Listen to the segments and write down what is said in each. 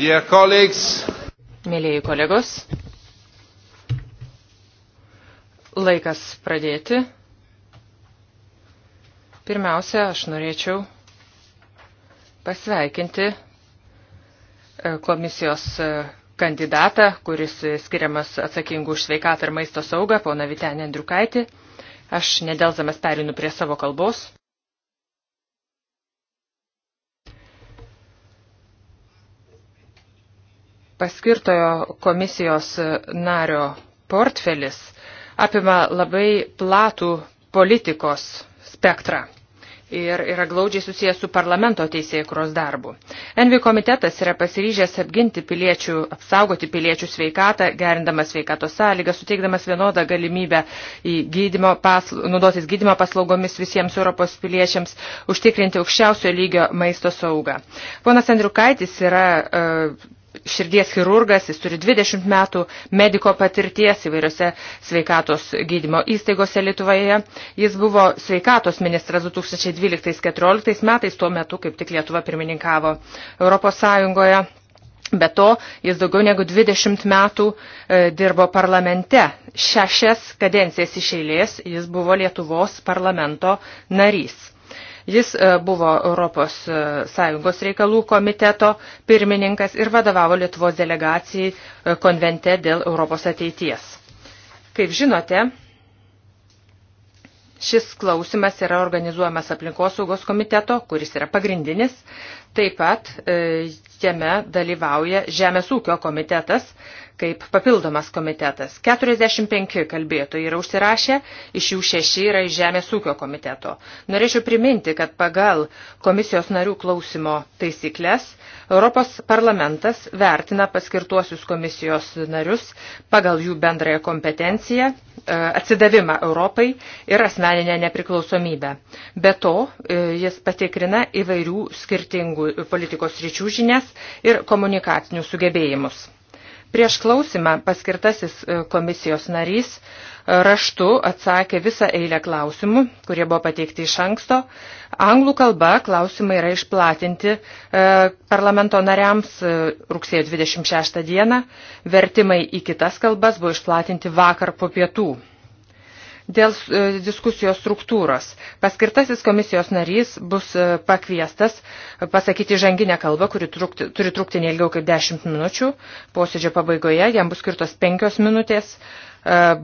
Mėlėjai kolegos, laikas pradėti. Pirmiausia, aš norėčiau pasveikinti e, komisijos e, kandidatą, kuris skiriamas atsakingų už sveikatą ir maisto saugą, poną Vitenį Andriukaitį. Aš nedelzamas perinu prie savo kalbos. paskirtojo komisijos nario portfelis apima labai platų politikos spektrą ir yra glaudžiai susijęs su parlamento teisėkuros darbu. Envi komitetas yra pasiryžęs apginti piliečių, apsaugoti piliečių sveikatą, gerindamas sveikatos sąlygą, suteikdamas vienodą galimybę gydymo pasl... naudotis gydymo paslaugomis visiems Europos piliečiams, užtikrinti aukščiausio lygio maisto saugą. Ponas Andriukaitis yra uh, širdies chirurgas, jis turi 20 metų mediko patirties įvairiose sveikatos gydymo įstaigose Lietuvoje. Jis buvo sveikatos ministras 2012-2014 metais, tuo metu kaip tik Lietuva pirmininkavo Europos Sąjungoje. Be to, jis daugiau negu 20 metų e, dirbo parlamente. Šešias kadencijas iš eilės jis buvo Lietuvos parlamento narys. Jis e, buvo Europos e, Sąjungos reikalų komiteto pirmininkas ir vadovavo Lietuvos delegacijai e, konvente dėl Europos ateities. Kaip žinote, Šis klausimas yra organizuojamas aplinkosaugos komiteto, kuris yra pagrindinis. Taip pat jame dalyvauja Žemės ūkio komitetas kaip papildomas komitetas. 45 kalbėtojai yra užsirašę, iš jų 6 yra iš Žemės ūkio komiteto. Norėčiau priminti, kad pagal komisijos narių klausimo taisyklės Europos parlamentas vertina paskirtuosius komisijos narius pagal jų bendrąją kompetenciją, e, atsidavimą Europai ir asmeninę nepriklausomybę. Be to, e, jis patikrina įvairių skirtingų politikos ryčių žinias, ir komunikacinius sugebėjimus. Prieš klausimą paskirtasis e, komisijos narys e, raštu atsakė visą eilę klausimų, kurie buvo pateikti iš anksto. Anglų kalba klausimai yra išplatinti e, parlamento nariams rugsėjo 26 dieną, vertimai į kitas kalbas buvo išplatinti vakar po pietų. Dėl e, diskusijos struktūros. Paskirtasis komisijos narys bus e, pakviestas e, pasakyti žanginę kalbą, kuri trukti, turi trukti neilgiau kaip 10 minučių. Posėdžio pabaigoje jam bus skirtos 5 minutės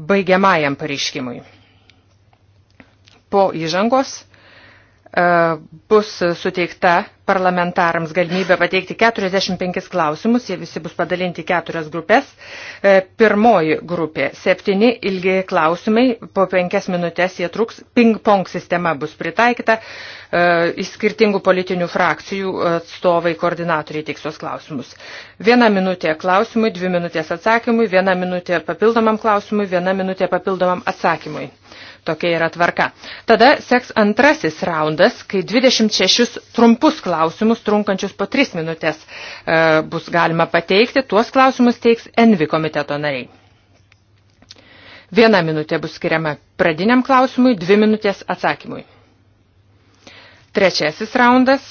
baigiamajam pareiškimui. Po įžangos E, bus suteikta parlamentarams galimybė pateikti 45 klausimus, jie visi bus padalinti keturias grupės. E, pirmoji grupė – septyni ilgi klausimai, po penkias minutės jie truks, ping-pong sistema bus pritaikyta, e, iš skirtingų politinių frakcijų atstovai koordinatoriai teiks tos klausimus. Viena minutė klausimui, dvi minutės atsakymui, viena minutė papildomam klausimui, viena minutė papildomam atsakymui. Tokia yra tvarka. Tada seks antrasis raundas, kai 26 trumpus klausimus, trunkančius po 3 minutės, e, bus galima pateikti. Tuos klausimus teiks Envi komiteto nariai. Viena minutė bus skiriama pradiniam klausimui, dvi minutės atsakymui. Trečiasis raundas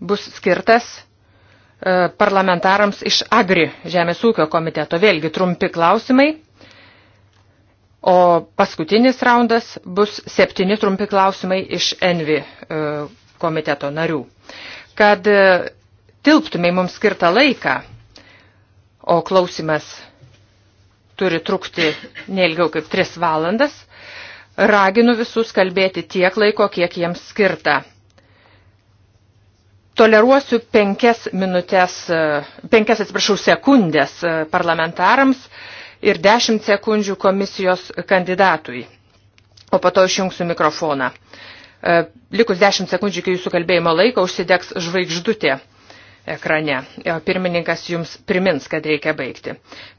bus skirtas e, parlamentarams iš Agri žemės ūkio komiteto. Vėlgi trumpi klausimai O paskutinis raundas bus septyni trumpi klausimai iš Envi e, komiteto narių. Kad e, tilptumėj mums skirtą laiką, o klausimas turi trukti neilgiau kaip tris valandas, raginu visus kalbėti tiek laiko, kiek jiems skirta. Toleruosiu penkias minutės, e, penkias atsiprašau sekundės parlamentarams ir 10 sekundžių komisijos kandidatui. O po to išjungsiu mikrofoną. E, likus 10 sekundžių iki jūsų kalbėjimo laiko užsidegs žvaigždutė ekrane. E, pirmininkas jums primins, kad reikia baigti.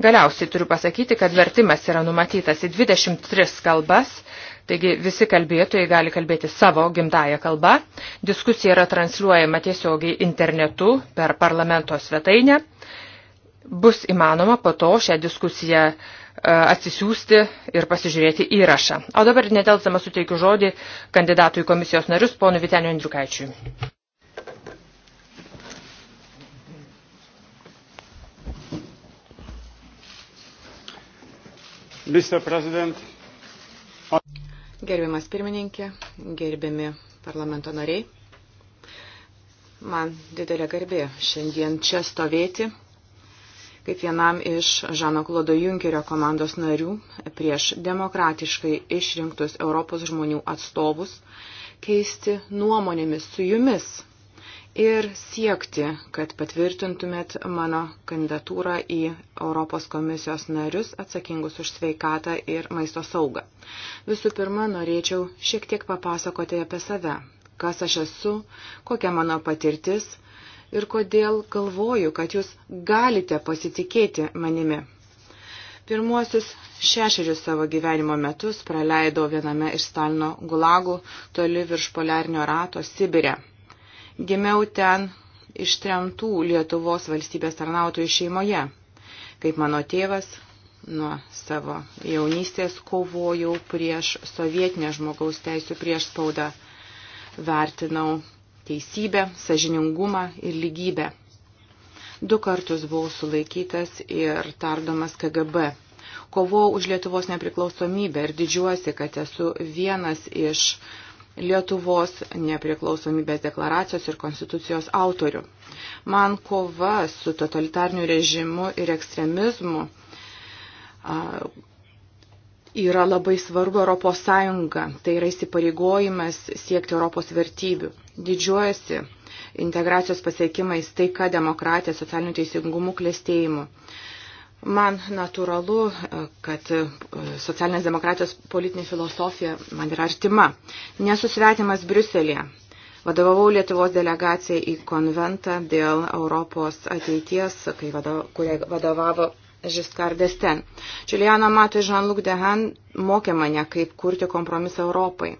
Galiausiai turiu pasakyti, kad vertimas yra numatytas į 23 kalbas, taigi visi kalbėtojai gali kalbėti savo gimtają kalbą. Diskusija yra transliuojama tiesiogiai internetu per parlamento svetainę bus įmanoma po to šią diskusiją e, atsisiųsti ir pasižiūrėti įrašą. O dabar netelsama suteikiu žodį kandidatui komisijos narius, ponu Viteniu Andriukaičiui. Gerbiamas pirmininkė, gerbiami parlamento nariai, man didelė garbė šiandien čia stovėti kaip vienam iš Žano Klodo Junkerio komandos narių prieš demokratiškai išrinktus Europos žmonių atstovus keisti nuomonėmis su jumis ir siekti, kad patvirtintumėt mano kandidatūrą į Europos komisijos narius atsakingus už sveikatą ir maisto saugą. Visų pirma, norėčiau šiek tiek papasakoti apie save, kas aš esu, kokia mano patirtis, ir kodėl galvoju, kad jūs galite pasitikėti manimi. Pirmuosius šešerius savo gyvenimo metus praleidau viename iš Stalino gulagų toli virš poliarnio rato Sibirė. Gimiau ten ištremtų Lietuvos valstybės tarnautojų šeimoje. Kaip mano tėvas, nuo savo jaunystės kovojau prieš sovietinę žmogaus teisų prieš spaudą, vertinau teisybę, sažiningumą ir lygybę. Du kartus buvau sulaikytas ir tardomas KGB. Kovau už Lietuvos nepriklausomybę ir didžiuosi, kad esu vienas iš Lietuvos nepriklausomybės deklaracijos ir konstitucijos autorių. Man kova su totalitarniu režimu ir ekstremizmu yra labai svarbu Europos Sąjunga. Tai yra įsipareigojimas siekti Europos vertybių. Didžiuojasi integracijos pasiekimais taika, demokratija, socialiniu teisingumu, klėstėjimu. Man natūralu, kad socialinės demokratijos politinė filosofija man yra artima. Nesusvetimas Briuselėje. Vadovavau Lietuvos delegacijai į konventą dėl Europos ateities, kai vadovavo, kuriai vadovavo Žiskardės ten. Čiulijana Matu ir Jean-Luc Dehan mokė mane, kaip kurti kompromisą Europai.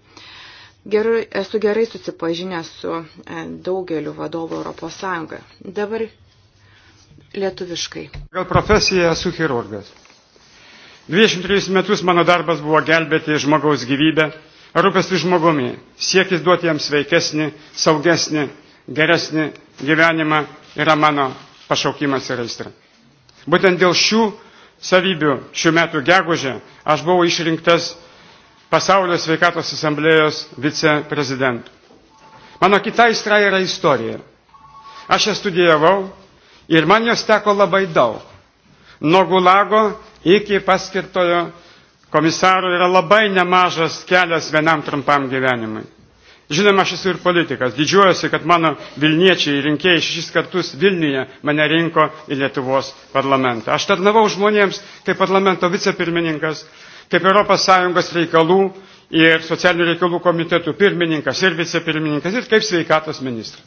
Gerai, esu gerai susipažinęs su e, daugeliu vadovų Europos Sąjungoje. Dabar lietuviškai. Gal profesija esu chirurgas. 23 metus mano darbas buvo gelbėti žmogaus gyvybę, rūpestį žmogumi, siekis duoti jam sveikesnį, saugesnį, geresnį gyvenimą yra mano pašaukimas ir aistra. Būtent dėl šių savybių šių metų gegužę aš buvau išrinktas pasaulio sveikatos asamblėjos viceprezidentu. Mano kita aistra yra istorija. Aš ją studijavau ir man jos teko labai daug. Nuo gulago iki paskirtojo komisaro yra labai nemažas kelias vienam trumpam gyvenimui. Žinoma, aš esu ir politikas. Didžiuojuosi, kad mano Vilniečiai rinkėjai šešis kartus Vilniuje mane rinko į Lietuvos parlamentą. Aš tarnavau žmonėms kaip parlamento vicepirmininkas, kaip ES reikalų ir socialinių reikalų komitetų pirmininkas ir vicepirmininkas ir kaip sveikatos ministras.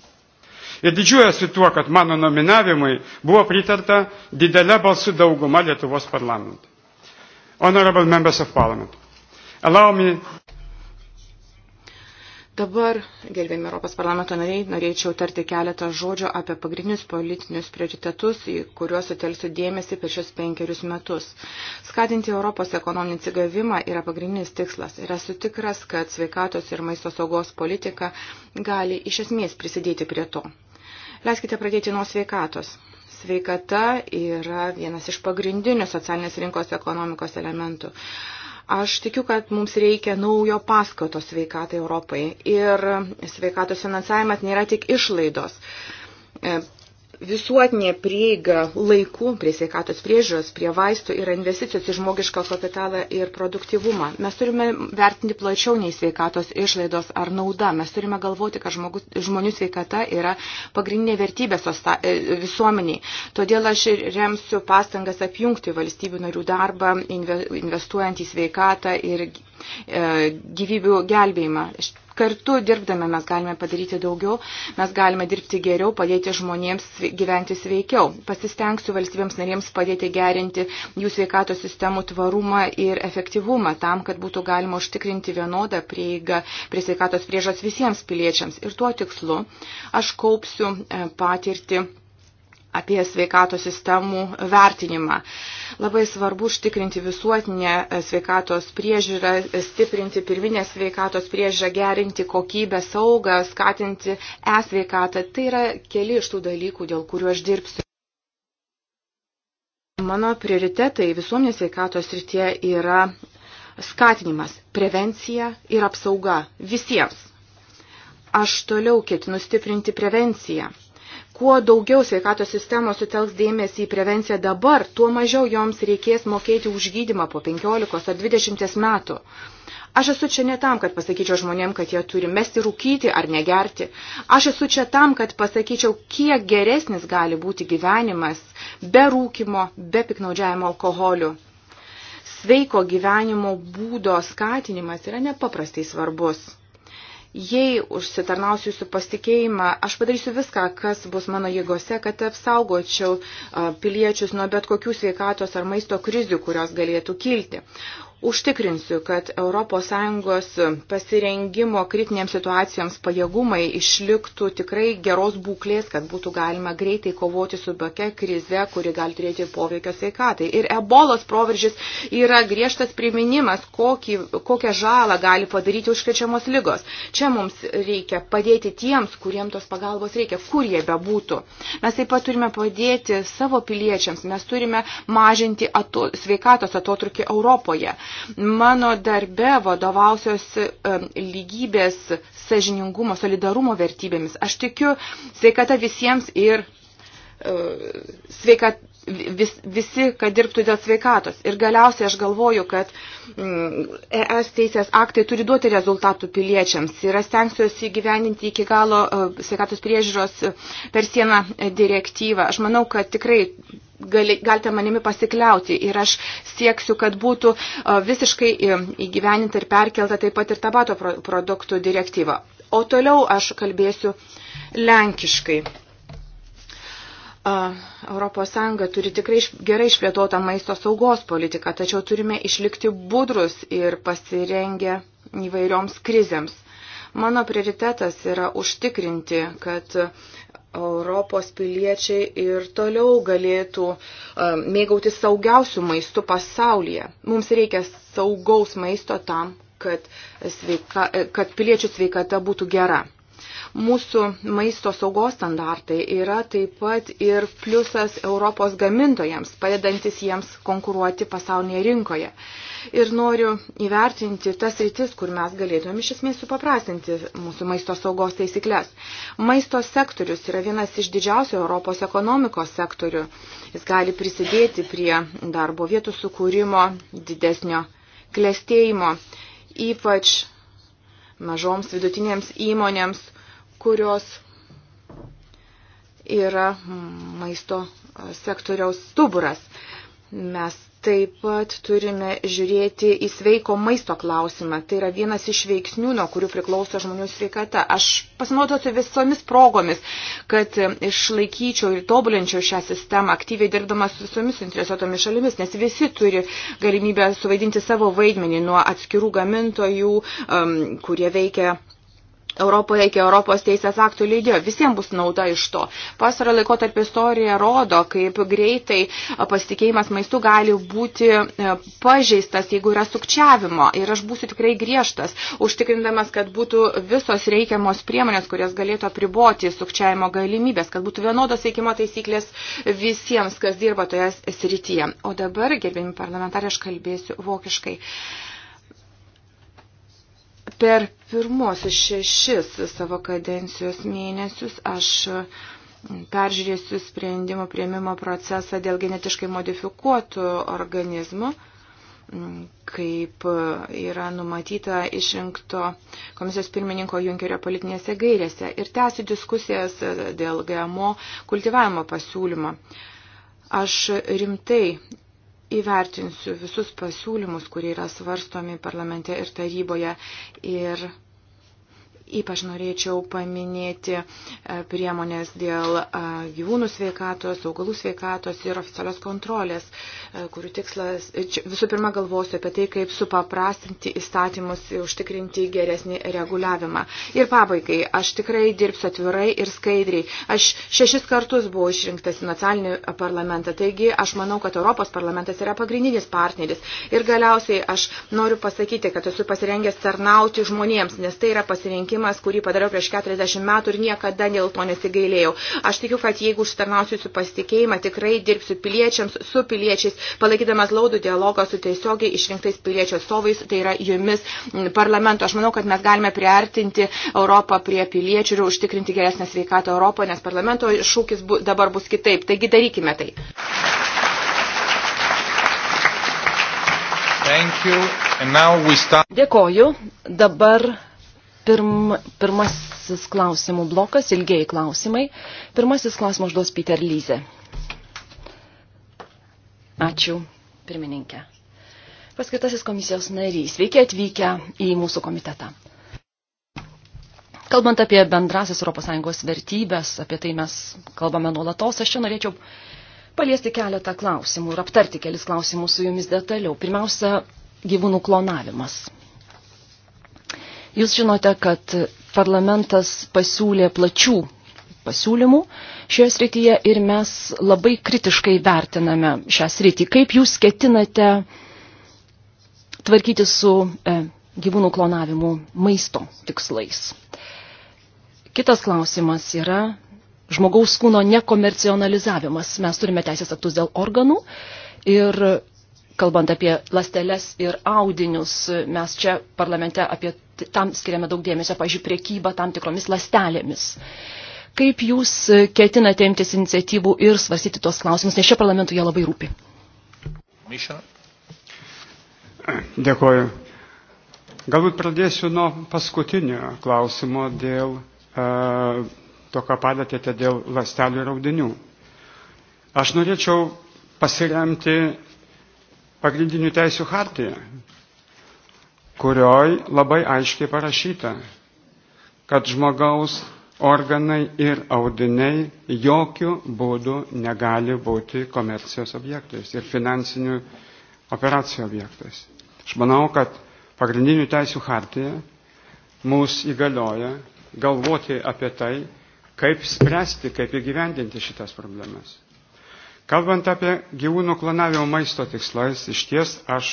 Ir didžiuojasi tuo, kad mano nominavimui buvo pritarta didelė balsų dauguma Lietuvos parlamento. Honorable members of parliament, allow me Dabar, gerbėmi Europos parlamento nariai, norėčiau tarti keletą žodžių apie pagrindinius politinius prioritetus, į kuriuos sutelsiu dėmesį per šios penkerius metus. Skatinti Europos ekonominį atsigavimą yra pagrindinis tikslas ir esu tikras, kad sveikatos ir maisto saugos politika gali iš esmės prisidėti prie to. Leiskite pradėti nuo sveikatos. Sveikata yra vienas iš pagrindinių socialinės rinkos ekonomikos elementų. Aš tikiu, kad mums reikia naujo paskato sveikatai Europai ir sveikatos finansavimas nėra tik išlaidos e, visuotinė prieiga laiku prie sveikatos priežiūros, prie vaistų yra investicijos į žmogišką kapitalą ir produktivumą. Mes turime vertinti plačiau nei sveikatos išlaidos ar nauda. Mes turime galvoti, kad žmogus, žmonių sveikata yra pagrindinė vertybė e, visuomeniai. Todėl aš remsiu pastangas apjungti valstybių narių darbą, investuojant į sveikatą ir E, gyvybių gelbėjimą. Kartu dirbdami mes galime padaryti daugiau, mes galime dirbti geriau, padėti žmonėms gyventi sveikiau. Pasistengsiu valstybėms narėms padėti gerinti jų sveikatos sistemų tvarumą ir efektyvumą tam, kad būtų galima užtikrinti vienodą prieigą prie sveikatos priežos visiems piliečiams. Ir tuo tikslu aš kaupsiu e, patirtį apie sveikatos sistemų vertinimą. Labai svarbu užtikrinti visuotinę sveikatos priežiūrą, stiprinti pirminę sveikatos priežiūrą, gerinti kokybę, saugą, skatinti e-sveikatą. Tai yra keli iš tų dalykų, dėl kurių aš dirbsiu. Mano prioritetai visuomenės sveikatos rytie yra skatinimas, prevencija ir apsauga visiems. Aš toliau ketinu stiprinti prevenciją kuo daugiau sveikatos sistemos sutelks dėmesį į prevenciją dabar, tuo mažiau joms reikės mokėti už gydimą po 15 ar 20 metų. Aš esu čia ne tam, kad pasakyčiau žmonėm, kad jie turi mesti rūkyti ar negerti. Aš esu čia tam, kad pasakyčiau, kiek geresnis gali būti gyvenimas be rūkimo, be piknaudžiavimo alkoholiu. Sveiko gyvenimo būdo skatinimas yra nepaprastai svarbus. Jei užsitarnausiu jūsų pasitikėjimą, aš padarysiu viską, kas bus mano jėgose, kad apsaugočiau piliečius nuo bet kokių sveikatos ar maisto krizių, kurios galėtų kilti. Užtikrinsiu, kad ES pasirengimo kritinėms situacijoms pajėgumai išliktų tikrai geros būklės, kad būtų galima greitai kovoti su tokia krize, kuri gali turėti poveikio sveikatai. Ir ebolos proveržis yra griežtas priminimas, kokį, kokią žalą gali padaryti užkrečiamos lygos. Čia mums reikia padėti tiems, kuriems tos pagalbos reikia, kur jie bebūtų. Mes taip pat turime padėti savo piliečiams, mes turime mažinti ato, sveikatos atotrukį Europoje Mano darbe vadovausios lygybės, sažiningumo, solidarumo vertybėmis. Aš tikiu sveikata visiems ir e, sveikata vis, visi, kad dirbtų dėl sveikatos. Ir galiausiai aš galvoju, kad mm, ES teisės aktai turi duoti rezultatų piliečiams. Ir aš stengsiuosi įgyveninti iki galo e, sveikatos priežiūros e, per sieną e, direktyvą. Aš manau, kad tikrai gali, galite manimi pasikliauti ir aš sieksiu, kad būtų visiškai įgyveninta ir perkelta taip pat ir tabato produktų direktyva. O toliau aš kalbėsiu lenkiškai. Europos Sąjunga turi tikrai gerai išplėtotą maisto saugos politiką, tačiau turime išlikti budrus ir pasirengę įvairioms krizėms. Mano prioritetas yra užtikrinti, kad Europos piliečiai ir toliau galėtų mėgauti saugiausių maistų pasaulyje. Mums reikia saugaus maisto tam, kad, sveika, kad piliečių sveikata būtų gera mūsų maisto saugos standartai yra taip pat ir pliusas Europos gamintojams, padedantis jiems konkuruoti pasaulinėje rinkoje. Ir noriu įvertinti tas rytis, kur mes galėtumėm iš esmės supaprastinti mūsų maisto saugos taisyklės. Maisto sektorius yra vienas iš didžiausių Europos ekonomikos sektorių. Jis gali prisidėti prie darbo vietų sukūrimo, didesnio klėstėjimo, ypač mažoms vidutinėms įmonėms, kurios yra maisto sektoriaus stuburas. Mes taip pat turime žiūrėti į sveiko maisto klausimą. Tai yra vienas iš veiksnių, nuo kurių priklauso žmonių sveikata. Aš pasinaudosiu visomis progomis, kad išlaikyčiau ir tobulinčiau šią sistemą, aktyviai dirbdamas su visomis interesuotomis šalimis, nes visi turi galimybę suvaidinti savo vaidmenį nuo atskirų gamintojų, um, kurie veikia Europoje iki Europos teisės aktų lygio. Visiems bus nauda iš to. Pasaro laiko tarp istorija rodo, kaip greitai pasitikėjimas maistu gali būti e, pažeistas, jeigu yra sukčiavimo. Ir aš būsiu tikrai griežtas, užtikrindamas, kad būtų visos reikiamos priemonės, kurias galėtų apriboti sukčiavimo galimybės, kad būtų vienodos veikimo taisyklės visiems, kas dirba toje srityje. O dabar, gerbėmi parlamentarė, aš kalbėsiu vokiškai. Uh, Per pirmosius šešis savo kadencijos mėnesius aš peržiūrėsiu sprendimų prieimimo procesą dėl genetiškai modifikuotų organizmų kaip yra numatyta išrinkto komisijos pirmininko Junkerio politinėse gairėse ir tęsiu diskusijas dėl GMO kultivavimo pasiūlymo. Aš rimtai įvertinsiu visus pasiūlymus, kurie yra svarstomi parlamente ir taryboje ir Ypač norėčiau paminėti e, priemonės dėl e, gyvūnų sveikatos, augalų sveikatos ir oficialios kontrolės, e, kurių tikslas, visų pirma, galvosiu apie tai, kaip supaprastinti įstatymus ir užtikrinti geresnį reguliavimą. Ir pabaigai, aš tikrai dirbsiu atvirai ir skaidriai. Aš šešis kartus buvau išrinktas į nacionalinį parlamentą, taigi aš manau, kad Europos parlamentas yra pagrindinis partneris. Ir galiausiai aš noriu pasakyti, kad esu pasirengęs tarnauti žmonėms, nes tai yra pasirinkimas sprendimas, kurį padariau prieš 40 metų ir niekada dėl to nesigailėjau. Aš tikiu, kad jeigu užtarnausiu su pasitikėjimą, tikrai dirbsiu piliečiams, su piliečiais, palaikydamas laudų dialogą su tiesiogiai išrinktais piliečio sovais, tai yra jumis mm, parlamento. Aš manau, kad mes galime priartinti Europą prie piliečių ir užtikrinti geresnę sveikatą Europoje, nes parlamento šūkis dabar bus kitaip. Taigi darykime tai. Dėkoju. Dabar pirm, pirmasis klausimų blokas, ilgiai klausimai. Pirmasis klausimas užduos Peter Lyze. Ačiū, pirmininkė. Paskirtasis komisijos narys, sveiki atvykę į mūsų komitetą. Kalbant apie bendrasis ES vertybės, apie tai mes kalbame nuolatos, aš čia norėčiau paliesti keletą klausimų ir aptarti kelis klausimus su jumis detaliau. Pirmiausia, gyvūnų klonavimas. Jūs žinote, kad parlamentas pasiūlė plačių pasiūlymų šioje srityje ir mes labai kritiškai vertiname šią sritį. Kaip jūs ketinate tvarkyti su e, gyvūnų klonavimu maisto tikslais? Kitas klausimas yra žmogaus kūno nekomercionalizavimas. Mes turime teisės aktus dėl organų ir kalbant apie lasteles ir audinius, mes čia parlamente apie tam skiriame daug dėmesio, pažiūrėjau, priekybą tam tikromis lastelėmis. Kaip jūs ketinate imtis iniciatyvų ir svarstyti tuos klausimus, nes šio parlamentu jie labai rūpi? Miša. Dėkuoju. Galbūt pradėsiu nuo paskutinio klausimo dėl e, to, ką palėtėte dėl lastelių ir audinių. Aš norėčiau pasiremti pagrindinių teisų hartiją, kurioj labai aiškiai parašyta, kad žmogaus organai ir audiniai jokių būdų negali būti komercijos objektais ir finansinių operacijų objektais. Aš manau, kad pagrindinių teisų hartija mus įgalioja galvoti apie tai, kaip spręsti, kaip įgyvendinti šitas problemas. Kalbant apie gyvūnų klonavimo maisto tikslais, iš ties aš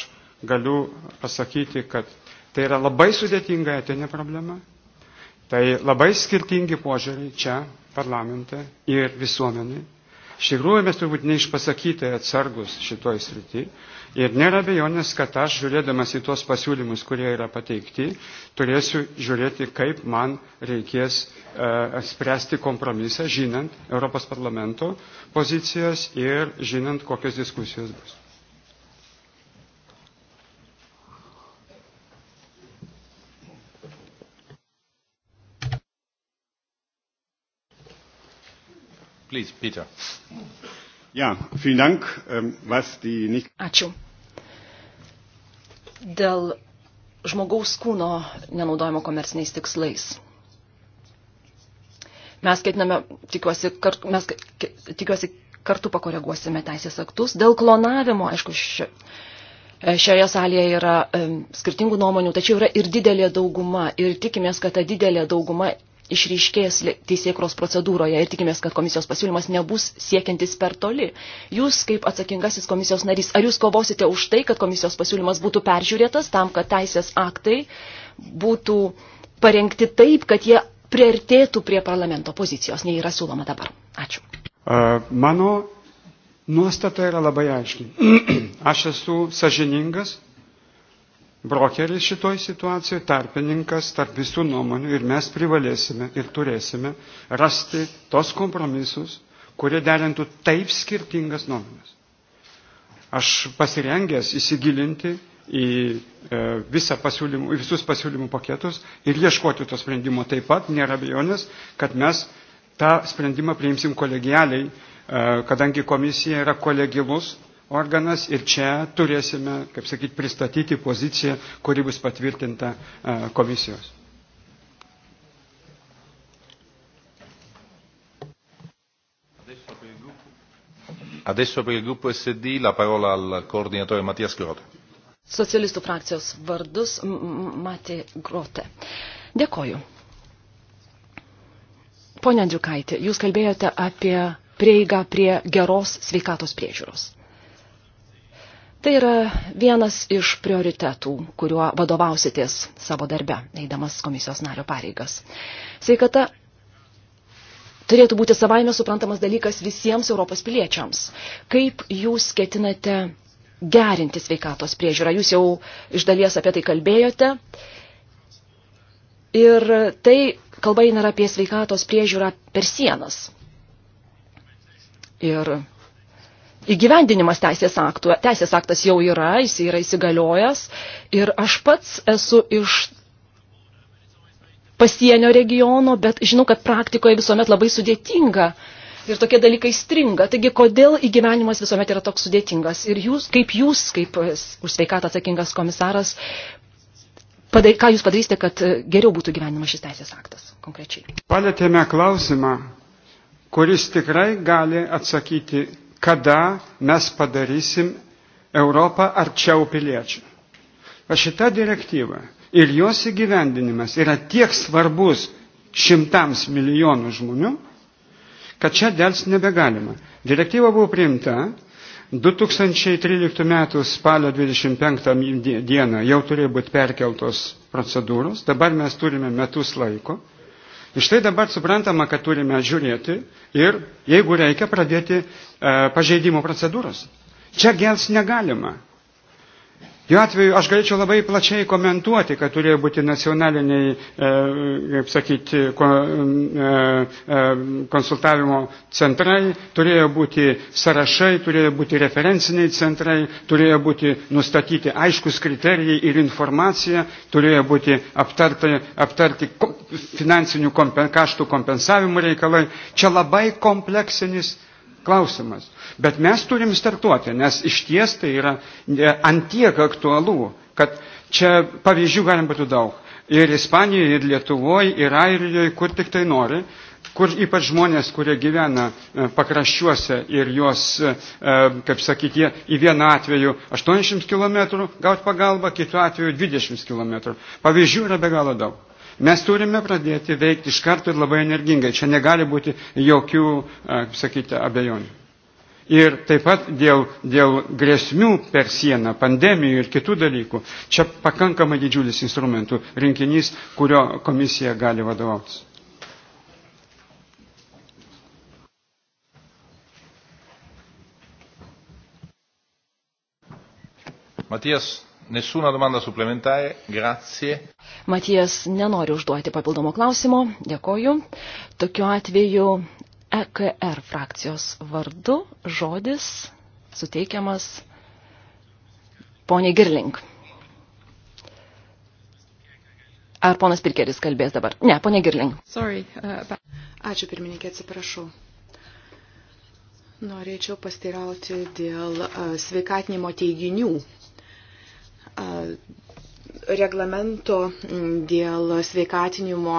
galiu pasakyti, kad tai yra labai sudėtinga etinė problema. Tai labai skirtingi požiūriai čia, parlamente ir visuomenėje. Iš tikrųjų, mes turbūt neišpasakytai atsargus šitoj srity. Ir nėra bejonės, kad aš, žiūrėdamas į tuos pasiūlymus, kurie yra pateikti, turėsiu žiūrėti, kaip man reikės uh, spręsti kompromisą, žinant Europos parlamento pozicijas ir žinant, kokios diskusijos bus. Please, Peter. Ja, vielen Dank, ähm, was die nicht. Ačiū. Dėl žmogaus kūno nenaudojimo komerciniais tikslais. Mes ketiname, tikiuosi, kart, mes tikiuosi kartu pakoreguosime teisės aktus. Dėl klonavimo, aišku, ši, e, šioje salėje yra um, skirtingų nuomonių, tačiau yra ir didelė dauguma ir tikimės, kad ta didelė dauguma išryškės teisėkros procedūroje ir tikimės, kad komisijos pasiūlymas nebus siekiantis per toli. Jūs, kaip atsakingasis komisijos narys, ar jūs kovosite už tai, kad komisijos pasiūlymas būtų peržiūrėtas tam, kad teisės aktai būtų parengti taip, kad jie priartėtų prie parlamento pozicijos, nei yra siūloma dabar. Ačiū. Mano nuostata yra labai aiški. Aš esu sažiningas brokeris šitoj situacijoje, tarpininkas tarp visų nuomonių ir mes privalėsime ir turėsime rasti tos kompromisus, kurie derintų taip skirtingas nuomonės. Aš pasirengęs įsigilinti į, e, visą pasiūlymų, į visus pasiūlymų paketus ir ieškoti to sprendimo taip pat, nėra bejonės, kad mes tą sprendimą priimsim kolegialiai, e, kadangi komisija yra kolegilus organas ir čia turėsime, kaip sakyti, pristatyti poziciją, kuri bus patvirtinta e, komisijos. Adesso per il gruppo SD la parola al coordinatore Mattias Grote. Socialistų frakcijos vardus Mati Grote. Dėkoju. Pone Andriukaitė, jūs kalbėjote apie prieigą prie geros sveikatos priežiūros. Tai yra vienas iš prioritetų, kuriuo vadovausitės savo darbe, eidamas komisijos nario pareigas. Sveikata turėtų būti savaime suprantamas dalykas visiems Europos piliečiams. Kaip jūs ketinate gerinti sveikatos priežiūrą? Jūs jau iš dalies apie tai kalbėjote. Ir tai kalba eina apie sveikatos priežiūrą per sienas. Ir įgyvendinimas teisės, aktų, teisės aktas jau yra, jis yra įsigaliojęs ir aš pats esu iš pasienio regiono, bet žinau, kad praktikoje visuomet labai sudėtinga ir tokie dalykai stringa. Taigi, kodėl įgyvenimas visuomet yra toks sudėtingas? Ir jūs, kaip jūs, kaip e, už sveikatą atsakingas komisaras, padar, ką jūs padarysite, kad e, geriau būtų gyvenimas šis teisės aktas konkrečiai? Palėtėme klausimą, kuris tikrai gali atsakyti kada mes padarysim Europą arčiau piliečių. O šita direktyva ir jos įgyvendinimas yra tiek svarbus šimtams milijonų žmonių, kad čia dėls nebegalima. Direktyva buvo priimta 2013 m. spalio 25 d. jau turėjo būti perkeltos procedūros, dabar mes turime metus laiko Iš tai dabar suprantama, kad turime žiūrėti ir, jeigu reikia, pradėti e, pažeidimo procedūros. Čia gels negalima. Jo atveju aš galėčiau labai plačiai komentuoti, kad turėjo būti nacionaliniai, e, kaip sakyti, e, e, konsultavimo centrai, turėjo būti sąrašai, turėjo būti referenciniai centrai, turėjo būti nustatyti aiškus kriterijai ir informacija, turėjo būti aptarti, aptarti finansinių kompen, kaštų kompensavimo reikalai. Čia labai kompleksinis klausimas. Bet mes turim startuoti, nes iš ties tai yra e, antiek aktualu, kad čia pavyzdžių galim būtų daug. Ir Ispanijoje, ir Lietuvoje, ir Airijoje, kur tik tai nori, kur ypač žmonės, kurie gyvena e, pakraščiuose ir juos, e, kaip sakyti, į vieną atveju 80 km gauti pagalbą, kitu atveju 20 km. Pavyzdžių yra be galo daug. Mes turime pradėti veikti iš karto ir labai energingai. Čia negali būti jokių, sakyti, abejonių. Ir taip pat dėl, dėl grėsmių per sieną, pandemijų ir kitų dalykų, čia pakankamai didžiulis instrumentų rinkinys, kurio komisija gali vadovautis. Matijas. Nesuna domanda suplementare, grazie. Matijas nenori užduoti papildomo klausimo, dėkoju. Tokiu atveju EKR frakcijos vardu žodis suteikiamas poniai Girling. Ar ponas Pirkeris kalbės dabar? Ne, ponė Girling. Sorry, uh, but... Ačiū pirmininkė, atsiprašau. Norėčiau pastirauti dėl uh, sveikatinimo teiginių reglamento dėl sveikatinimo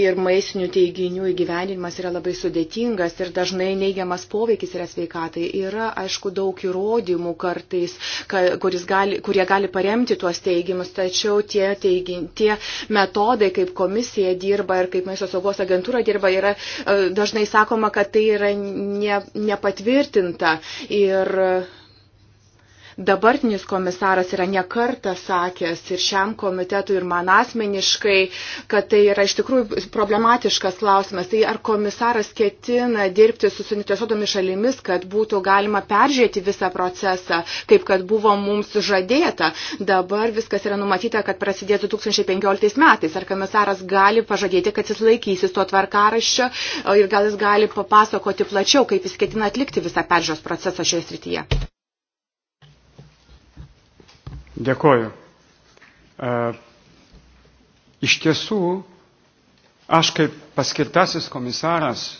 ir maistinių teiginių įgyvendinimas yra labai sudėtingas ir dažnai neigiamas poveikis yra sveikatai. Yra, aišku, daug įrodymų kartais, gali, kurie gali paremti tuos teigimus, tačiau tie, teigin, tie metodai, kaip komisija dirba ir kaip maisto saugos agentūra dirba, yra dažnai sakoma, kad tai yra ne, nepatvirtinta. Ir Dabartinis komisaras yra nekartą sakęs ir šiam komitetui, ir man asmeniškai, kad tai yra iš tikrųjų problematiškas klausimas. Tai ar komisaras ketina dirbti su suinteresuotomis šalimis, kad būtų galima peržiūrėti visą procesą, kaip kad buvo mums žadėta. Dabar viskas yra numatyta, kad prasidės 2015 metais. Ar komisaras gali pažadėti, kad jis laikysis to tvarkaraščio ir gal jis gali papasakoti plačiau, kaip jis ketina atlikti visą peržiūros procesą šioje srityje? Dėkoju. E, iš tiesų, aš kaip paskirtasis komisaras e,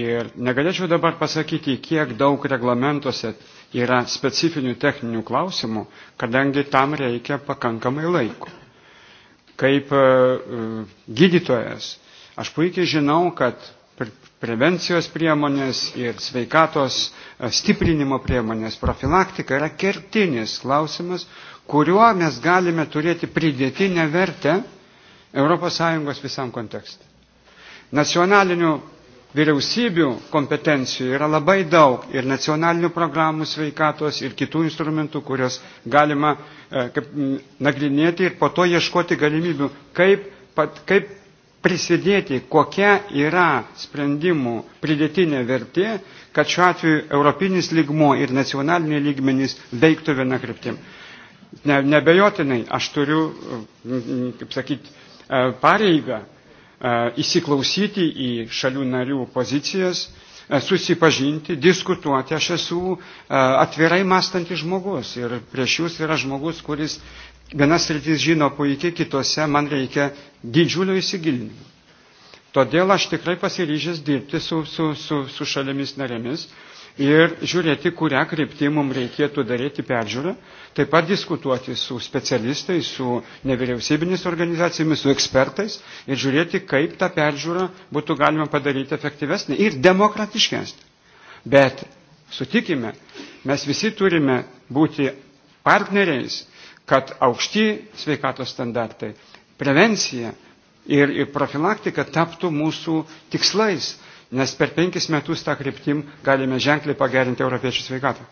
ir negalėčiau dabar pasakyti, kiek daug reglamentuose yra specifinių techninių klausimų, kadangi tam reikia pakankamai laiko. Kaip e, gydytojas, aš puikiai žinau, kad prevencijos priemonės ir sveikatos stiprinimo priemonės profilaktika yra kertinis klausimas, kuriuo mes galime turėti pridėtinę vertę ES visam kontekstui. Nacionalinių vyriausybių kompetencijų yra labai daug ir nacionalinių programų sveikatos ir kitų instrumentų, kurios galima e, kaip, nagrinėti ir po to ieškoti galimybių, kaip, pat, kaip prisidėti, kokia yra sprendimų pridėtinė vertė, kad šiuo atveju europinis lygmo ir nacionaliniai lygmenys veiktų viena kryptim. Ne, nebejotinai aš turiu, e, kaip sakyt, e, pareigą e, įsiklausyti į šalių narių pozicijas, susipažinti, diskutuoti. Aš esu atvirai mąstantis žmogus ir prieš jūs yra žmogus, kuris vienas rytis žino puikiai, kitose man reikia didžiulio įsigilinimo. Todėl aš tikrai pasiryžęs dirbti su, su, su, su šalimis narėmis, ir žiūrėti, kurią kryptį mums reikėtų daryti peržiūrą, taip pat diskutuoti su specialistais, su nevyriausybinis organizacijomis, su ekspertais ir žiūrėti, kaip tą peržiūrą būtų galima padaryti efektyvesnį ir demokratiškesnį. Bet sutikime, mes visi turime būti partneriais, kad aukšti sveikatos standartai, prevencija ir, ir profilaktika taptų mūsų tikslais, nes per penkis metus tą kryptim galime ženkliai pagerinti europiečių sveikatą.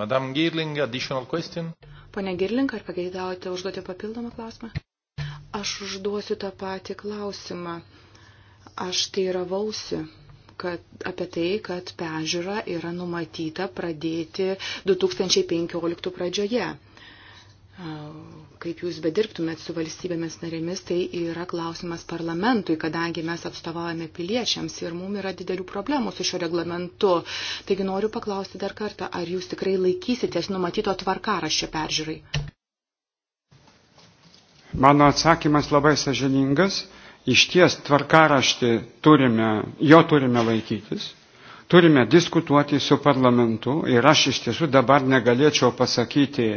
Madam Girling, additional question. Pone Girling, ar pageidavote užduoti papildomą klausimą? Aš užduosiu tą patį klausimą. Aš teiravausi kad, apie tai, kad pežiūra yra numatyta pradėti 2015 pradžioje kaip jūs bedirbtumėt su valstybėmis narėmis, tai yra klausimas parlamentui, kadangi mes atstovaujame piliečiams ir mums yra didelių problemų su šiuo reglamentu. Taigi noriu paklausti dar kartą, ar jūs tikrai laikysitės numatyto tvarkaraščio peržiūrai? Mano atsakymas labai sažiningas. Iš ties tvarkaraštį turime, jo turime laikytis turime diskutuoti su parlamentu ir aš iš tiesų dabar negalėčiau pasakyti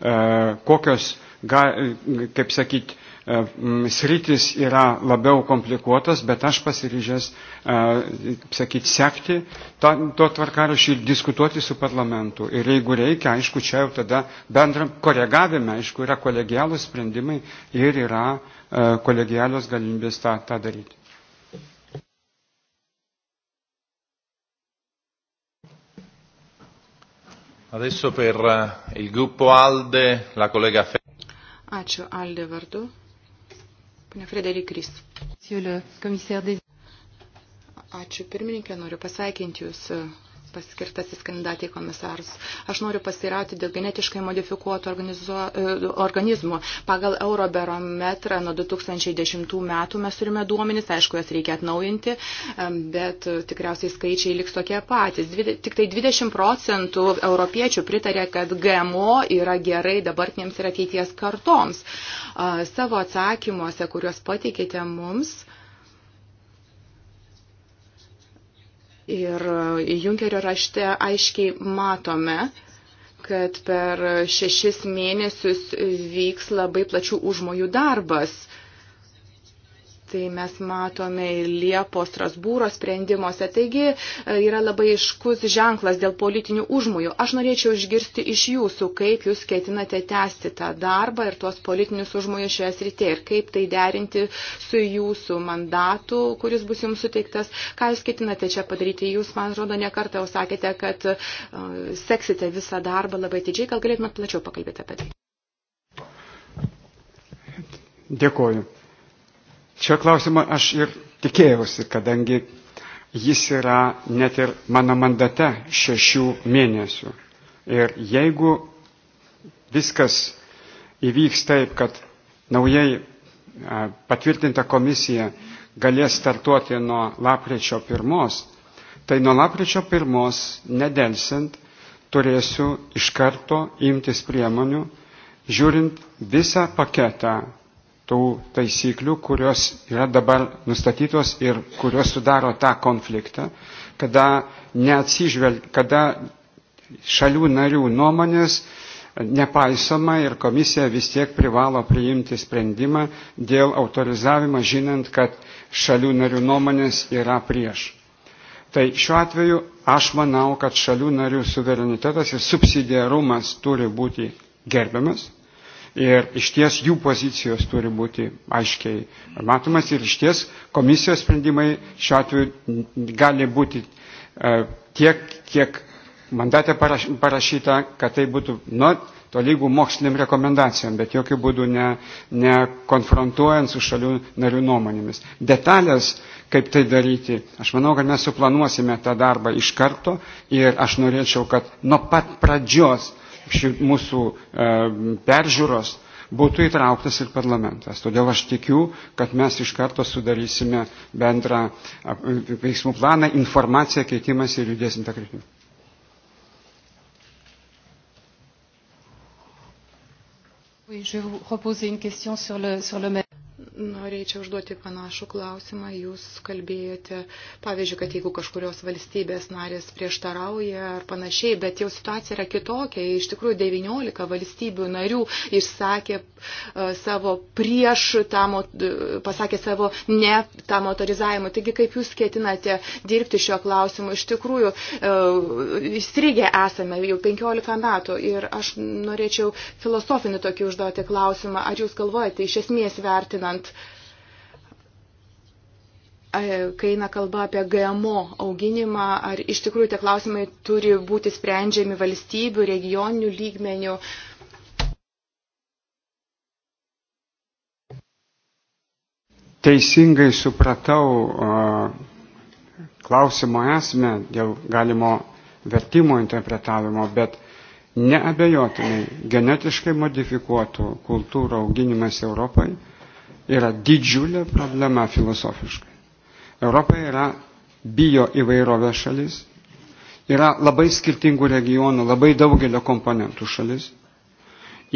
E, kokios, kaip sakyti, e, sritis yra labiau komplikuotas, bet aš pasiryžęs, e, sakyti, sekti to, to tvarkarašį ir diskutuoti su parlamentu. Ir jeigu reikia, aišku, čia jau tada bendram koregavime, aišku, yra kolegialūs sprendimai ir yra kolegialios galimybės tą, tą daryti. Adesso per eh, il gruppo Alde, la collega Fe. Ačiū Alde vardu. Pane Frederik Kris. Ačiū pirmininkė, noriu pasveikinti Jūs paskirtasis kandidatė į komisarus. Aš noriu pasirauti dėl genetiškai modifikuotų e, organizmų. Pagal eurobarometrą nuo 2010 metų mes turime duomenis, aišku, jas reikia atnaujinti, bet e, tikriausiai skaičiai liks tokie patys. Dvi, tik tai 20 procentų europiečių pritarė, kad GMO yra gerai dabartiniams ir ateities kartoms. Savo atsakymuose, kuriuos pateikėte mums, Ir Junkerio rašte aiškiai matome, kad per šešis mėnesius vyks labai plačių užmojų darbas tai mes matome ir Liepos Strasbūro sprendimuose. Taigi e, yra labai iškus ženklas dėl politinių užmojų. Aš norėčiau išgirsti iš jūsų, kaip jūs ketinate tęsti tą darbą ir tuos politinius užmojus šioje srityje ir kaip tai derinti su jūsų mandatu, kuris bus jums suteiktas. Ką jūs ketinate čia padaryti? Jūs, man atrodo, nekartą jau sakėte, kad e, seksite visą darbą labai atidžiai. Gal galėtumėt plačiau pakalbėti apie tai? Dėkoju. Šio klausimo aš ir tikėjausi, kadangi jis yra net ir mano mandate šešių mėnesių. Ir jeigu viskas įvyks taip, kad naujai patvirtinta komisija galės startuoti nuo lapkričio pirmos, tai nuo lapkričio pirmos nedelsint turėsiu iš karto imtis priemonių, žiūrint visą paketą tų taisyklių, kurios yra dabar nustatytos ir kurios sudaro tą konfliktą, kada, neatsižvelg, kada šalių narių nuomonės nepaisoma ir komisija vis tiek privalo priimti sprendimą dėl autorizavimo, žinant, kad šalių narių nuomonės yra prieš. Tai šiuo atveju aš manau, kad šalių narių suverenitetas ir subsidiarumas turi būti gerbiamas ir išties jų pozicijos turi būti aiškiai matomas ir išties komisijos sprendimai šiuo atveju gali būti e, tiek, kiek mandate parašyta, kad tai būtų nu, tolygų moksliniam rekomendacijam, bet jokių būdų nekonfrontuojant ne, ne su šalių narių nuomonėmis. Detalės, kaip tai daryti, aš manau, kad mes suplanuosime tą darbą iš karto ir aš norėčiau, kad nuo pat pradžios ši, mūsų e, peržiūros būtų įtrauktas ir parlamentas. Todėl aš tikiu, kad mes iš karto sudarysime bendrą e, veiksmų planą, informaciją, keitimas ir judėsim tą kryptimį. Oui, je vais vous proposer une question sur le, sur le même norėčiau užduoti panašų klausimą. Jūs kalbėjote, pavyzdžiui, kad jeigu kažkurios valstybės narės prieštarauja ar panašiai, bet jau situacija yra kitokia. Iš tikrųjų, 19 valstybių narių išsakė e, savo prieš, tam, pasakė savo ne tam autorizavimui. Taigi, kaip jūs ketinate dirbti šio klausimu? Iš tikrųjų, e, įstrigę esame jau 15 metų ir aš norėčiau filosofinį tokį užduoti klausimą. Ar jūs galvojate, iš esmės vertinant, kai eina kalba apie GMO auginimą, ar iš tikrųjų tie klausimai turi būti sprendžiami valstybių, regioninių lygmenių. Teisingai supratau klausimo esmę dėl galimo vertimo interpretavimo, bet neabejotinai genetiškai modifikuotų kultūrų auginimas Europai yra didžiulė problema filosofiškai. Europoje yra bio įvairovė šalis, yra labai skirtingų regionų, labai daugelio komponentų šalis.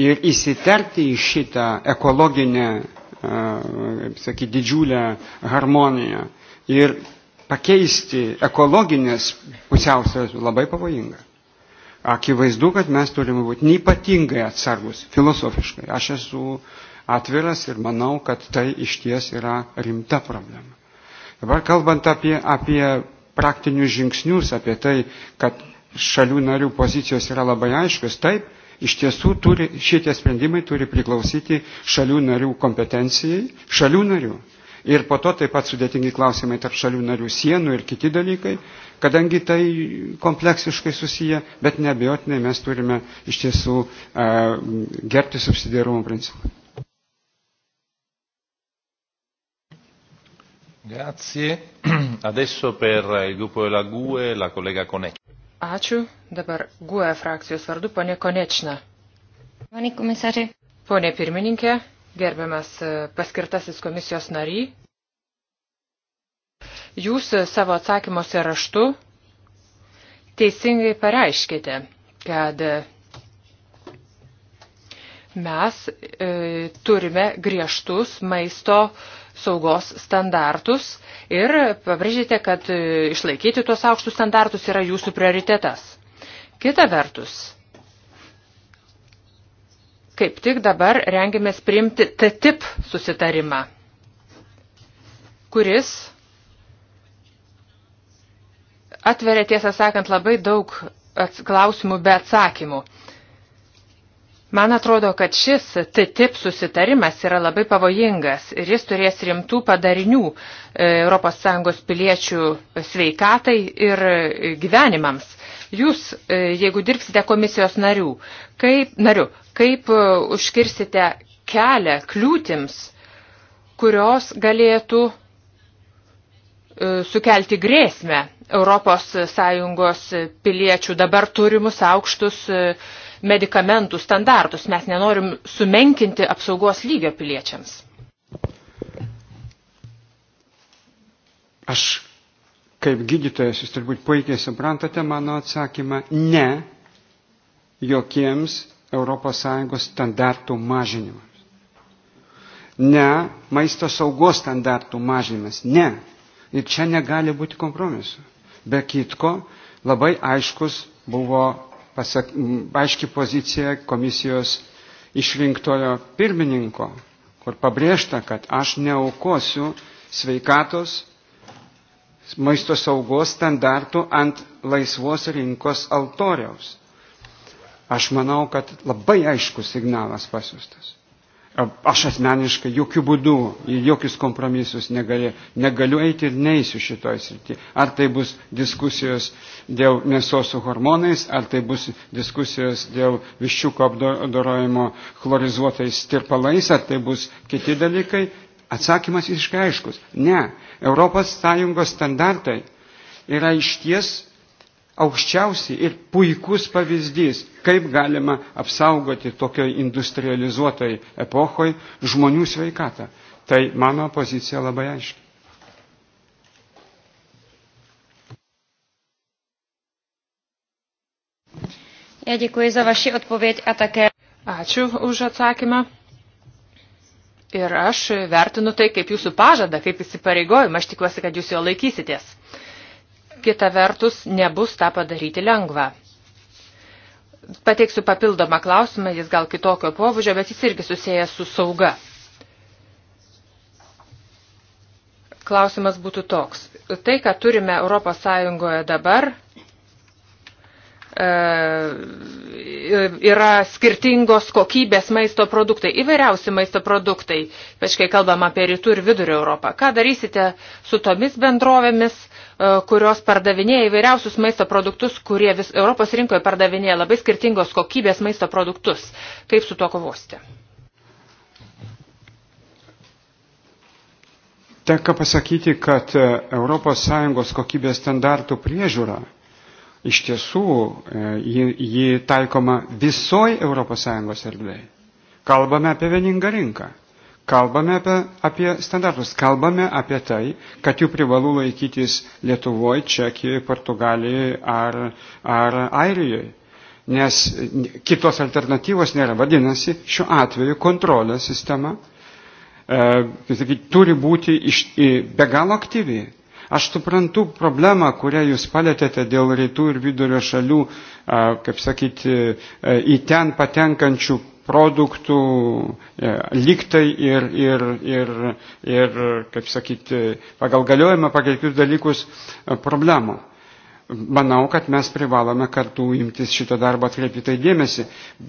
Ir įsiterpti į šitą ekologinę, e, sakyti, didžiulę harmoniją ir pakeisti ekologinės pusiausvės labai pavojinga. Akivaizdu, kad mes turime būti neipatingai atsargus filosofiškai. Aš esu atviras ir manau, kad tai iš ties yra rimta problema. Dabar kalbant apie, apie praktinius žingsnius, apie tai, kad šalių narių pozicijos yra labai aiškios, taip, iš tiesų turi, šitie sprendimai turi priklausyti šalių narių kompetencijai, šalių narių. Ir po to taip pat sudėtingi klausimai tarp šalių narių sienų ir kiti dalykai, kadangi tai kompleksiškai susiję, bet neabejotinai mes turime iš tiesų uh, gerbti subsidiarumo principą. Grazie. Adesso per il gruppo della GUE la collega Konečna. Ačiū. Dabar GUE frakcijos vardu ponė Konečna. Pane komisarė. Pone pirmininkė, gerbiamas e, paskirtasis komisijos nary. Jūs savo atsakymuose raštu teisingai pareiškite, kad mes e, turime griežtus maisto e, saugos standartus ir pabrėžėte, kad e, išlaikyti tuos aukštus standartus yra jūsų prioritetas. Kita vertus, kaip tik dabar rengiamės priimti TTIP susitarimą, kuris atveria, tiesą sakant, labai daug klausimų be atsakymų. Man atrodo, kad šis TTIP susitarimas yra labai pavojingas ir jis turės rimtų padarinių ES piliečių sveikatai ir e, gyvenimams. Jūs, e, jeigu dirbsite komisijos narių, kaip, nariu, kaip e, užkirsite kelią kliūtims, kurios galėtų sukelti grėsmę ES piliečių dabar turimus aukštus medikamentų standartus. Mes nenorim sumenkinti apsaugos lygio piliečiams. Aš kaip gydytojas, jūs turbūt puikiai suprantate mano atsakymą, ne jokiems ES standartų mažinimams. Ne maisto saugos standartų mažinimas. Ne. Ir čia negali būti kompromisu. Be kitko, labai aiškus buvo pasak, aiški pozicija komisijos išrinktojo pirmininko, kur pabrėžta, kad aš neaukosiu sveikatos maisto saugos standartų ant laisvos rinkos altoriaus. Aš manau, kad labai aiškus signalas pasiūstas aš asmeniškai jokių būdų į jokius kompromisus negali, negaliu eiti ir neįsiu šitoj srity. Ar tai bus diskusijos dėl mėsos su hormonais, ar tai bus diskusijos dėl viščiuko apdorojimo chlorizuotais tirpalais, ar tai bus kiti dalykai. Atsakymas iškai aiškus. Ne. Europos Sąjungos standartai yra išties aukščiausi ir puikus pavyzdys, kaip galima apsaugoti tokioj industrializuotoj epochoj žmonių sveikatą. Tai mano pozicija labai aiški. Ja děkuji za vaši odpověď a také. Ačiū už atsakymą. Ir aš vertinu tai kaip jūsų pažadą, kaip įsipareigojimą. Aš tikiuosi, kad jūs jo laikysitės kita vertus nebus tą padaryti lengva. Pateiksiu papildomą klausimą, jis gal kitokio pobūdžio, bet jis irgi susijęs su sauga. Klausimas būtų toks. Tai, ką turime Europos Sąjungoje dabar, e, yra skirtingos kokybės maisto produktai, įvairiausi maisto produktai, ypač kai kalbam apie rytų ir vidurio Europą. Ką darysite su tomis bendrovėmis, E, kurios pardavinėja įvairiausius maisto produktus, kurie vis, Europos rinkoje pardavinėja labai skirtingos kokybės maisto produktus. Kaip su tuo kovosite? Tenka pasakyti, kad ES kokybės standartų priežiūra iš tiesų jį, e, jį taikoma visoji ES erdvėje. Kalbame apie vieningą rinką kalbame apie, apie standartus, kalbame apie tai, kad jų privalu laikytis Lietuvoje, Čekijoje, Portugalijoje ar, ar Airijoje. Nes kitos alternatyvos nėra. Vadinasi, šiuo atveju kontrolės sistema e, turi būti iš, e, be galo aktyvi. Aš suprantu problemą, kurią jūs palėtėte dėl rytų ir vidurio šalių, kaip sakyti, e, į ten patenkančių produktų, e, liktai ir, ir, ir, ir, kaip sakyti, pagal galiojimą, pagal kitus dalykus e, problemų. Manau, kad mes privalome kartu imtis šito darbo atkreipti tai dėmesį.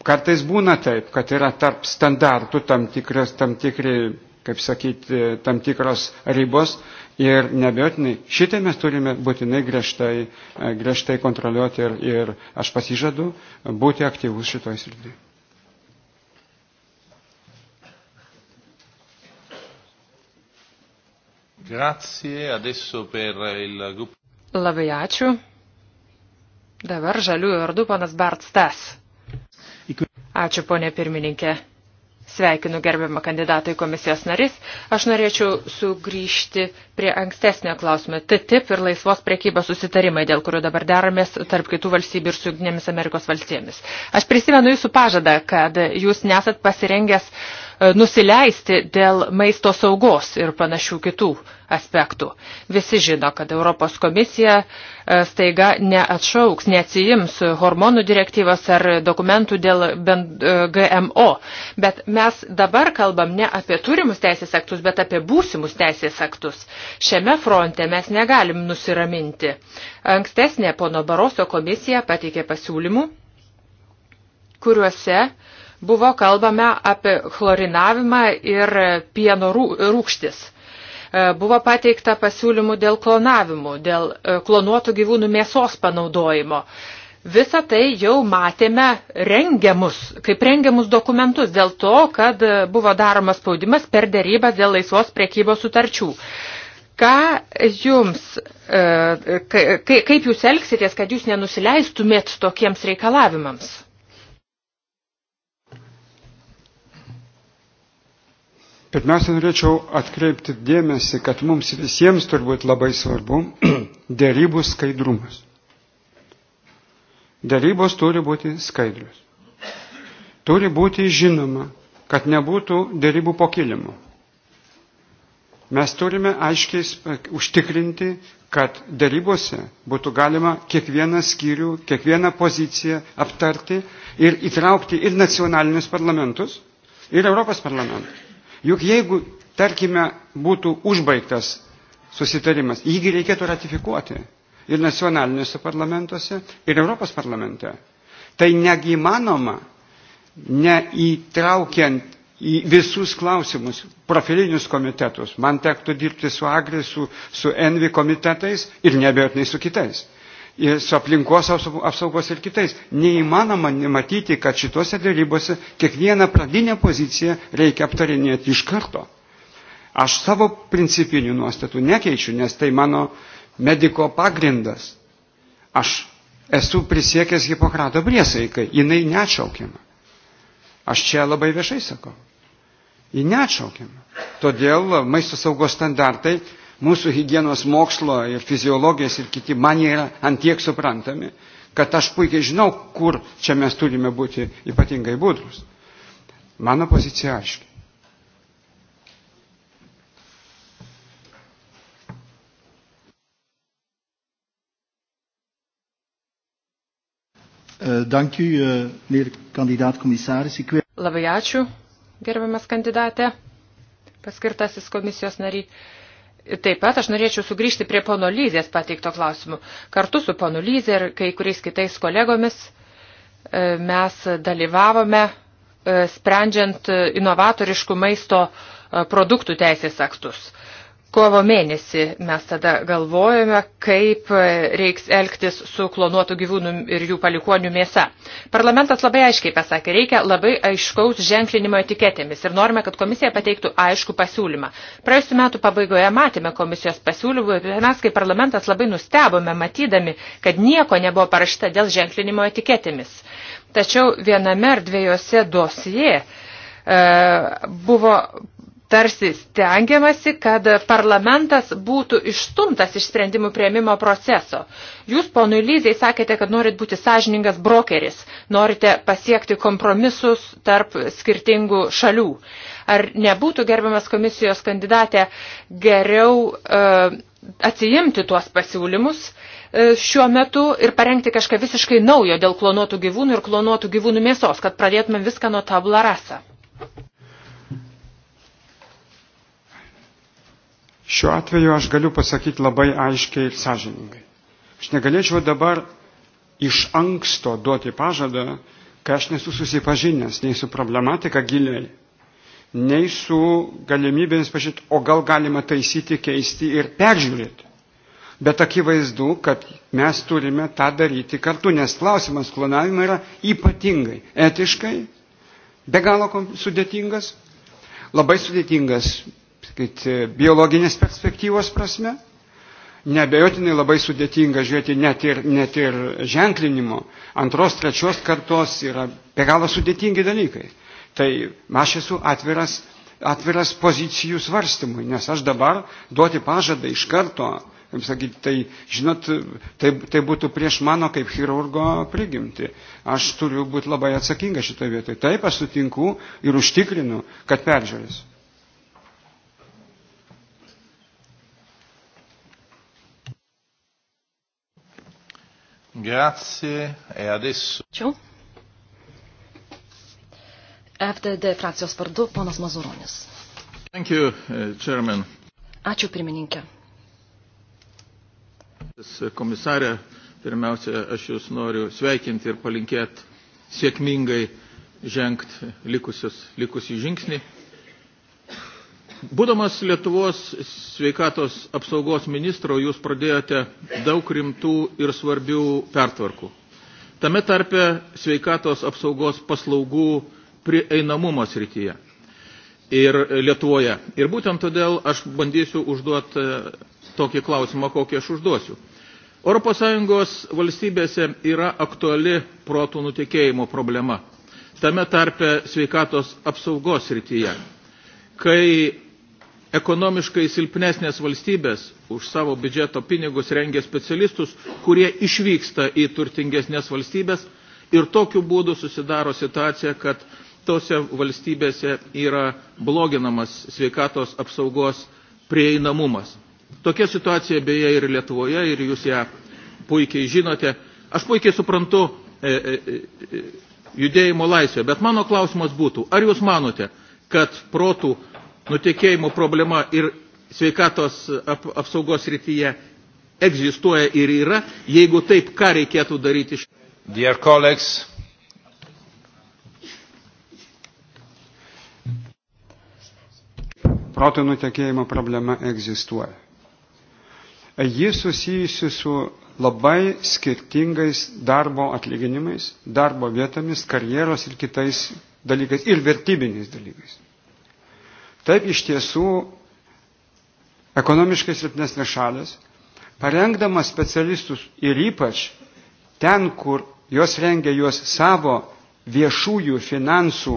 Kartais būna taip, kad yra tarp standartų tam, tikras, tam tikri, kaip sakyti, tam tikros ribos ir nebejotinai šitai mes turime būtinai griežtai, e, griežtai kontroliuoti ir, ir aš pasižadu būti aktyvus šitoj srityje. Grazie, adesso per il gruppo. Labai ačiū. Dabar žaliųjų vardu panas Bart Stas. Ačiū, ponė pirmininkė. Sveikinu gerbiamą kandidatą į komisijos narys. Aš norėčiau sugrįžti prie ankstesnio klausimo. TTIP ir laisvos priekybos susitarimai, dėl kurių dabar deramės tarp kitų valstybių ir su Junktinėmis Amerikos valstybėmis. Aš prisimenu jūsų pažadą, kad jūs nesat pasirengęs e, nusileisti dėl maisto saugos ir panašių kitų aspektų. Visi žino, kad Europos komisija e, staiga neatšauks, neatsijims hormonų direktyvos ar dokumentų dėl e, GMO. Bet mes dabar kalbam ne apie turimus teisės aktus, bet apie būsimus teisės aktus. Šiame fronte mes negalim nusiraminti. Ankstesnė pono Baroso komisija pateikė pasiūlymų, kuriuose buvo kalbame apie chlorinavimą ir pieno rūkštis. E, buvo pateikta pasiūlymų dėl klonavimų, dėl e, klonuotų gyvūnų mėsos panaudojimo. Visą tai jau matėme rengiamus, kaip rengiamus dokumentus, dėl to, kad e, buvo daromas spaudimas per dėrybas dėl laisvos priekybos sutarčių. Ką jums, kaip jūs elgsitės, kad jūs nenusileistumėt tokiems reikalavimams? Pirmiausia, norėčiau atkreipti dėmesį, kad mums visiems turbūt labai svarbu dėrybų skaidrumas. Dėrybos turi būti skaidrius. Turi būti žinoma, kad nebūtų dėrybų pokilimo. Mes turime aiškiai e, užtikrinti, kad dėrybose būtų galima kiekvieną skyrių, kiekvieną poziciją aptarti ir įtraukti ir nacionalinius parlamentus, ir Europos parlamentą. Juk jeigu, tarkime, būtų užbaigtas susitarimas, jįgi reikėtų ratifikuoti ir nacionaliniuose parlamentuose, ir Europos parlamente. Tai negi įmanoma, neįtraukiant į visus klausimus profilinius komitetus. Man tektų dirbti su Agri, su, su Envi komitetais ir nebejotinai su kitais su aplinkos apsaugos ir kitais. Neįmanoma matyti, kad šituose dėrybose kiekvieną pradinę poziciją reikia aptarinėti iš karto. Aš savo principinių nuostatų nekeičiu, nes tai mano mediko pagrindas. Aš esu prisiekęs Hipokrato priesaikai, jinai neatšaukiama. Aš čia labai viešai sakau. Ji neatšaukiama. Todėl maisto saugos standartai mūsų hygienos mokslo ir fiziologijos ir kiti man jie yra antiek suprantami, kad aš puikiai žinau, kur čia mes turime būti ypatingai budrus. Mano pozicija aiški. Eh, dank u, eh, meneer kandidaat-commissaris. Ik wil... Labai ačiū, gerbiamas kandidatė, paskirtasis komisijos nariai. Taip pat aš norėčiau sugrįžti prie pono Lyzės pateikto klausimų. Kartu su ponu Lyzė ir kai kuriais kitais kolegomis e, mes dalyvavome e, sprendžiant e, inovatoriškų maisto produktų teisės aktus. Kovo mėnesį mes tada galvojame, kaip reiks elgtis su klonuotų gyvūnų ir jų palikonių mėsa. Parlamentas labai aiškiai pasakė, reikia labai aiškaus ženklinimo etiketėmis ir norime, kad komisija pateiktų aišku pasiūlymą. Praėjusiu metu pabaigoje matėme komisijos pasiūlymų ir mes kaip parlamentas labai nustebome matydami, kad nieko nebuvo parašyta dėl ženklinimo etiketėmis. Tačiau viename ar dviejose dosie e, buvo tarsi stengiamasi, kad parlamentas būtų išstumtas iš sprendimų prieimimo proceso. Jūs, ponui Lyzai, sakėte, kad norit būti sąžiningas brokeris, norite pasiekti kompromisus tarp skirtingų šalių. Ar nebūtų gerbiamas komisijos kandidatė geriau e, atsijimti tuos pasiūlymus e, šiuo metu ir parengti kažką visiškai naujo dėl klonuotų gyvūnų ir klonuotų gyvūnų mėsos, kad pradėtume viską nuo tabla rasa? Šiuo atveju aš galiu pasakyti labai aiškiai ir sąžiningai. Aš negalėčiau dabar iš anksto duoti pažadą, kai aš nesu susipažinęs nei su problematika giliai, nei su galimybėmis pažinti, o gal galima taisyti, keisti ir peržiūrėti. Bet akivaizdu, kad mes turime tą daryti kartu, nes klausimas klonavimo yra ypatingai etiškai, be galo sudėtingas, labai sudėtingas sakyti, biologinės perspektyvos prasme. Nebejotinai labai sudėtinga žiūrėti net ir, net ir ženklinimo. Antros, trečios kartos yra be galo sudėtingi dalykai. Tai aš esu atviras, atviras pozicijų svarstymui, nes aš dabar duoti pažadą iš karto, kaip sakyti, tai, žinot, tai, tai būtų prieš mano kaip chirurgo prigimti. Aš turiu būti labai atsakinga šitoje vietoje. Taip, aš sutinku ir užtikrinu, kad peržiūrės. Grazie e adesso. Ačiū. FDD frakcijos vardu ponas Mazuronis. Thank you, uh, chairman. Ačiū pirmininkė. Uh, komisarė, pirmiausia, aš Jūs noriu sveikinti ir palinkėti sėkmingai žengti likusius, likusį žingsnį Būdamas Lietuvos sveikatos apsaugos ministro, jūs pradėjote daug rimtų ir svarbių pertvarkų. Tame tarpe sveikatos apsaugos paslaugų prieinamumo srityje ir Lietuvoje. Ir būtent todėl aš bandysiu užduoti e, tokį klausimą, kokį aš užduosiu. ES valstybėse yra aktuali protų nutekėjimo problema, tame tarpe sveikatos apsaugos srityje, kai ekonomiškai silpnesnės valstybės už savo biudžeto pinigus rengia specialistus, kurie išvyksta į turtingesnės valstybės ir tokiu būdu susidaro situacija, kad tose valstybėse yra bloginamas sveikatos apsaugos prieinamumas. Tokia situacija beje ir Lietuvoje, ir jūs ją puikiai žinote. Aš puikiai suprantu e, e, e judėjimo laisvę, bet mano klausimas būtų, ar jūs manote, kad protų nutekėjimo problema ir sveikatos ap, apsaugos rytyje egzistuoja ir yra. Jeigu taip, ką reikėtų daryti? Dear colleagues, proto nutekėjimo problema egzistuoja. Ji susijusi su labai skirtingais darbo atlyginimais, darbo vietomis, karjeros ir kitais dalykais ir vertybiniais dalykais. Taip iš tiesų ekonomiškai silpnesnės šalis, parengdamas specialistus ir ypač ten, kur jos rengia juos savo viešųjų finansų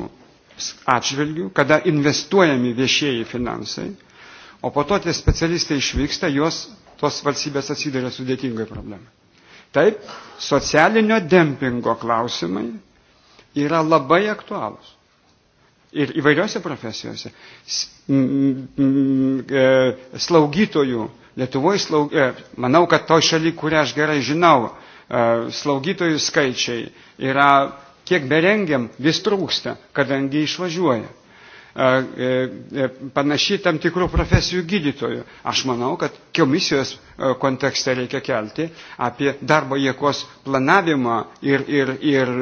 atžvilgių, kada investuojami viešieji finansai, o po to tie specialistai išvyksta, jos tos valstybės atsiduria sudėtingai problemai. Taip, socialinio dempingo klausimai yra labai aktualūs ir įvairiose profesijose. E, slaugytojų, Lietuvoje, slaug... E, manau, kad toj šaly, kurią aš gerai žinau, e, slaugytojų skaičiai yra kiek berengiam, vis trūksta, kadangi išvažiuoja. E, e, panaši tam tikrų profesijų gydytojų. Aš manau, kad komisijos e, kontekste reikia kelti apie darbo jėgos planavimą ir, ir, ir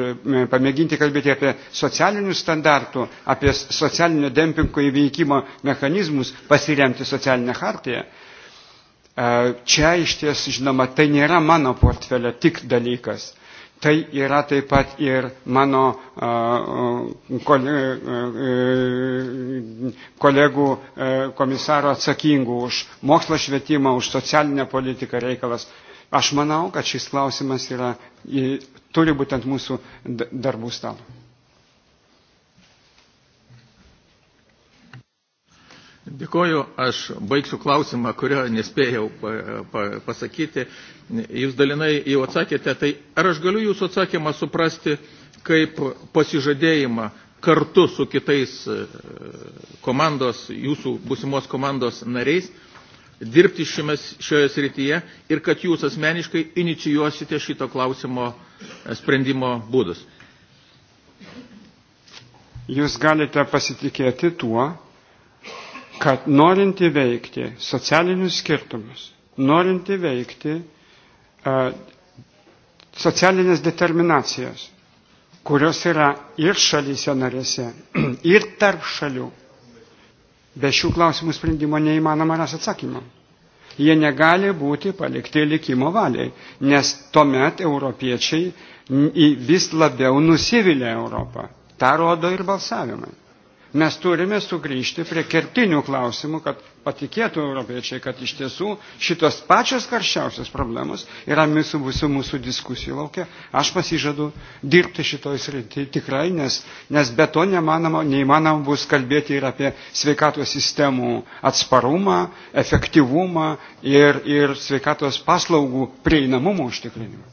pamėginti kalbėti apie socialinių standartų, apie socialinio dempingo įveikimo mechanizmus, pasiremti socialinę hartiją. Čia iš ties, žinoma, tai nėra mano portfelio tik dalykas Tai yra taip pat ir mano e, e, kolegų e, komisaro atsakingų už mokslo švietimą, už socialinę politiką reikalas. Aš manau, kad šis klausimas yra, turi būtent mūsų darbų stalo. Dėkoju, aš baigsiu klausimą, kurio nespėjau pa, pa, pasakyti. Jūs dalinai jau atsakėte, tai ar aš galiu jūsų atsakymą suprasti kaip pasižadėjimą kartu su kitais e, komandos, jūsų būsimos komandos nariais, dirbti šiame, šioje srityje ir kad jūs asmeniškai inicijuosite šito klausimo e, sprendimo būdus. Jūs galite pasitikėti tuo, kad norint įveikti socialinius skirtumus, norint įveikti uh, e, socialinės determinacijas, kurios yra ir šalyse narėse, ir tarp šalių, be šių klausimų sprendimo neįmanoma ras atsakymą. Jie negali būti palikti likimo valiai, nes tuomet europiečiai vis labiau nusivylę Europą. Ta rodo ir balsavimai mes turime sugrįžti prie kertinių klausimų, kad patikėtų europiečiai, kad iš tiesų šitos pačios karščiausios problemos yra mūsų, visų mūsų diskusijų laukia. Aš pasižadu dirbti šitoj srity tikrai, nes, nes be to nemanoma, neįmanoma bus kalbėti ir apie sveikatos sistemų atsparumą, efektyvumą ir, ir sveikatos paslaugų prieinamumo užtikrinimą.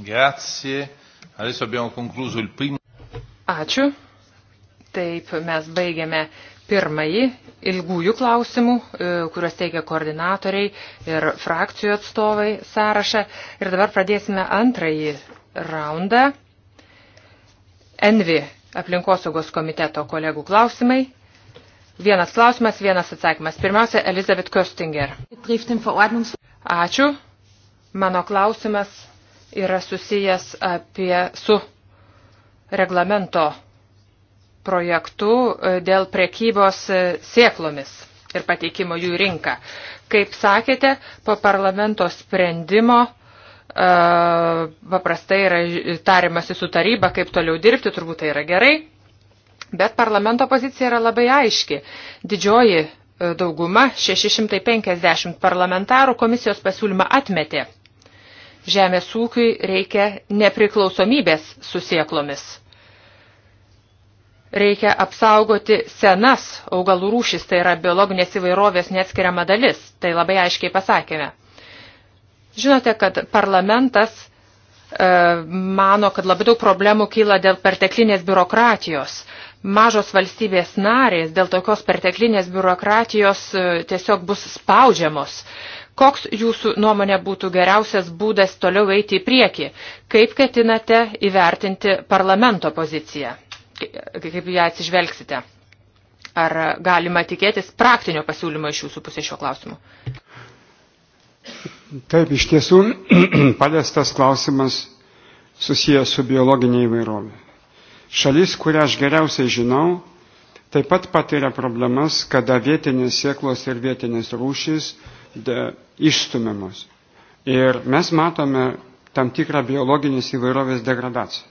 Grazie. Ačiū. Taip, mes baigėme pirmąjį ilgųjų klausimų, e, kuriuos teikia koordinatoriai ir frakcijų atstovai sąrašą. Ir dabar pradėsime antrąjį raundą. Envi aplinkosaugos komiteto kolegų klausimai. Vienas klausimas, vienas atsakymas. Pirmiausia, Elizabeth Köstinger. Ačiū. Mano klausimas yra susijęs apie, su reglamento projektu e, dėl prekybos e, sėklomis ir pateikimo jų rinką. Kaip sakėte, po parlamento sprendimo e, paprastai yra tariamasi su taryba, kaip toliau dirbti, turbūt tai yra gerai, bet parlamento pozicija yra labai aiški. Didžioji dauguma, 650 parlamentarų, komisijos pasiūlymą atmetė. Žemės ūkiui reikia nepriklausomybės susieklomis. Reikia apsaugoti senas augalų rūšis, tai yra biologinės įvairovės neatskiriama dalis. Tai labai aiškiai pasakėme. Žinote, kad parlamentas e, mano, kad labai daug problemų kyla dėl perteklinės biurokratijos mažos valstybės narės dėl tokios perteklinės biurokratijos e, tiesiog bus spaudžiamos. Koks jūsų nuomonė būtų geriausias būdas toliau eiti į priekį? Kaip ketinate įvertinti parlamento poziciją? Kaip ją atsižvelgsite? Ar galima tikėtis praktinio pasiūlymo iš jūsų pusės šiuo klausimu? Taip, iš tiesų paliestas klausimas susijęs su biologinė įvairovė. Šalis, kurią aš geriausiai žinau, taip pat patiria problemas, kada vietinės sieklos ir vietinės rūšys išstumiamos. Ir mes matome tam tikrą biologinės įvairovės degradaciją.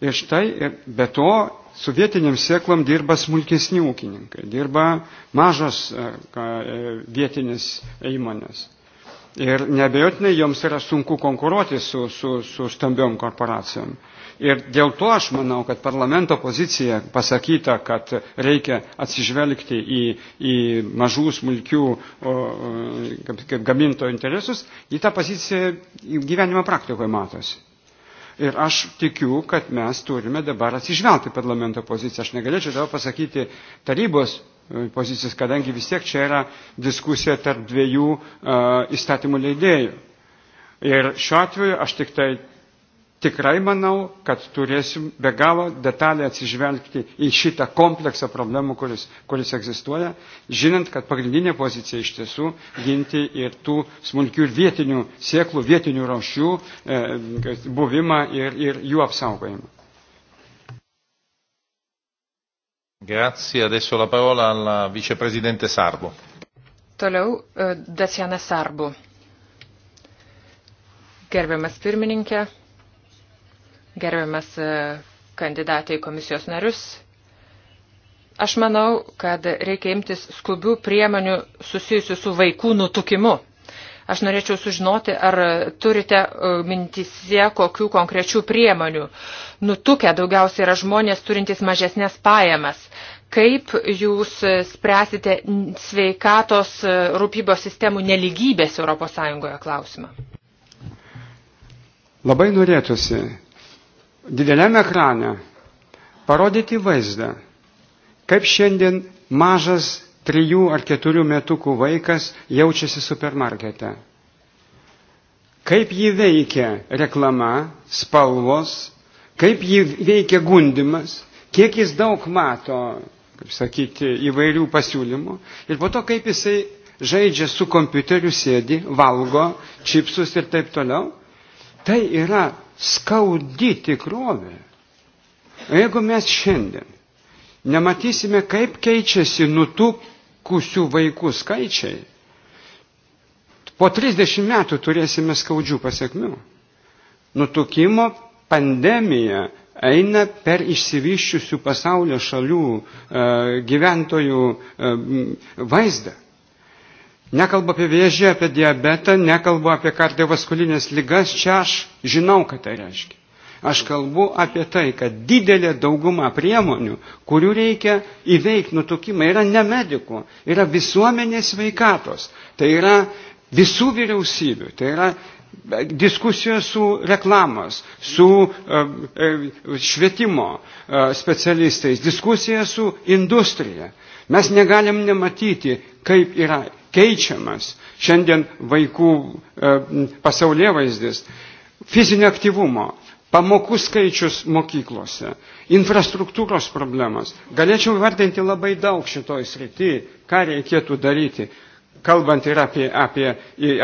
Ir štai, ir be to, su vietiniam sėklom dirba smulkesni ūkininkai, dirba mažos e, e, vietinės įmonės. Ir nebejotinai joms yra sunku konkuruoti su, su, su stambiom korporacijom. Ir dėl to aš manau, kad parlamento pozicija pasakyta, kad reikia atsižvelgti į, į mažų, smulkių o, o, kaip, kaip gamintojų interesus, į tą poziciją gyvenimo praktikoje matosi. Ir aš tikiu, kad mes turime dabar atsižvelgti parlamento poziciją. Aš negalėčiau dabar pasakyti tarybos E, pozicijas, kadangi vis tiek čia yra diskusija tarp dviejų e, įstatymų leidėjų. Ir šiuo atveju aš tik tai tikrai manau, kad turėsim be galo detaliai atsižvelgti į šitą kompleksą problemų, kuris, kuris egzistuoja, žinant, kad pagrindinė pozicija iš tiesų ginti ir tų smulkių ir vietinių sėklų, vietinių raušių e, buvimą ir, ir jų apsaugojimą. Grazie, adesso la parola al viceprezidente Sarbo. Toliau e, Daciana Sarbu. Gerbiamas pirmininkė, gerbiamas e, kandidatai į komisijos narius. Aš manau, kad reikia imtis skubių priemonių susijusių su vaikų nutukimu. Aš norėčiau sužinoti, ar turite e, mintise kokių konkrečių priemonių. Nutukę daugiausiai yra žmonės turintys mažesnės pajamas. Kaip jūs spręsite sveikatos e, rūpybos sistemų neligybės ES klausimą? Labai norėtųsi dideliame ekrane parodyti vaizdą, kaip šiandien mažas trijų ar keturių metukų vaikas jaučiasi supermarkete. Kaip jį veikia reklama, spalvos, kaip jį veikia gundimas, kiek jis daug mato, kaip sakyti, įvairių pasiūlymų ir po to kaip jisai žaidžia su kompiuteriu, sėdi, valgo čipsus ir taip toliau. Tai yra skaudi tikrovė. O jeigu mes šiandien nematysime, kaip keičiasi nutup kusių vaikų skaičiai, po 30 metų turėsime skaudžių pasiekmių. Nutukimo pandemija eina per išsivyščiusių pasaulio šalių e, gyventojų e, vaizdą. Nekalbu apie vėžį, apie diabetą, nekalbu apie kardiovaskulinės lygas, čia aš žinau, ką tai reiškia. Aš kalbu apie tai, kad didelė dauguma priemonių, kurių reikia įveikti nutukimą, yra ne medikų, yra visuomenės veikatos, tai yra visų vyriausybių, tai yra e, diskusijos su reklamos, su e, e, švietimo specialistais, diskusija su industrija. Mes negalim nematyti, kaip yra keičiamas šiandien vaikų pasaulio vaizdis, fizinio aktyvumo, pamokų skaičius mokyklose, infrastruktūros problemas. Galėčiau vardinti labai daug šitoj srity, ką reikėtų daryti, kalbant ir apie, apie,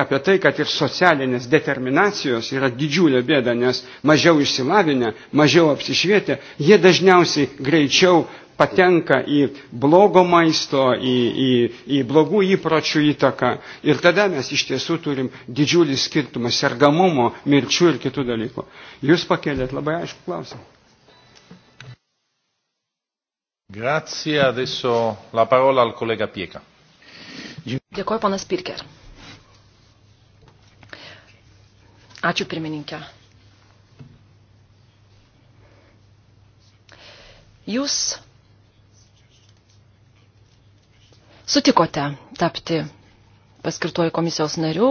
apie tai, kad ir socialinės determinacijos yra didžiulė bėda, nes mažiau išsilavinę, mažiau apsišvietę, jie dažniausiai greičiau patenka į blogo maisto, į, į, į blogų įpročių įtaką. Ir tada mes iš tiesų turim didžiulį skirtumą sergamumo, mirčių ir kitų dalykų. Jūs pakėlėt labai aišku klausimą. Grazie, adesso la parola al collega Pieka. Dėkuoju, panas Pirker. Ačiū pirmininkė. Jūs sutikote tapti paskirtuoju komisijos nariu.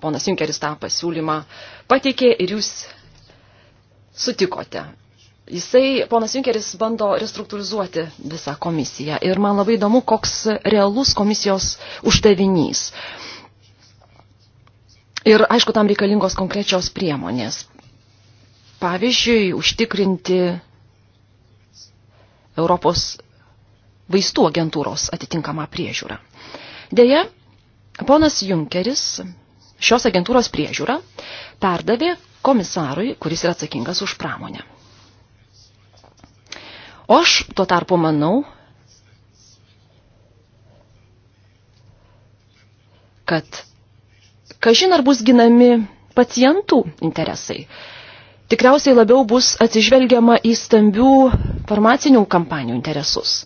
Ponas Junkeris tą pasiūlymą pateikė ir jūs sutikote. Jisai, ponas Junkeris, bando restruktūrizuoti visą komisiją. Ir man labai įdomu, koks realus komisijos uždavinys. Ir aišku, tam reikalingos konkrečios priemonės. Pavyzdžiui, užtikrinti Europos vaistų agentūros atitinkamą priežiūrą. Deja, ponas Junkeris šios agentūros priežiūrą perdavė komisarui, kuris yra atsakingas už pramonę. O aš tuo tarpu manau, kad kažin ar bus ginami pacientų interesai tikriausiai labiau bus atsižvelgiama į stambių farmacinių kampanijų interesus.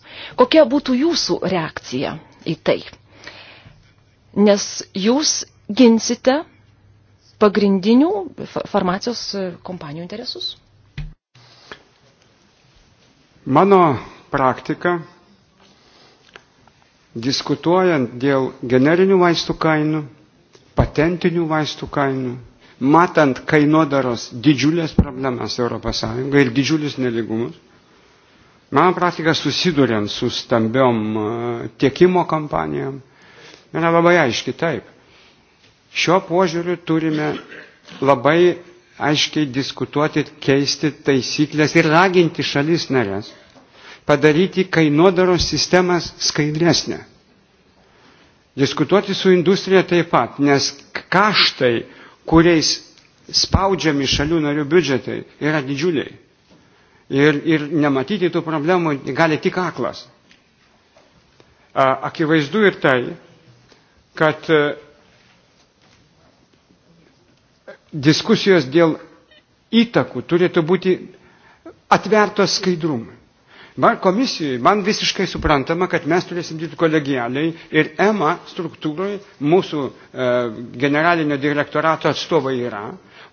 Kokia būtų jūsų reakcija į tai? Nes jūs ginsite pagrindinių farmacijos kompanijų interesus? Mano praktika, diskutuojant dėl generinių vaistų kainų, patentinių vaistų kainų, matant kainodaros didžiulės problemas ES ir didžiulius neligumus, mano praktika susiduriant su stambiom e, tiekimo kompanijom yra labai aiški taip. Šiuo požiūriu turime labai aiškiai diskutuoti, keisti taisyklės ir raginti šalis narės padaryti kainodaros sistemas skaidresnę. Diskutuoti su industrija taip pat, nes kaštai kuriais spaudžiami šalių narių biudžetai, yra didžiuliai. Ir, ir nematyti tų problemų gali tik aklas. Akivaizdu ir tai, kad e, diskusijos dėl įtakų turėtų būti atvertos skaidrumui. Man, komisijoje man visiškai suprantama, kad mes turėsim dirbti kolegialiai ir EMA struktūroje mūsų e, generalinio direktorato atstovai yra,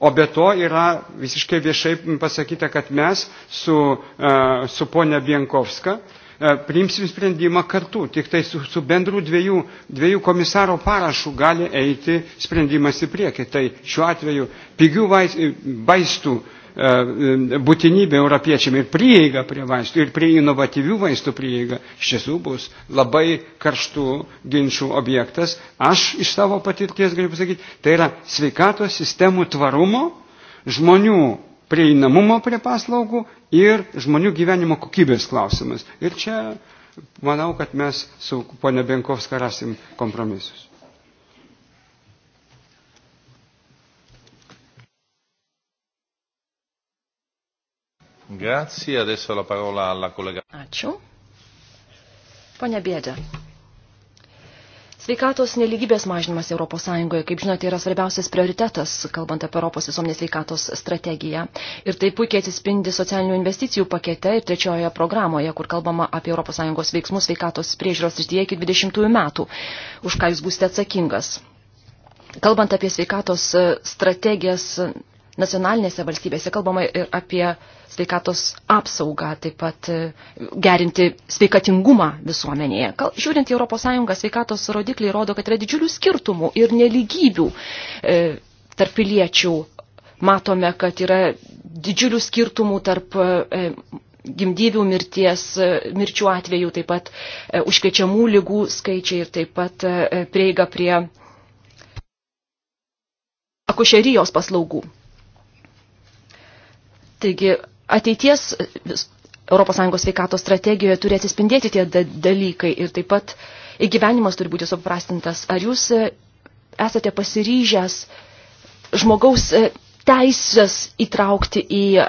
o be to yra visiškai viešai pasakyta, kad mes su, e, su ponia Bienkovska e, priimsim sprendimą kartu. Tik tai su, su bendru dviejų, dviejų komisaro parašu gali eiti sprendimas į priekį. Tai šiuo atveju pigių vaistų E, būtinybė europiečiam ir prieiga prie vaistų, ir prie inovatyvių vaistų prieiga iš tiesų bus labai karštų ginčių objektas. Aš iš savo patirties galiu pasakyti, tai yra sveikatos sistemų tvarumo, žmonių prieinamumo prie paslaugų ir žmonių gyvenimo kokybės klausimas. Ir čia manau, kad mes su ponia Benkovska rasim kompromisus. Grazie, adesso la parola alla kolega. Ačiū. Pone Bėdė. Sveikatos neligybės mažinimas ES, kaip žinote, yra svarbiausias prioritetas, kalbant apie Europos visuomenės sveikatos strategiją. Ir tai puikiai atsispindi socialinių investicijų pakete ir trečiojoje programoje, kur kalbama apie ES veiksmus sveikatos priežiūros srityje iki 20 metų, už ką jūs būsite atsakingas. Kalbant apie sveikatos strategijas nacionalinėse valstybėse kalbama ir apie sveikatos apsaugą, taip pat e, gerinti sveikatingumą visuomenėje. Kal, žiūrint į ES, sveikatos rodikliai rodo, kad yra didžiulių skirtumų ir neligybių e, tarp piliečių. Matome, kad yra didžiulių skirtumų tarp e, gimdyvių mirties, e, mirčių atvejų, taip pat e, užkrečiamų lygų skaičiai ir taip pat e, prieiga prie akušerijos paslaugų. Taigi ateities ES sveikatos strategijoje turi atsispindėti tie dalykai ir taip pat įgyvenimas turi būti suprastintas. Ar jūs e, esate pasiryžęs žmogaus e, teisės įtraukti į e,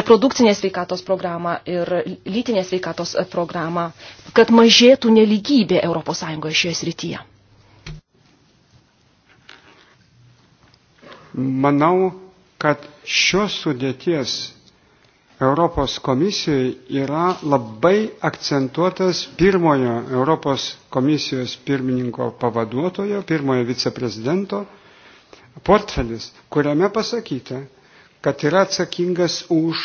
reprodukcinės sveikatos programą ir lytinės sveikatos programą, kad mažėtų neligybė ES šioje srityje? Manau, kad šios sudėties Europos komisijoje yra labai akcentuotas pirmojo Europos komisijos pirmininko pavaduotojo, pirmojo viceprezidento portfelis, kuriame pasakyta, kad yra atsakingas už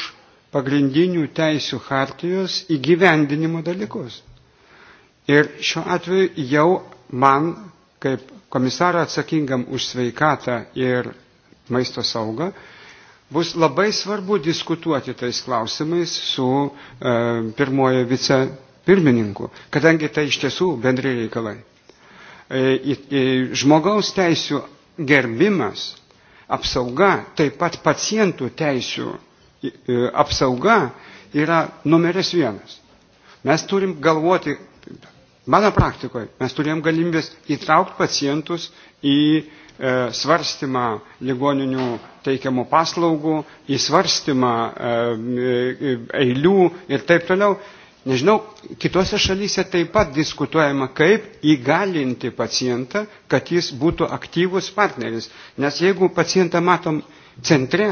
pagrindinių teisių hartijos įgyvendinimo dalykus. Ir šiuo atveju jau man, kaip komisarą atsakingam už sveikatą ir maisto saugą, bus labai svarbu diskutuoti tais klausimais su e, pirmojo vicepirmininku, kadangi tai iš tiesų bendri reikalai. E, e, žmogaus teisų gerbimas, apsauga, taip pat pacientų teisų e, e, apsauga yra numeris vienas. Mes turim galvoti, mano praktikoje, mes turėjom galimybės įtraukti pacientus į E, svarstymą ligoninių teikiamų paslaugų, į svarstymą e, e, eilių ir taip toliau. Nežinau, kitose šalyse taip pat diskutuojama, kaip įgalinti pacientą, kad jis būtų aktyvus partneris. Nes jeigu pacientą matom centre,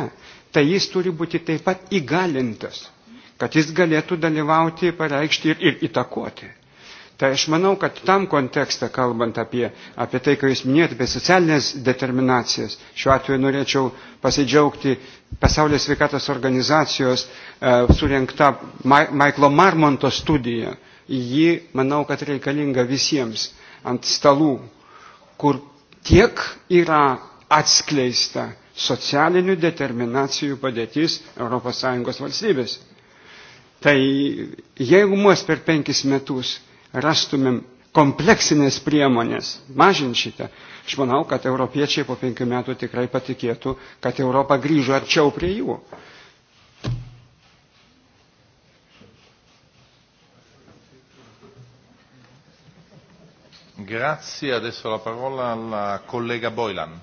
tai jis turi būti taip pat įgalintas, kad jis galėtų dalyvauti, pareikšti ir, ir įtakoti. Tai aš manau, kad tam kontekste, kalbant apie, apie tai, ką jūs minėjote, apie socialinės determinacijas, šiuo atveju norėčiau pasidžiaugti Pasaulio sveikatos organizacijos e, surinkta Ma Maiklo Marmonto studija. Ji, manau, kad reikalinga visiems ant stalų, kur tiek yra atskleista socialinių determinacijų padėtis ES valstybės. Tai jeigu mus per penkis metus rastumėm kompleksinės priemonės mažinti šitą, aš manau, kad europiečiai po penkių metų tikrai patikėtų, kad Europa grįžo arčiau prie jų. Grazie, adesso la parola alla collega Boylan.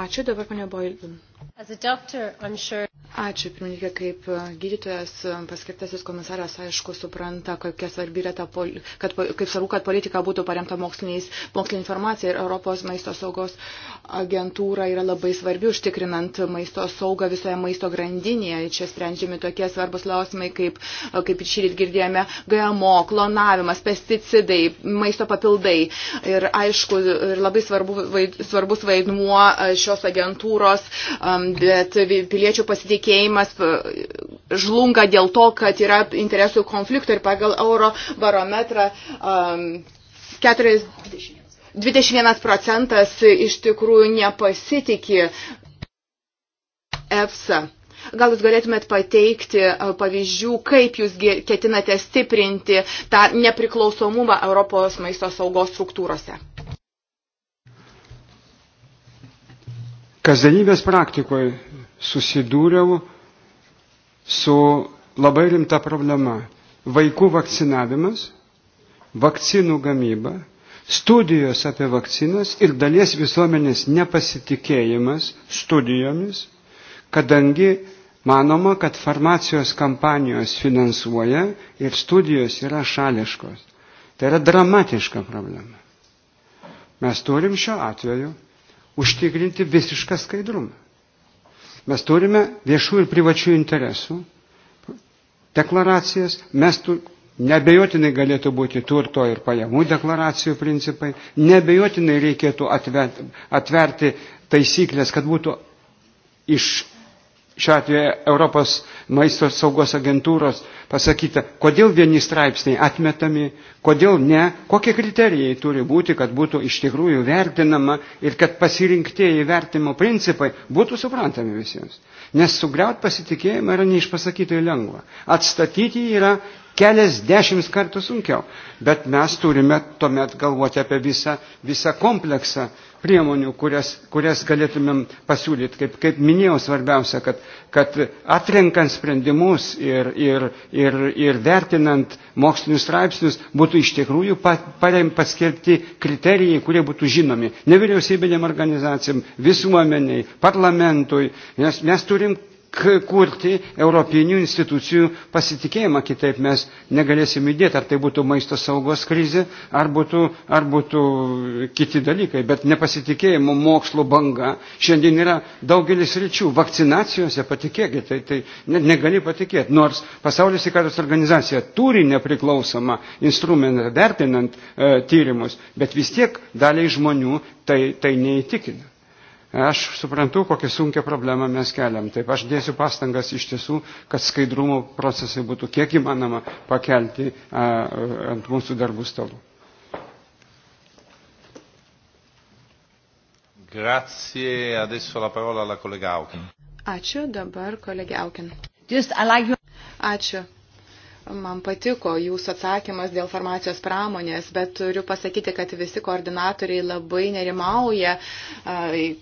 Ačiū dabar, ponia Boylan. As a doctor, I'm sure... Ačiū, pirmininkė, kaip e, gydytojas e, paskirtasis komisaras, aišku, supranta, kokia svarbi yra ta, kad, kaip svarbu, kad politika būtų paremta moksliniais, mokslinė informacija ir Europos maisto saugos agentūra yra labai svarbi užtikrinant maisto saugą visoje maisto grandinėje. Čia sprendžiami tokie svarbus klausimai, kaip, e, kaip ir šįryt girdėjome, GMO, klonavimas, pesticidai, maisto papildai. Ir aišku, ir labai svarbu, vaid, svarbus vaidmuo šios agentūros, bet piliečių pasitikėjimas pasitikėjimas e, žlunga dėl to, kad yra interesų konflikto ir pagal euro barometrą um, 40, 21 procentas iš tikrųjų nepasitikė EFSA. Gal jūs galėtumėt pateikti e, pavyzdžių, kaip jūs ketinate stiprinti tą nepriklausomumą Europos maisto saugos struktūrose? Kasdienybės praktikoje susidūriau su labai rimta problema. Vaikų vakcinavimas, vakcinų gamyba, studijos apie vakcinas ir dalies visuomenės nepasitikėjimas studijomis, kadangi manoma, kad farmacijos kampanijos finansuoja ir studijos yra šališkos. Tai yra dramatiška problema. Mes turim šiuo atveju užtikrinti visišką skaidrumą. Mes turime viešų ir privačių interesų deklaracijas, mes tu, nebejotinai galėtų būti turto ir pajamų deklaracijų principai, nebejotinai reikėtų atverti taisyklės, kad būtų iš šiuo atveju Europos maisto saugos agentūros pasakyta, kodėl vieni straipsniai atmetami, kodėl ne, kokie kriterijai turi būti, kad būtų iš tikrųjų vertinama ir kad pasirinktieji vertimo principai būtų suprantami visiems. Nes sugriaut pasitikėjimą yra neišpasakytai lengva. Atstatyti yra keliasdešimt kartų sunkiau. Bet mes turime tuomet galvoti apie visą, visą kompleksą priemonių, kurias, kurias galėtumėm pasiūlyti. Kaip, kaip minėjau, svarbiausia, kad, kad atrenkant sprendimus ir, ir, ir, ir vertinant mokslinius straipsnius būtų iš tikrųjų paskelbti kriterijai, kurie būtų žinomi nevyriausybinėm organizacijom, visuomeniai, parlamentui, nes mes turim kurti europinių institucijų pasitikėjimą, kitaip mes negalėsim judėti, ar tai būtų maisto saugos krizė, ar būtų, ar būtų kiti dalykai, bet nepasitikėjimo mokslo banga šiandien yra daugelis ryčių, vakcinacijose patikėkit, tai, tai net negali patikėti, nors pasaulio sveikatos organizacija turi nepriklausomą instrumentą vertinant e, tyrimus, bet vis tiek daliai žmonių tai, tai neįtikina. Aš suprantu, kokią sunkę problemą mes keliam. Taip aš dėsiu pastangas iš tiesų, kad skaidrumo procesai būtų kiek įmanoma pakelti a, ant mūsų darbų stalų. Grazie, adesso la parola alla collega Auken. Ačiū, dabar kolegė Auken. Ačiū. Man patiko jūsų atsakymas dėl farmacijos pramonės, bet turiu pasakyti, kad visi koordinatoriai labai nerimauja.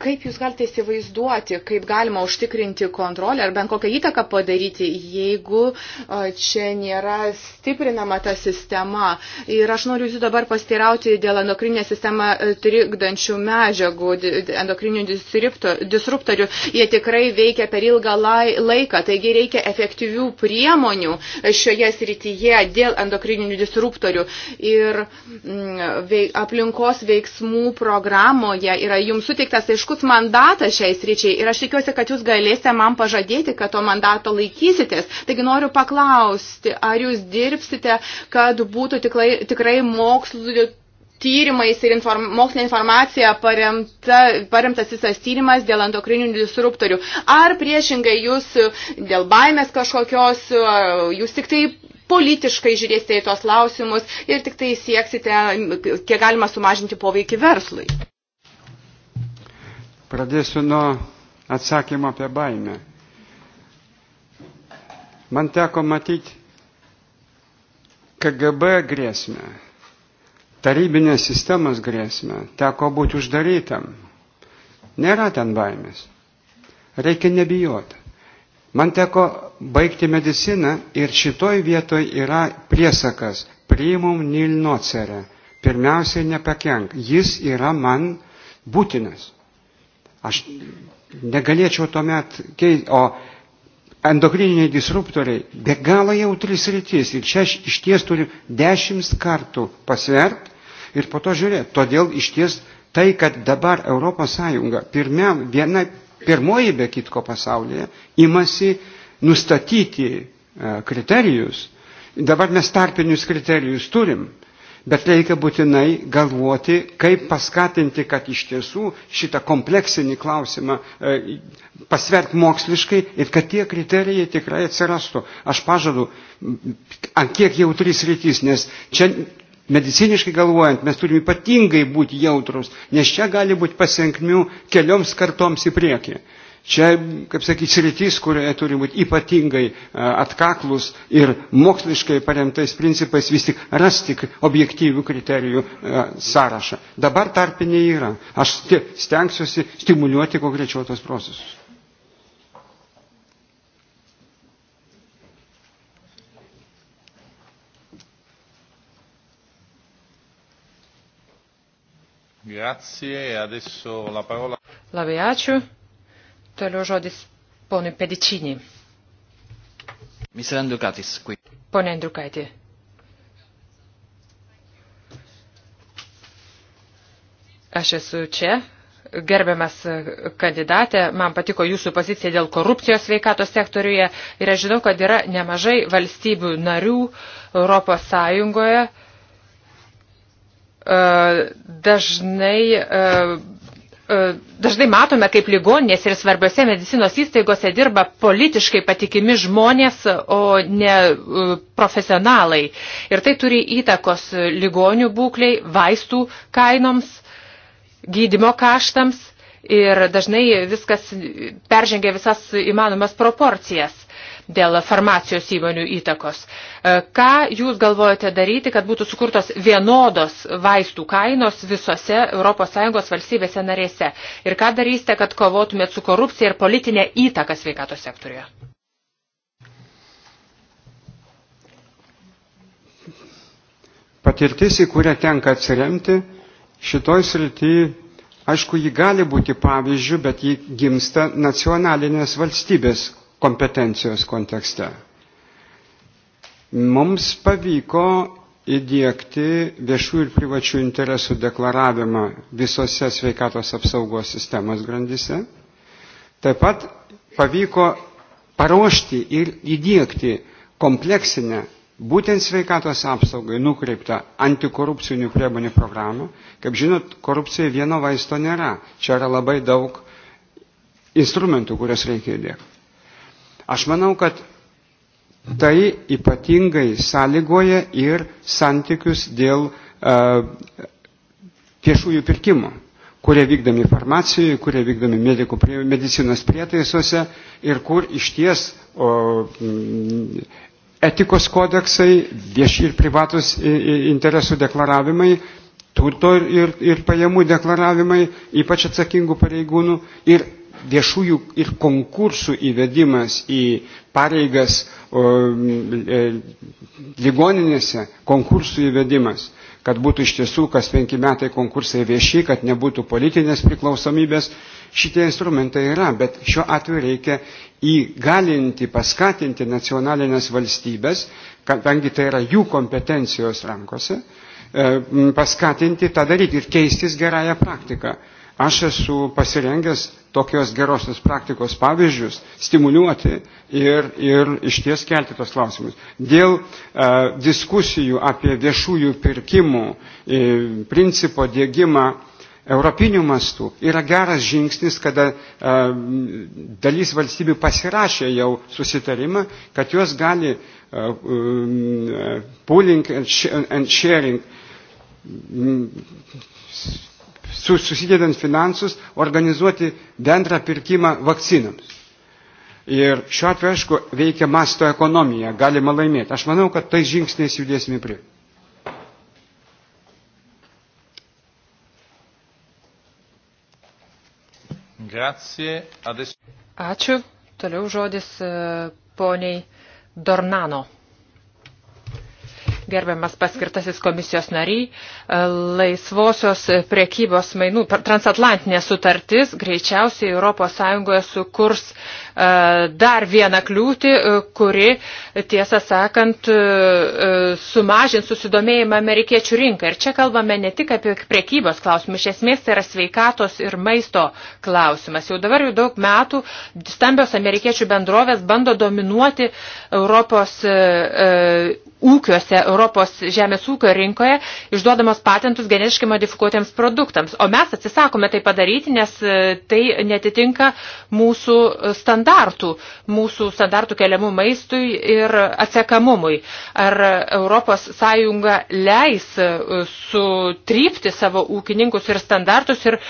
Kaip jūs galite įsivaizduoti, kaip galima užtikrinti kontrolę ar bent kokią įtaką padaryti, jeigu čia nėra stiprinama ta sistema? Ir aš noriu jūsų dabar pastirauti dėl endokrinę sistemą e, trikdančių medžiagų, endokrinių disruptorių. Jie tikrai veikia per ilgą laiką, taigi reikia efektyvių priemonių šioje šioje srityje dėl endokrininių disruptorių ir mm, veik, aplinkos veiksmų programoje yra jums suteiktas aiškus mandatas šiai sričiai ir aš tikiuosi, kad jūs galėsite man pažadėti, kad to mandato laikysitės. Taigi noriu paklausti, ar jūs dirbsite, kad būtų tiklai, tikrai mokslo tyrimais ir inform, mokslinė informacija paremta, paremtas visas tyrimas dėl endokrinių disruptorių. Ar priešingai jūs dėl baimės kažkokios, jūs tik tai politiškai žiūrėsite į tos klausimus ir tik tai sieksite, kiek galima sumažinti poveikį verslui? Pradėsiu nuo atsakymo apie baimę. Man teko matyti KGB grėsmę tarybinės sistemos grėsmę, teko būti uždarytam. Nėra ten baimės. Reikia nebijoti. Man teko baigti mediciną ir šitoj vietoj yra priesakas priimum Nilnocerę. Pirmiausiai nepakenk. Jis yra man būtinas. Aš negalėčiau tuomet keisti, o endokrininiai disruptoriai be galo jautris rytis ir čia iš ties turiu dešimt kartų pasvert ir po to žiūrėti. Todėl iš ties tai, kad dabar Europos Sąjunga pirmiam, viena pirmoji be kitko pasaulyje imasi nustatyti e, kriterijus. Dabar mes tarpinius kriterijus turim bet reikia būtinai galvoti, kaip paskatinti, kad iš tiesų šitą kompleksinį klausimą e, pasvert moksliškai ir kad tie kriterijai tikrai atsirastų. Aš pažadu, ant kiek jautrys rytis, nes čia mediciniškai galvojant mes turime ypatingai būti jautrus, nes čia gali būti pasiekmių kelioms kartoms į priekį. Čia, kaip sakyti, sritis, kurioje turi būti ypatingai e, atkaklus ir moksliškai paremtais principais vis tik rasti objektyvių kriterijų e, sąrašą. Dabar tarpinė yra. Aš stengsiuosi stimuliuoti kuo greičiau tos procesus. Grazie, e adesso la parola. Labai ačiū. Toliau žodis ponui Pedičinį. Mr. Andriukaitis. Pone Andriukaitį. Aš esu čia. Gerbiamas kandidatė, man patiko jūsų pozicija dėl korupcijos sveikatos sektoriuje ir aš žinau, kad yra nemažai valstybių narių Europos Sąjungoje e, dažnai e, E, dažnai matome, kaip ligoninės ir svarbiose medicinos įstaigose dirba politiškai patikimi žmonės, o ne e, profesionalai. Ir tai turi įtakos ligonių būkliai, vaistų kainoms, gydimo kaštams ir dažnai viskas peržengia visas įmanomas proporcijas dėl farmacijos įmonių įtakos. E, ką jūs galvojate daryti, kad būtų sukurtos vienodos vaistų kainos visose ES valstybėse narėse? Ir ką darysite, kad kovotumėt su korupcija ir politinė įtaka sveikatos sektoriuje? Patirtis, į kurią tenka atsiremti, šitoj srityje Aišku, ji gali būti pavyzdžių, bet ji gimsta nacionalinės valstybės kompetencijos kontekste. Mums pavyko įdėkti viešų ir privačių interesų deklaravimą visose sveikatos apsaugos sistemos grandise. Taip pat pavyko paruošti ir įdėkti kompleksinę būtent sveikatos apsaugai nukreiptą antikorupcinių priemonių programą. Kaip žinot, korupcijai vieno vaisto nėra. Čia yra labai daug instrumentų, kurias reikia įdėkti. Aš manau, kad tai ypatingai sąlygoja ir santykius dėl e, viešųjų pirkimų, kurie vykdami farmacijoje, kurie vykdami medikų, medicinos prietaisuose ir kur iš ties o, mm, etikos kodeksai, vieši ir privatus interesų deklaravimai, turto ir, ir pajamų deklaravimai, ypač atsakingų pareigūnų ir viešųjų ir konkursų įvedimas į pareigas e, ligoninėse, konkursų įvedimas, kad būtų iš tiesų kas penki metai konkursai vieši, kad nebūtų politinės priklausomybės. Šitie instrumentai yra, bet šiuo atveju reikia įgalinti, paskatinti nacionalinės valstybės, kadangi tai yra jų kompetencijos rankose, e, paskatinti tą daryti ir keistis gerąją praktiką. Aš esu pasirengęs tokios gerosios praktikos pavyzdžius stimuliuoti ir, ir išties kelti tos klausimus. Dėl e, diskusijų apie viešųjų pirkimų e, principo dėgymą Europinių mastų yra geras žingsnis, kada e, dalis valstybių pasirašė jau susitarimą, kad jos gali e, e pooling and sharing susidedant finansus, organizuoti bendrą pirkimą vakcinams. Ir šiuo atveju, aišku, veikia masto ekonomija, galima laimėti. Aš manau, kad tai žingsniais judėsime prie. Ačiū. Toliau žodis e, poniai Dornano gerbiamas paskirtasis komisijos nariai, laisvosios priekybos mainų, transatlantinė sutartis greičiausiai ES sukurs e, dar vieną kliūtį, e, kuri, tiesą sakant, e, sumažins susidomėjimą amerikiečių rinką. Ir čia kalbame ne tik apie priekybos klausimus, iš esmės tai yra sveikatos ir maisto klausimas. Jau dabar jau daug metų stambios amerikiečių bendrovės bando dominuoti Europos ūkiuose, Europos žemės ūkio rinkoje išduodamos patentus genetiškai modifikuotiems produktams. O mes atsisakome tai padaryti, nes e, tai netitinka mūsų standartų, mūsų standartų keliamų maistui ir atsekamumui. Ar Europos Sąjunga leis e, sutrypti savo ūkininkus ir standartus ir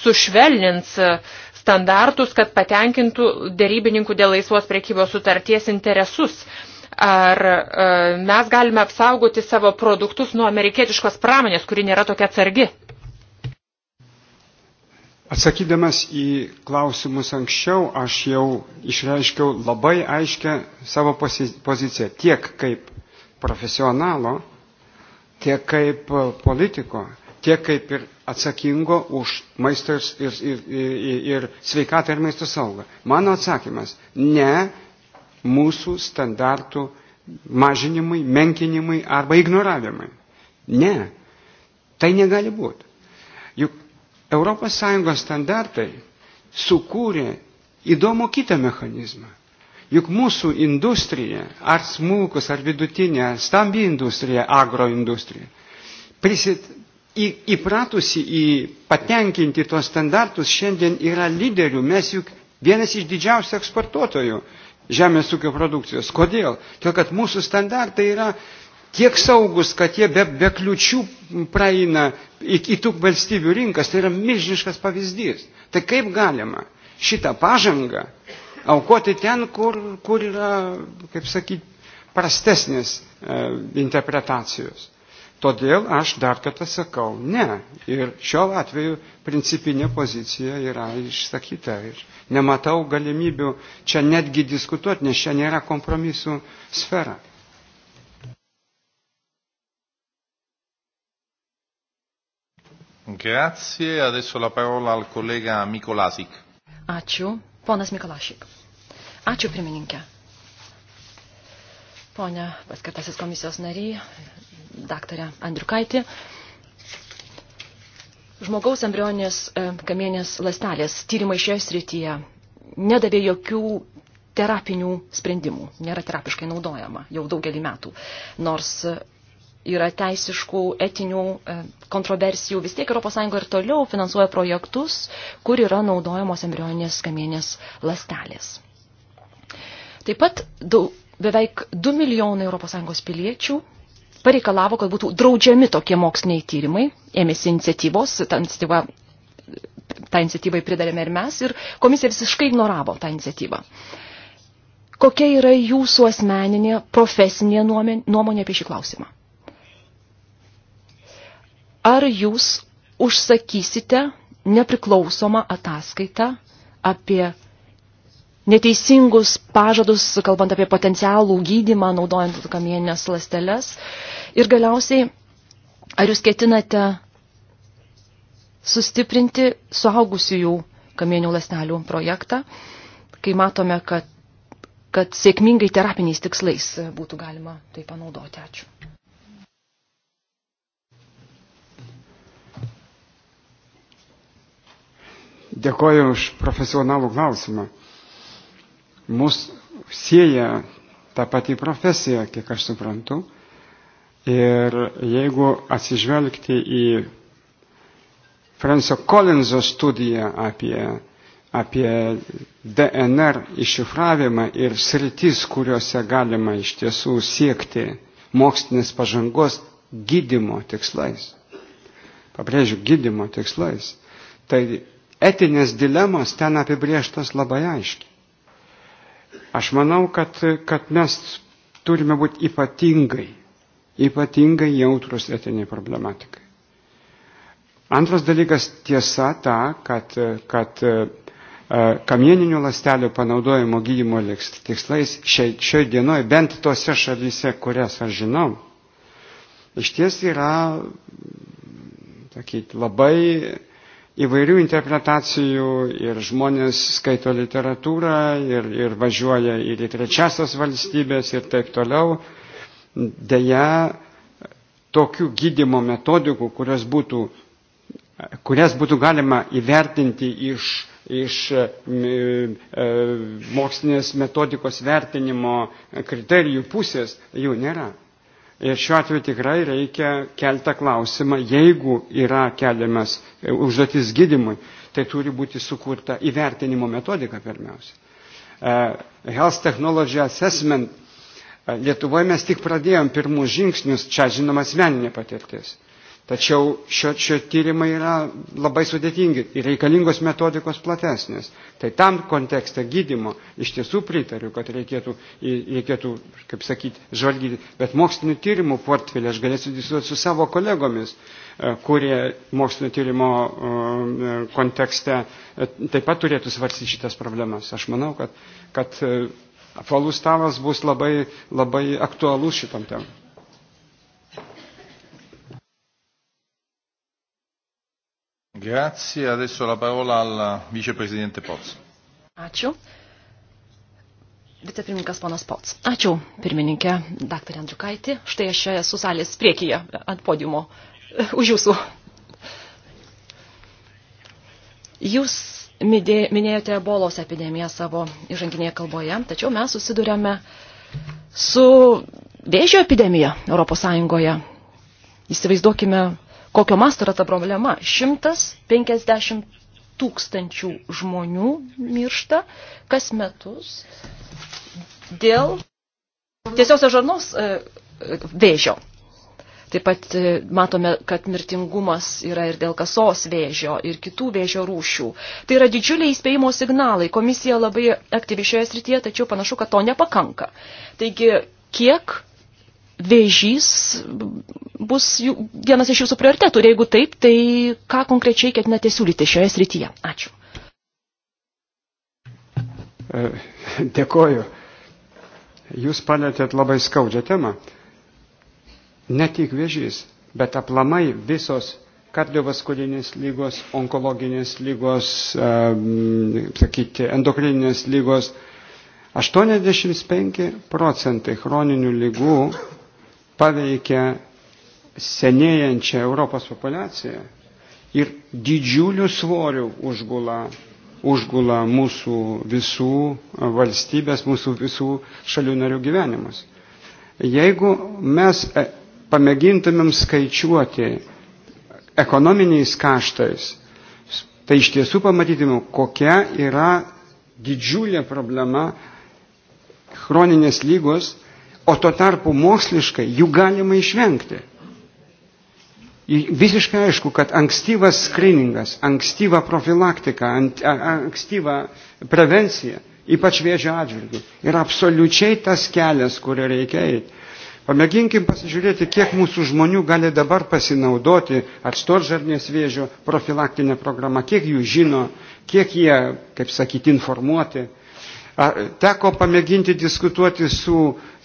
sušvelnins e, standartus, kad patenkintų dėrybininkų dėl laisvos prekybos sutarties interesus. Uh, Ar e, mes galime apsaugoti savo produktus nuo amerikietiškos pramonės, kuri nėra tokia atsargi? Atsakydamas į klausimus anksčiau, aš jau išreiškiau labai aiškę savo poziciją tiek kaip profesionalo, tiek kaip e, politiko, tiek kaip ir atsakingo už maistas ir, ir, ir, ir sveikatą ir maisto saugą. Mano atsakymas - ne, mūsų standartų mažinimai, menkinimai arba ignoravimai. Ne, tai negali būti. Juk ES standartai sukūrė įdomų kitą mechanizmą. Juk mūsų industrija, ar smulkus, ar vidutinė, stambi industrija, agroindustrija, prisit, į, įpratusi į patenkinti tuos standartus, šiandien yra lyderių, mes juk vienas iš didžiausių eksportuotojų žemės ūkio produkcijos. Kodėl? Todėl, kad mūsų standartai yra tiek saugus, kad jie be, be kliučių praeina į, į tų valstybių rinkas. Tai yra milžiniškas pavyzdys. Tai kaip galima šitą pažangą aukoti ten, kur, kur yra, kaip sakyti, prastesnės e, interpretacijos. Todėl aš dar kartą sakau, ne. Ir šiuo atveju principinė pozicija yra išsakyta. Ir nematau galimybių čia netgi diskutuoti, nes čia nėra kompromisų sfera. Grazie. Adesso la parola al collega Mikolasik. Ačiū. Ponas Mikolašik. Ačiū pirmininkė. Pone paskirtasis komisijos nariai, daktarę Andriukaitį. Žmogaus embrioninės e, kamienės lastelės tyrimai šioje srityje nedavė jokių terapinių sprendimų, nėra terapiškai naudojama jau daugelį metų. Nors yra teisiškų, etinių e, kontroversijų, vis tiek ES ir toliau finansuoja projektus, kur yra naudojamos embrioninės kamienės lastelės. Taip pat daug, beveik 2 milijonai ES piliečių pareikalavo, kad būtų draudžiami tokie moksliniai tyrimai, ėmėsi iniciatyvos, ta iniciatyva, tą iniciatyvą pridarėme ir mes, ir komisija visiškai ignoravo tą iniciatyvą. Kokia yra jūsų asmeninė, profesinė nuomonė apie šį klausimą? Ar jūs užsakysite nepriklausomą ataskaitą apie neteisingus pažadus, kalbant apie potencialų gydimą, naudojant kamieninės lasteles. Ir galiausiai, ar jūs ketinate sustiprinti suaugusiųjų kamienių lastelių projektą, kai matome, kad, kad sėkmingai terapiniais tikslais būtų galima tai panaudoti. Ačiū. Dėkoju už profesionalų klausimą mus sieja ta pati profesija, kiek aš suprantu. Ir jeigu atsižvelgti į Franso Kolinzo studiją apie, apie DNR iššifravimą ir sritis, kuriuose galima iš tiesų siekti mokslinės pažangos gydimo tikslais. Pabrėžiu, gydimo tikslais. Tai etinės dilemos ten apibrieštas labai aiškiai. Aš manau, kad, kad mes turime būti ypatingai, ypatingai jautrus etiniai problematikai. Antras dalykas tiesa ta, kad, kad e, kamieninių lastelių panaudojimo gydymo tikslais šioje dienoje, bent tose šalyse, kurias aš žinau, iš ties yra sakyt, labai įvairių interpretacijų ir žmonės skaito literatūrą ir, ir važiuoja ir į trečiasias valstybės ir taip toliau. Deja, tokių gydimo metodikų, kurias būtų, kurias būtų galima įvertinti iš, iš e, e, mokslinės metodikos vertinimo kriterijų pusės, jų nėra. Ir šiuo atveju tikrai reikia keltą klausimą, jeigu yra keliamas e, užduotis gydimui, tai turi būti sukurta įvertinimo metodika pirmiausia. E, Health Technology Assessment e, Lietuvoje mes tik pradėjom pirmus žingsnius, čia žinoma asmeninė patirtis. Tačiau šio, šio tyrimai yra labai sudėtingi ir reikalingos metodikos platesnės. Tai tam kontekste gydimo iš tiesų pritariu, kad reikėtų, reikėtų kaip sakyti, žvalgyti. Bet mokslinių tyrimų portfelį aš galėsiu diskutuoti su savo kolegomis, e, kurie mokslinio tyrimo e, kontekste e, taip pat turėtų svarstyti šitas problemas. Aš manau, kad, kad apvalus tavas bus labai, labai aktualus šitam temam. Grazie, adesso la parola al viceprezidente Pots. Ačiū. Vicepirmininkas ponas Pots. Ačiū, pirmininkė, daktarė Andriukaitė. Štai aš esu salės priekyje ant podiumo už jūsų. Jūs minėjote ebolos epidemiją savo įžanginėje kalboje, tačiau mes susidurėme su vėžio epidemija Europos Sąjungoje. Įsivaizduokime kokio masto yra ta problema. 150 tūkstančių žmonių miršta kas metus dėl tiesiosios žarnos e, vėžio. Taip pat e, matome, kad mirtingumas yra ir dėl kasos vėžio, ir kitų vėžio rūšių. Tai yra didžiuliai įspėjimo signalai. Komisija labai aktyvi šioje srityje, tačiau panašu, kad to nepakanka. Taigi, kiek vėžys bus jų, vienas iš jūsų prioritetų. Ir jeigu taip, tai ką konkrečiai ketinate siūlyti šioje srityje? Ačiū. E, dėkoju. Jūs palėtėt labai skaudžią temą. Ne tik vėžys, bet aplamai visos kardiovaskulinės lygos, onkologinės lygos, sakyti, endokrininės lygos. 85 procentai chroninių lygų paveikia senėjančią Europos populaciją ir didžiulių svorių užgula, užgula mūsų visų valstybės, mūsų visų šalių narių gyvenimus. Jeigu mes e, pamėgintumėm skaičiuoti ekonominiais kaštais, tai iš tiesų pamatytumėm, kokia yra didžiulė problema chroninės lygos o tuo tarpu moksliškai jų galima išvengti. Visiškai aišku, kad ankstyvas skriningas, ankstyva profilaktika, ankstyva prevencija, ypač vėžio atžvilgių, yra absoliučiai tas kelias, kurio reikia eiti. Pamėginkim pasižiūrėti, kiek mūsų žmonių gali dabar pasinaudoti atstoržarnės vėžio profilaktinę programą, kiek jų žino, kiek jie, kaip sakyti, informuoti. Teko pamėginti diskutuoti su,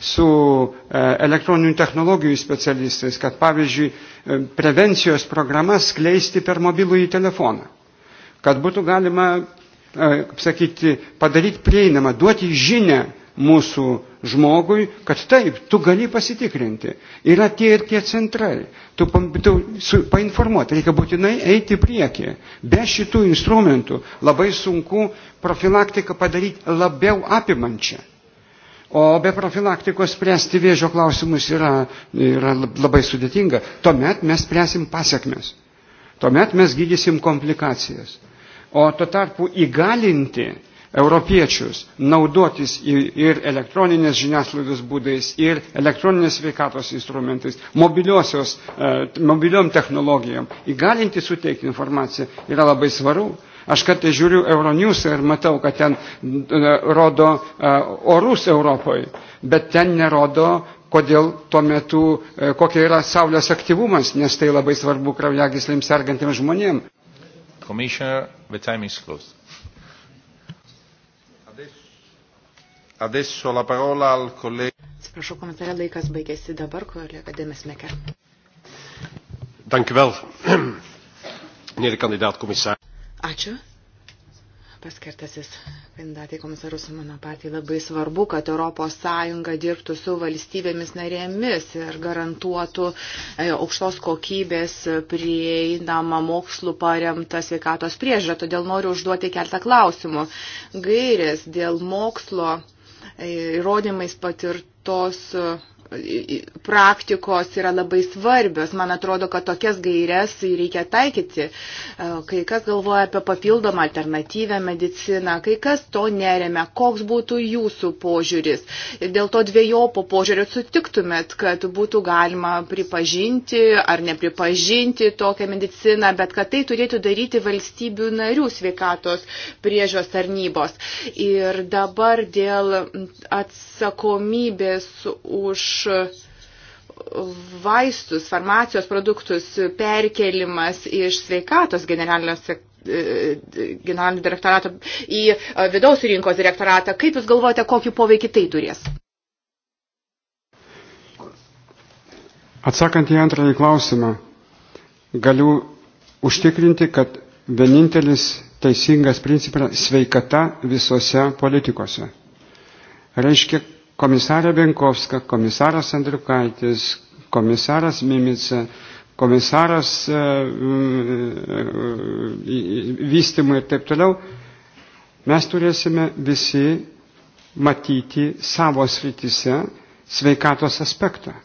su e, elektroninių technologijų specialistais, kad pavyzdžiui e, prevencijos programas kleisti per mobilųjį telefoną, kad būtų galima, e, sakyti, padaryti prieinamą, duoti žinę mūsų žmogui, kad taip, tu gali pasitikrinti. Yra tie ir tie centrai. Tu, tu su, painformuoti, reikia būtinai eiti priekį. Be šitų instrumentų labai sunku profilaktiką padaryti labiau apimančią. O be profilaktikos spręsti vėžio klausimus yra, yra labai sudėtinga. Tuomet mes spręsim pasiekmes. Tuomet mes gydysim komplikacijas. O tuo tarpu įgalinti europiečius naudotis ir elektroninės žiniasklaidos būdais, ir elektroninės sveikatos instrumentais, mobiliosios, e, mobiliom technologijom, įgalinti suteikti informaciją yra labai svaru. Aš kartai žiūriu Euronews ir matau, kad ten e, rodo e, orus Europoje, bet ten nerodo kodėl tuo metu, kokia yra Saulės aktyvumas, nes tai labai svarbu kraujagyslėms sergantiems žmonėms. Commissioner, the time is closed. Adesso la parola al collega. Atsiprašau, komentare laikas baigėsi dabar, kolega Demesmeker. Dank u wel, meneer de kandidaat commissaris. Ačiū. Paskirtasis kandidatai komisarus mano partijai labai svarbu, kad ES dirbtų su valstybėmis narėmis ir garantuotų e, aukštos kokybės prieinamą mokslų paremtą sveikatos priežiūrą. Todėl noriu užduoti keltą klausimų. Gairės dėl mokslo įrodymais patirtos praktikos yra labai svarbios. Man atrodo, kad tokias gairias reikia taikyti. E, kai kas galvoja apie papildomą alternatyvę mediciną, kai kas to neremia. Koks būtų jūsų požiūris? Ir dėl to dviejopo požiūrio sutiktumėt, kad būtų galima pripažinti ar nepripažinti tokią mediciną, bet kad tai turėtų daryti valstybių narių sveikatos priežios tarnybos. Ir dabar dėl atsakomybės už vaistus, farmacijos produktus perkelimas iš sveikatos generalinio sektoriaus e, e, generalinio direktorato į e, vidaus rinkos direktoratą. Kaip Jūs galvojate, kokį poveikį tai turės? Atsakant į antrąjį klausimą, galiu užtikrinti, kad vienintelis teisingas principas sveikata visose politikose. Reiškia, komisarė Benkovska, komisaras Andriukaitis, komisaras Mimica, komisaras e, e, e, vystimui ir taip toliau, mes turėsime visi matyti savo srityse sveikatos aspektą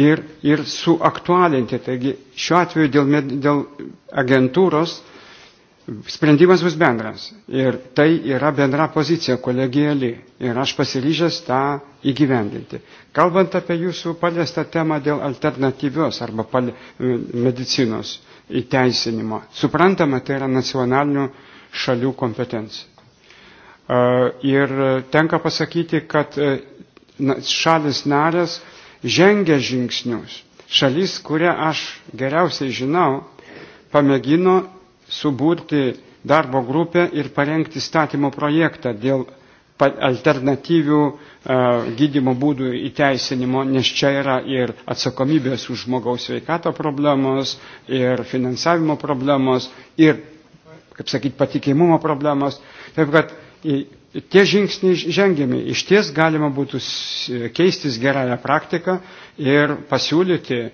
ir, ir suaktualinti. Taigi šiuo atveju dėl, dėl agentūros Sprendimas bus bendras ir tai yra bendra pozicija kolegiali ir aš pasiryžęs tą įgyvendinti. Kalbant apie jūsų paliestą temą dėl alternatyvios arba medicinos įteisinimo, suprantama, tai yra nacionalinių šalių kompetencija. Ir tenka pasakyti, kad e, šalis narės žengia žingsnius. Šalis, kurią aš geriausiai žinau, pamėgino suburti darbo grupę ir parengti statymo projektą dėl alternatyvių e, gydimo būdų įteisinimo, nes čia yra ir atsakomybės už žmogaus sveikato problemos, ir finansavimo problemos, ir, kaip sakyti, patikimumo problemos. Taip kad tie žingsniai žengiami. Iš ties galima būtų keistis gerąją praktiką ir pasiūlyti e,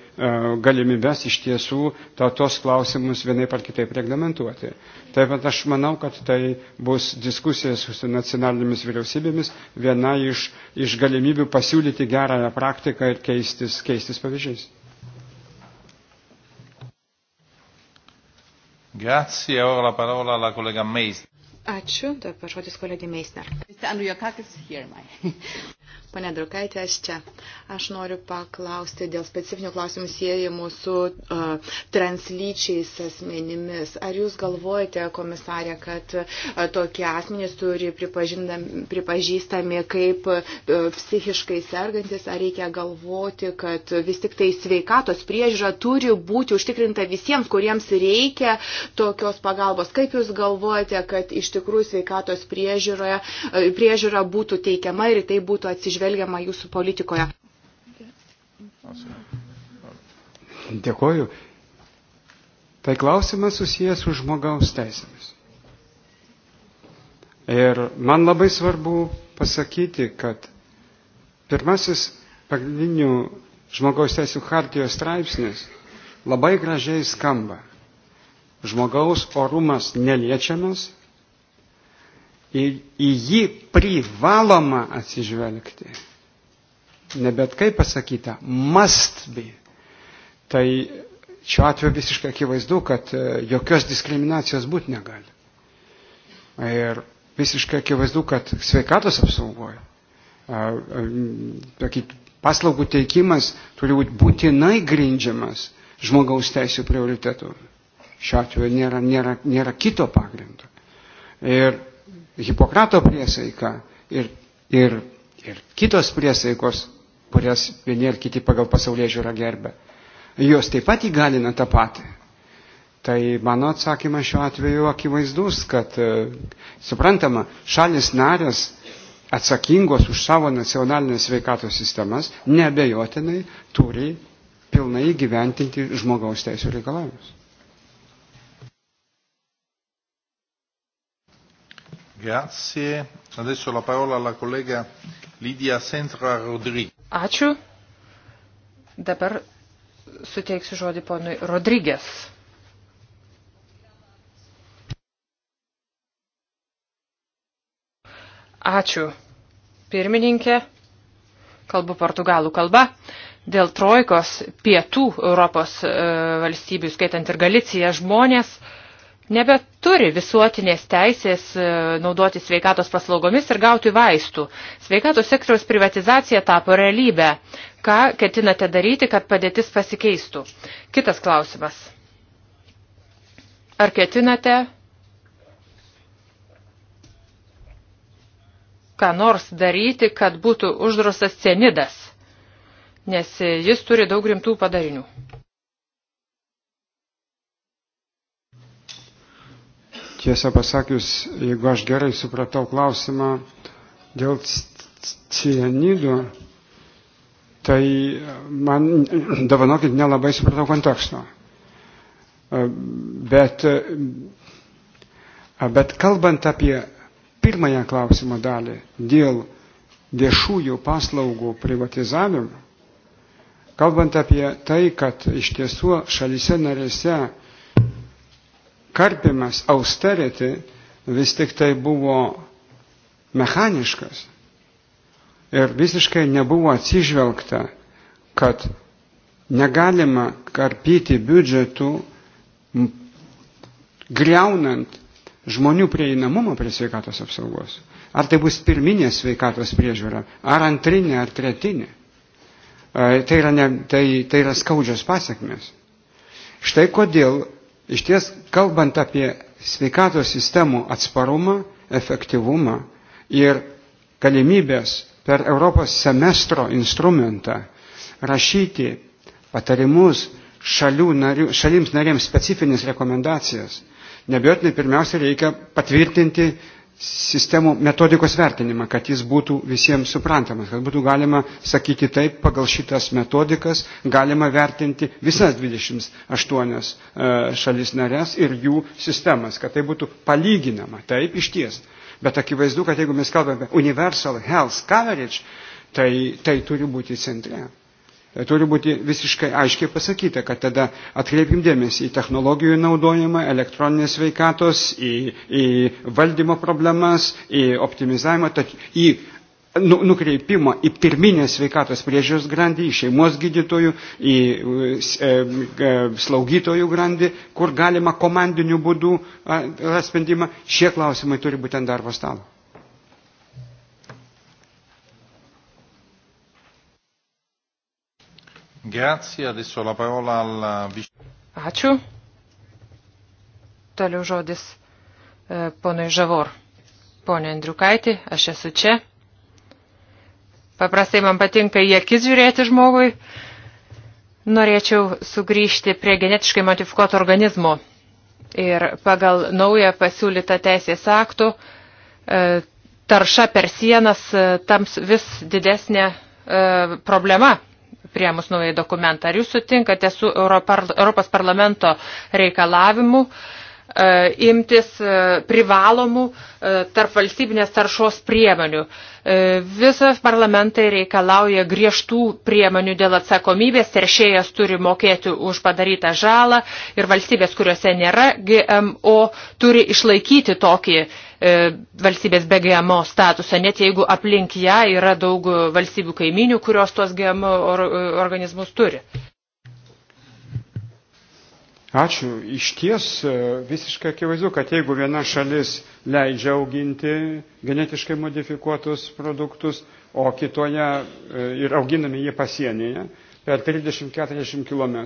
galimybės iš tiesų to, tos klausimus vienaip ar kitaip reglamentuoti. Taip pat aš manau, kad tai bus diskusija su nacionalinėmis vyriausybėmis viena iš, iš galimybių pasiūlyti gerąją praktiką ir keistis, keistis pavyzdžiais. Grazie, ora la parola alla collega Meis. Ačiū, dabar žodis kolegė Meisner. Pane Drukaitė, aš čia. Aš noriu paklausti dėl specifinio klausimų siejimų su uh, translyčiais asmenimis. Ar jūs galvojate, komisarė, kad uh, tokie asmenys turi pripažįstami kaip uh, psichiškai sergantis, ar reikia galvoti, kad vis tik tai sveikatos priežiūra turi būti užtikrinta visiems, kuriems reikia tokios pagalbos? Kaip jūs galvojate, kad iš tikrųjų sveikatos priežiūra, uh, priežiūra būtų teikiama ir tai būtų atsitikta? atsižvelgiama jūsų politikoje? Dėkoju. Tai klausimas susijęs su žmogaus teisėmis. Ir man labai svarbu pasakyti, kad pirmasis pagrindinių žmogaus teisų hartijos straipsnis labai gražiai skamba. Žmogaus orumas neliečiamas, Ir į jį privaloma atsižvelgti. Ne bet kaip pasakyta, must be. Tai šiuo atveju visiškai akivaizdu, kad e, jokios diskriminacijos būti negali. Ir visiškai akivaizdu, kad sveikatos apsaugoje, paslaugų teikimas turi būti būtinai grindžiamas žmogaus teisų prioritetu. Šiuo atveju nėra, nėra, nėra kito pagrindo. Ir Hipokrato priesaika ir, ir, ir kitos priesaikos, kurias vieni ir kiti pagal pasaulyje žiūrą gerbė, jos taip pat įgalina tą patį. Tai mano atsakymas šiuo atveju akivaizdus, kad e, suprantama, šalis narės atsakingos už savo nacionalinės sveikatos sistemas nebejotinai turi pilnai gyventinti žmogaus teisų reikalavimus. Grazie. Adesso la parola alla collega Lydia Sentra Rodriguez. Ačiū. Dabar suteiksiu žodį ponui Rodrygės. Ačiū. Pirmininkė, kalbu portugalų kalba. Dėl trojkos pietų Europos e, valstybių, skaitant ir Galiciją, žmonės e, nebeturi visuotinės teisės e, naudoti sveikatos paslaugomis ir gauti vaistų. Sveikatos sektoriaus privatizacija tapo realybę. Ką ketinate daryti, kad padėtis pasikeistų? Kitas klausimas. Ar ketinate ką nors daryti, kad būtų uždraustas cenidas? Nes e, jis turi daug rimtų padarinių. Tiesą pasakius, jeigu aš gerai supratau klausimą dėl cienidų, tai man, davanokit, nelabai supratau konteksto. E, bet, e, bet kalbant apie pirmąją klausimo dalį dėl viešųjų paslaugų privatizavimo, kalbant apie tai, kad iš tiesų šalyse narėse karpimas, austerity vis tik tai buvo mechaniškas. Ir visiškai nebuvo atsižvelgta, kad negalima karpyti biudžetų, greunant žmonių prieinamumą prie sveikatos apsaugos. Ar tai bus pirminė sveikatos priežiūra, ar antrinė, ar tretinė. E, tai yra, ne, tai, tai yra skaudžios pasiekmes. Štai kodėl Iš ties, kalbant apie sveikatos sistemų atsparumą, efektyvumą ir galimybės per Europos semestro instrumentą rašyti patarimus narių, šalims narėms specifinės rekomendacijas, nebejotinai pirmiausia reikia patvirtinti sistemų metodikos vertinimą, kad jis būtų visiems suprantamas, kad būtų galima sakyti taip, pagal šitas metodikas galima vertinti visas 28 e, šalis narės ir jų sistemas, kad tai būtų palyginama, taip iš ties. Bet akivaizdu, kad jeigu mes kalbame apie universal health coverage, tai tai turi būti centre. E, turi būti visiškai aiškiai pasakyta, kad tada atkreipim dėmesį į technologijų naudojimą, elektroninės veikatos, į, į valdymo problemas, į optimizavimą, tad į nu, nukreipimą į pirminę sveikatos priežiūros grandį, į šeimos gydytojų, į e, e, slaugytojų grandį, kur galima komandiniu būdu sprendimą, šie klausimai turi būti ant darbo stalo. Grazie, adesso la parola al eh, Ačiū. Toliau žodis e, ponui Žavor. Pone Andriukaitį, aš esu čia. Paprastai man patinka į akis žiūrėti žmogui. Norėčiau sugrįžti prie genetiškai modifikuoto organizmo. Ir pagal naują pasiūlytą teisės aktų e, tarša per sienas e, tams vis didesnė e, problema prie mūsų naują dokumentą. Ar jūs sutinkate su Europos parlamento reikalavimu E, imtis e, privalomų e, tarp valstybinės taršos priemonių. Visos parlamentai reikalauja griežtų priemonių dėl atsakomybės, teršėjas turi mokėti už padarytą žalą ir valstybės, kuriuose nėra GMO, turi išlaikyti tokį valstybės be GMO statusą, net jeigu aplink ją yra daug valstybių kaiminių, kurios tuos GMO organizmus turi. Ačiū. Iš ties e, visiškai akivaizdu, kad jeigu viena šalis leidžia auginti genetiškai modifikuotus produktus, o kitoje e, ir auginami jie pasienyje per 30-40 km,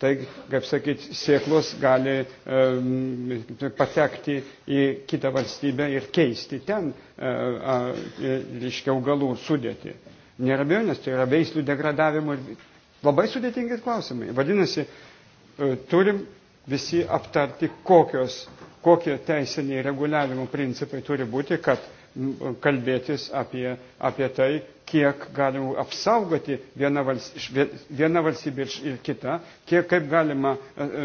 tai, kaip sakyti, sėklos gali um, patekti į kitą valstybę ir keisti ten, reiškia, augalų sudėti. Nėra abejonės, tai yra veislių degradavimo ir labai sudėtingi klausimai. Vadinasi, E, turim visi aptarti, kokios, kokie teisiniai reguliavimo principai turi būti, kad kalbėtis apie, apie tai, kiek galima apsaugoti vieną, valstybę, vieną valstybę ir kitą, kiek kaip galima, e, e,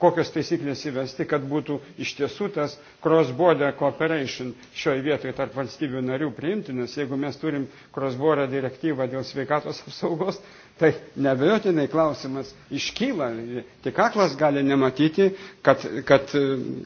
kokios taisyklės įvesti, kad būtų iš tiesų tas cross-border cooperation šioje vietoje tarp valstybių narių priimtinas. Jeigu mes turim cross-border direktyvą dėl sveikatos apsaugos, Tai neabejotinai klausimas iškyla, tik aklas gali nematyti, kad, kad,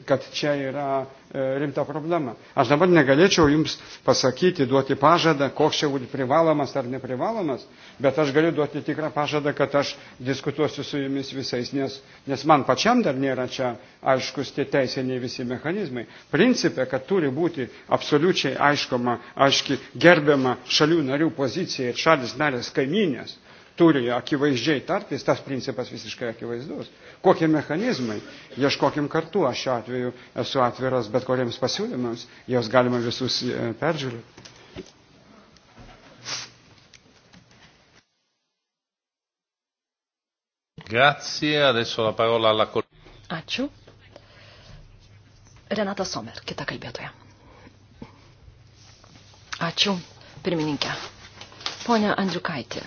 kad čia yra e, rimta problema. Aš dabar negalėčiau jums pasakyti, duoti pažadą, koks čia būtų privalomas ar neprivalomas, bet aš galiu duoti tikrą pažadą, kad aš diskutuosiu su jumis visais, nes, nes man pačiam dar nėra čia aiškus tie teisiniai visi mechanizmai. Principė, kad turi būti absoliučiai aiškoma, aiški, gerbiama šalių narių pozicija ir šalis narės kaiminės turi akivaizdžiai tartis, tas principas visiškai akivaizdus. Kokie mechanizmai, ieškokim kartu, aš šiuo atveju esu atviras bet kuriems pasiūlymams, jos galima visus e, peržiūrėti. Grazie, adesso la parola alla Ačiū. Renata Somer, kita kalbėtoja. Ačiū, pirmininkė. Pone Andriukaitė,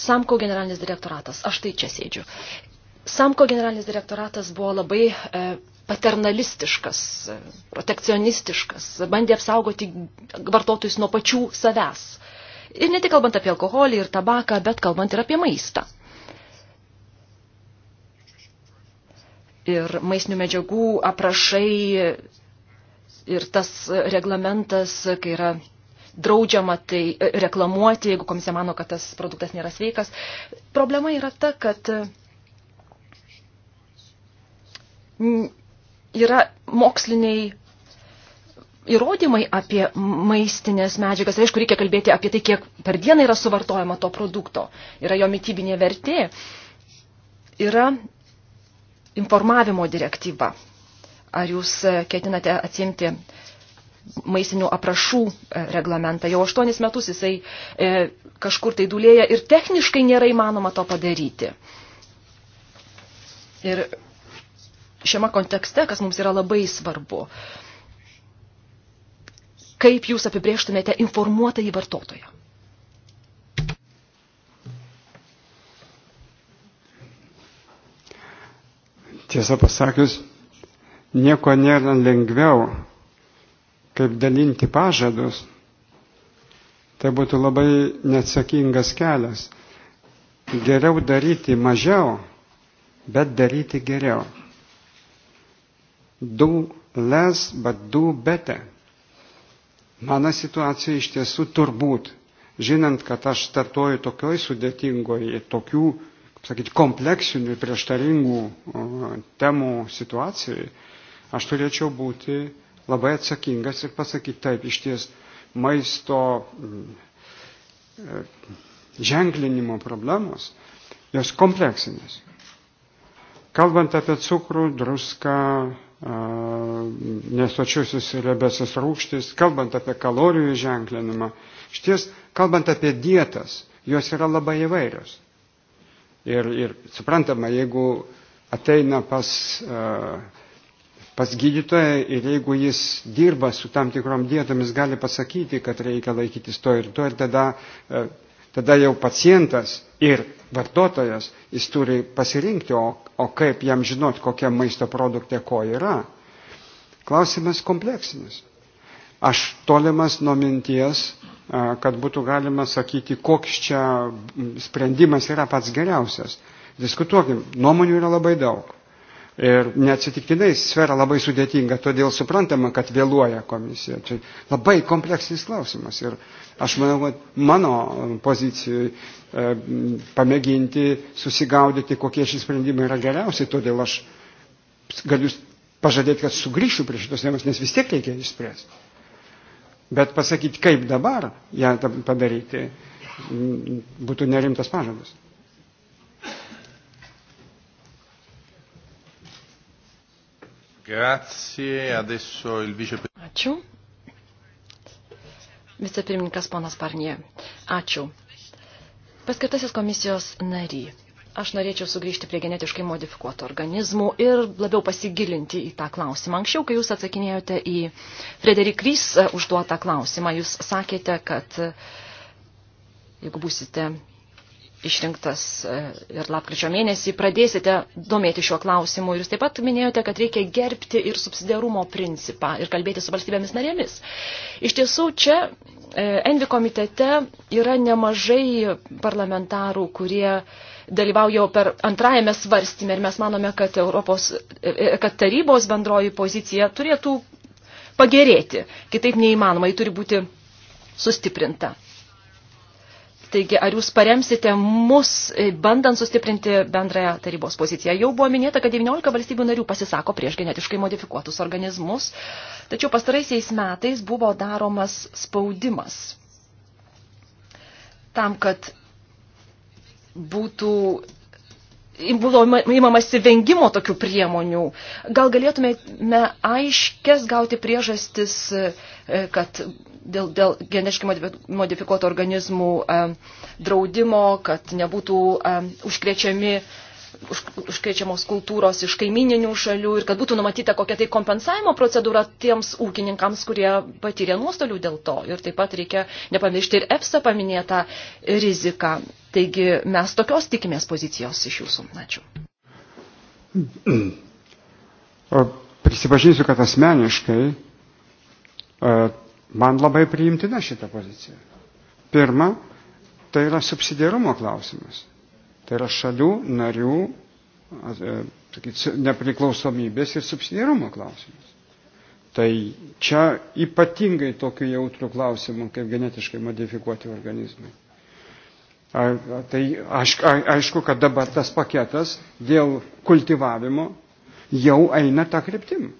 Samko generalinis direktoratas, aš tai čia sėdžiu. Samko generalinis direktoratas buvo labai e, paternalistiškas, e, protekcionistiškas, bandė apsaugoti vartotojus nuo pačių savęs. Ir ne tik kalbant apie alkoholį ir tabaką, bet kalbant ir apie maistą. Ir maistinių medžiagų aprašai ir tas reglamentas, kai yra draudžiama tai e, reklamuoti, jeigu komisija mano, kad tas produktas nėra sveikas. Problema yra ta, kad yra moksliniai įrodymai apie maistinės medžiagas. Aišku, reikia kalbėti apie tai, kiek per dieną yra suvartojama to produkto, yra jo mitybinė vertė, yra informavimo direktyva. Ar jūs e, ketinate atsimti maistinių aprašų e, reglamentą. Jau aštuonis metus jisai e, kažkur tai dulėja ir techniškai nėra įmanoma to padaryti. Ir šiame kontekste, kas mums yra labai svarbu, kaip jūs apibrėžtumėte informuotą į vartotoją. Tiesą pasakius, nieko nėra lengviau kaip dalinti pažadus, tai būtų labai neatsakingas kelias. Geriau daryti mažiau, bet daryti geriau. Do less, but do better. Mano situacija iš tiesų turbūt, žinant, kad aš startuoju tokioj sudėtingoje, tokių, kaip sakyti, kompleksinių ir prieštaringų temų situacijoje, aš turėčiau būti uh, labai atsakingas ir pasakyti taip, iš ties maisto mm, e, ženklinimo problemos, jos kompleksinės. Kalbant apie cukrų, druską, e, nesočiusius riebesis rūkštis, kalbant apie kalorijų ženklinimą, šties, kalbant apie dietas, jos yra labai įvairios. Ir, ir suprantama, jeigu ateina pas uh, pas gydytoją ir jeigu jis dirba su tam tikrom dietomis, gali pasakyti, kad reikia laikytis to ir to ir tada, e, tada jau pacientas ir vartotojas jis turi pasirinkti, o, o kaip jam žinot, kokia maisto produkte ko yra. Klausimas kompleksinis. Aš tolimas nuo minties, e, kad būtų galima sakyti, koks čia sprendimas yra pats geriausias. Diskutuokim, nuomonių yra labai daug. Ir neatsitiktinai sfera labai sudėtinga, todėl suprantama, kad vėluoja komisija. Čia labai kompleksinis klausimas. Ir aš manau, kad mano pozicijai e, pamėginti susigaudyti, kokie šie sprendimai yra geriausi, todėl aš galiu pažadėti, kad sugrįšiu prie šitos temos, nes vis tiek reikia išspręsti. Bet pasakyti, kaip dabar ją padaryti, būtų nerimtas pažadas. Grazie, adesso il viceprezidente. Ačiū. Vicepirmininkas ponas Parnie. Ačiū. Paskirtasis komisijos nary. Aš norėčiau sugrįžti prie genetiškai modifikuotų organizmų ir labiau pasigilinti į tą klausimą. Anksčiau, kai jūs atsakinėjote į Frederik Rys e, užduotą klausimą, jūs sakėte, kad e, jeigu būsite išrinktas e, ir lapkričio mėnesį, pradėsite domėti šiuo klausimu. Jūs taip pat minėjote, kad reikia gerbti ir subsidiarumo principą ir kalbėti su valstybėmis narėmis. Iš tiesų, čia e, Envi komitete yra nemažai parlamentarų, kurie dalyvauja per antrajame svarstymė ir mes manome, kad, Europos, e, kad tarybos bendroji pozicija turėtų pagerėti. Kitaip neįmanoma, ji turi būti sustiprinta. Taigi, ar jūs paremsite mus, e, bandant sustiprinti bendrąją tarybos poziciją? Jau buvo minėta, kad 19 valstybių narių pasisako prieš genetiškai modifikuotus organizmus, tačiau pastaraisiais metais buvo daromas spaudimas tam, kad būtų buvo įmamasi vengimo tokių priemonių. Gal galėtume aiškės gauti priežastis, e, kad dėl, dėl genetiškai modifikuotų organizmų e, draudimo, kad nebūtų e, užkrečiami, už, užkrečiamos kultūros iš kaimininių šalių ir kad būtų numatyta kokia tai kompensavimo procedūra tiems ūkininkams, kurie patyrė nuostolių dėl to. Ir taip pat reikia nepamiršti ir EPSA paminėtą riziką. Taigi mes tokios tikimės pozicijos iš jūsų. Ačiū. O prisipažinsiu, kad asmeniškai e, Man labai priimtina šita pozicija. Pirma, tai yra subsidiarumo klausimas. Tai yra šalių narių e, sakyt, nepriklausomybės ir subsidiarumo klausimas. Tai čia ypatingai tokių jautrių klausimų, kaip genetiškai modifikuoti organizmai. A, a, tai aš, a, aišku, kad dabar tas paketas dėl kultivavimo jau eina tą kryptimą.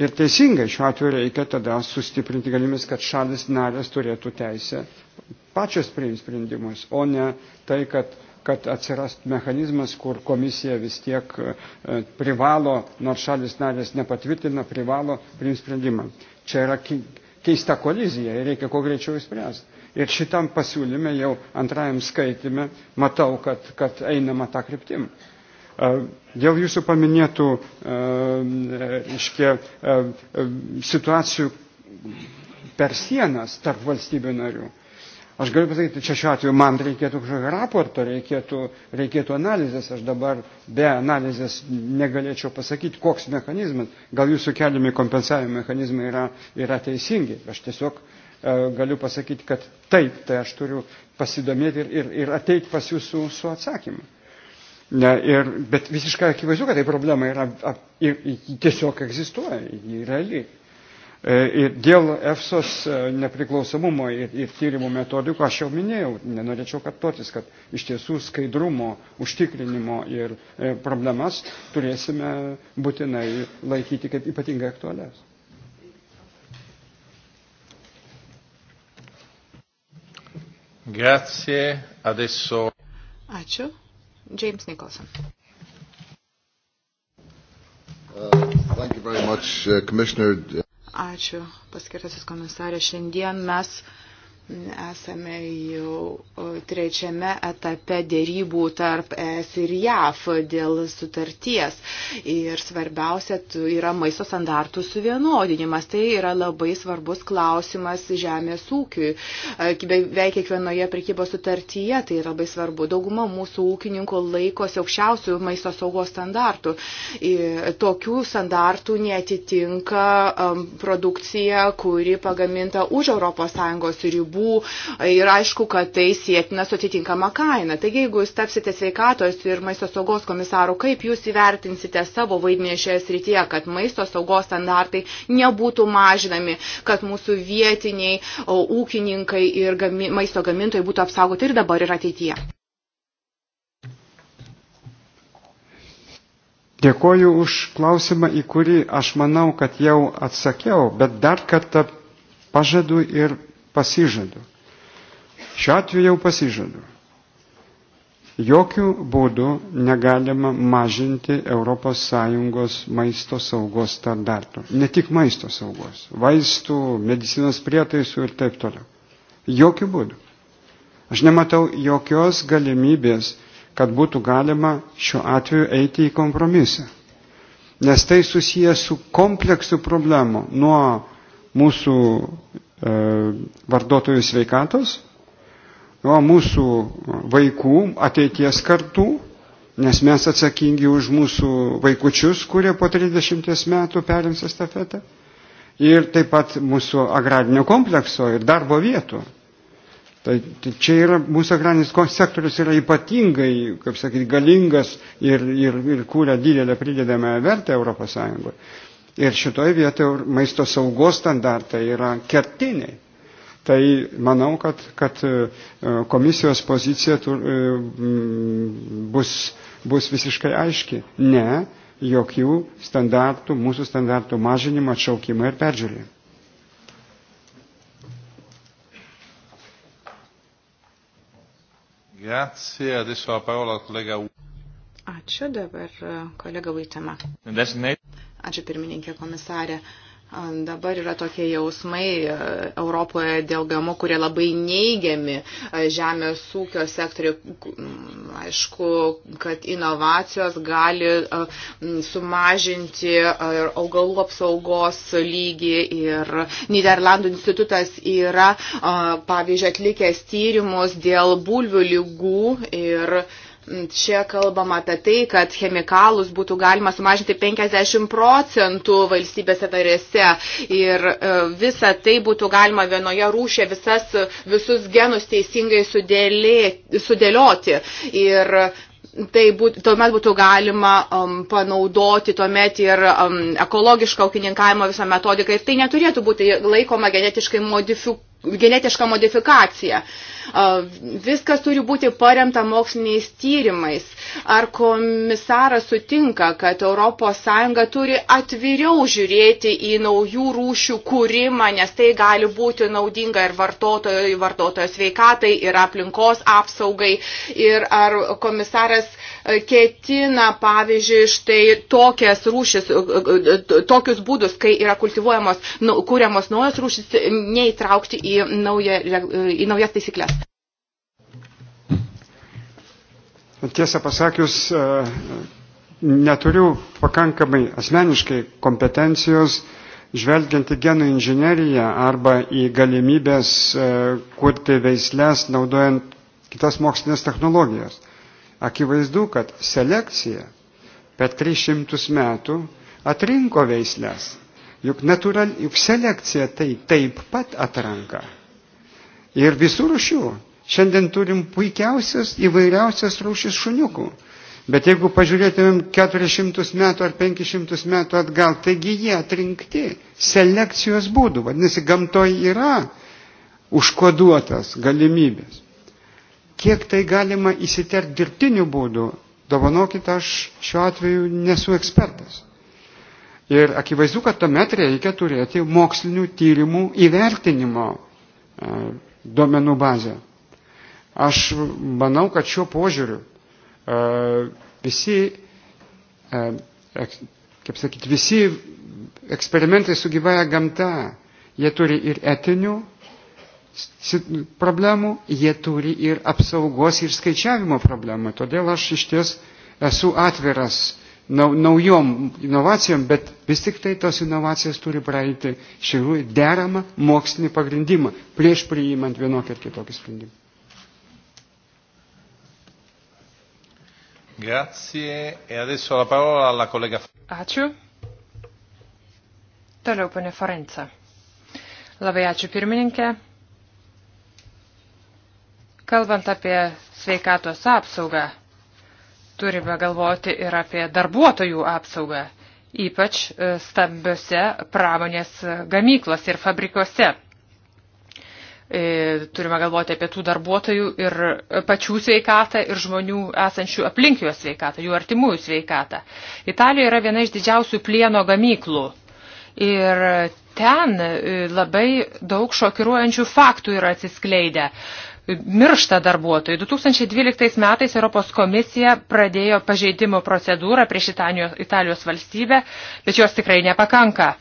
Ir teisingai šiuo atveju reikia tada sustiprinti galimis, kad šalis narės turėtų teisę pačios priimti sprendimus, o ne tai, kad kad atsirast mechanizmas, kur komisija vis tiek e, privalo, nors šalis narės nepatvirtina, privalo priimti sprendimą. Čia yra keista kolizija ir reikia kuo greičiau įspręsti. Ir šitam pasiūlyme jau antrajam skaitime matau, kad, kad einama tą kryptimą. Dėl jūsų paminėtų e, iškia, e, e, situacijų per sienas tarp valstybių narių. Aš galiu pasakyti, čia šiuo atveju man reikėtų kažkokio raporto, reikėtų, reikėtų analizės, aš dabar be analizės negalėčiau pasakyti, koks mechanizmas, gal jūsų keliami kompensavimo mechanizmai yra, yra teisingi. Aš tiesiog e, galiu pasakyti, kad taip, tai aš turiu pasidomėti ir, ir, ir ateiti pas jūsų su atsakymu. Ne, ir, bet visiškai akivaizdu, kad tai problema yra ap, ir, tiesiog egzistuoja, ji reali. E, ir dėl EFSOS e, nepriklausomumo ir, ir tyrimų metodikų aš jau minėjau, nenorėčiau kartotis, kad iš tiesų skaidrumo, užtikrinimo ir e, problemas turėsime būtinai laikyti kaip ypatingai aktualias. Grazie, adesso. Ačiū. James Nicholson. Uh, much, uh, Ačiū, paskirtasis komisarė. Šiandien mes uh, Esame jau trečiame etape dėrybų tarp ES ir JAF dėl sutarties. Ir svarbiausia yra maisto standartų suvienodinimas. Tai yra labai svarbus klausimas žemės ūkiui. E, beveik kiekvienoje prekybos sutartyje tai yra labai svarbu. Dauguma mūsų ūkininkų laikosi aukščiausių maisto saugos standartų. Ir tokių standartų netitinka produkcija, kuri pagaminta už ES ribų žaliavų ir aišku, kad tai sėtina su atitinkama kaina. Taigi, jeigu jūs tapsite sveikatos ir maisto saugos komisaru, kaip jūs įvertinsite savo vaidmenį šioje srityje, kad maisto saugos standartai nebūtų mažinami, kad mūsų vietiniai ūkininkai ir gami, maisto gamintojai būtų apsaugoti ir dabar ir ateityje? Dėkoju už klausimą, į kurį aš manau, kad jau atsakiau, bet dar kartą pažadu ir pasižadu. Šiuo atveju jau pasižadu. Jokių būdų negalima mažinti ES maisto saugos standartų. Ne tik maisto saugos, vaistų, medicinos prietaisų ir taip toliau. Jokių būdų. Aš nematau jokios galimybės, kad būtų galima šiuo atveju eiti į kompromisą. Nes tai susijęs su kompleksu problemų nuo mūsų E, vartotojų sveikatos, nuo mūsų vaikų ateities kartų, nes mes atsakingi už mūsų vaikučius, kurie po 30 metų perims estafetą, ir taip pat mūsų agrarinio komplekso ir darbo vietų. Tai, tai čia yra, mūsų agrarinis sektorius yra ypatingai, kaip sakyti, galingas ir, ir, ir kūrė didelę pridedamą vertę Europos Sąjungoje. Ir šitoje vietoje maisto saugos standartai yra kertiniai. Tai manau, kad, kad e, komisijos pozicija tur, e, bus, bus visiškai aiški. Ne, jokių standartų, mūsų standartų mažinimo, atšaukimo ir peržiūrėjimo. Grazie, adesso la parola al collega Ačiū dabar e, kolega Vaitama. Ačiū pirmininkė komisarė. Dabar yra tokie jausmai e, Europoje dėl gamų, kurie labai neigiami e, žemės ūkio sektoriu. Aišku, kad inovacijos gali e, sumažinti augalų apsaugos lygį ir Niderlandų institutas yra, pavyzdžiui, atlikęs tyrimus dėl bulvių lygų ir Čia kalbama apie tai, kad chemikalus būtų galima sumažinti 50 procentų valstybėse narėse ir e, visa tai būtų galima vienoje rūšė visas, visus genus teisingai sudėlė, sudėlioti. Ir tai būt, tuomet būtų galima um, panaudoti tuomet ir um, ekologišką ūkininkavimo visą metodiką ir tai neturėtų būti laikoma genetiškai modifikuota genetišką modifikaciją. Viskas turi būti paremta moksliniais tyrimais. Ar komisaras sutinka, kad ES turi atviriau žiūrėti į naujų rūšių kūrimą, nes tai gali būti naudinga ir vartotojui, vartotojo sveikatai, ir aplinkos apsaugai. Ir ar komisaras uh, E, ketina, pavyzdžiui, štai tokias rūšis, e, e, tokius būdus, kai yra kultivuojamos, nu, kūriamos naujos rūšis, neįtraukti į, naują, į naujas taisyklės? Tiesą pasakius, neturiu pakankamai asmeniškai kompetencijos žvelgiant į genų inžineriją arba į galimybės kurti veislės naudojant kitas mokslinės technologijas. Akivaizdu, kad selekcija per 300 metų atrinko veislės. Juk, natural, juk selekcija tai taip pat atranka. Ir visų rušių. Šiandien turim puikiausias įvairiausias rūšis šuniukų. Bet jeigu pažiūrėtumėm 400 metų ar 500 metų atgal, taigi jie atrinkti selekcijos būdų. Vadinasi, gamtoje yra užkoduotas galimybės. Kiek tai galima įsiterpti dirbtiniu būdu, dovanokit, aš šiuo atveju nesu ekspertas. Ir akivaizdu, kad tuomet reikia turėti mokslinių tyrimų įvertinimo e, duomenų bazę. Aš manau, kad šiuo požiūriu e, visi, e, kaip sakyti, visi eksperimentai su gyvaja gamta, jie turi ir etinių, problemų, jie turi ir apsaugos ir skaičiavimo problemų. Todėl aš iš ties esu atviras naujom inovacijom, bet vis tik tai tos inovacijos turi praeiti iš tikrųjų deramą mokslinį pagrindimą prieš priimant vienokį ar kitokį sprendimą. Grazie. E adesso la parola alla collega. Ačiū. Toliau, ponė Forenca. Labai ačiū pirmininkė. Kalbant apie sveikatos apsaugą, turime galvoti ir apie darbuotojų apsaugą, ypač e, stambiose pramonės gamyklos ir fabrikose. E, turime galvoti apie tų darbuotojų ir pačių sveikatą ir žmonių esančių aplink juos sveikatą, jų artimųjų sveikatą. Italija yra viena iš didžiausių plieno gamyklų. Ir ten e, labai daug šokiruojančių faktų yra atsiskleidę miršta darbuotojai. 2012 metais Europos komisija pradėjo pažeidimo procedūrą prieš Itanijos, Italijos valstybę, bet jos tikrai nepakanka.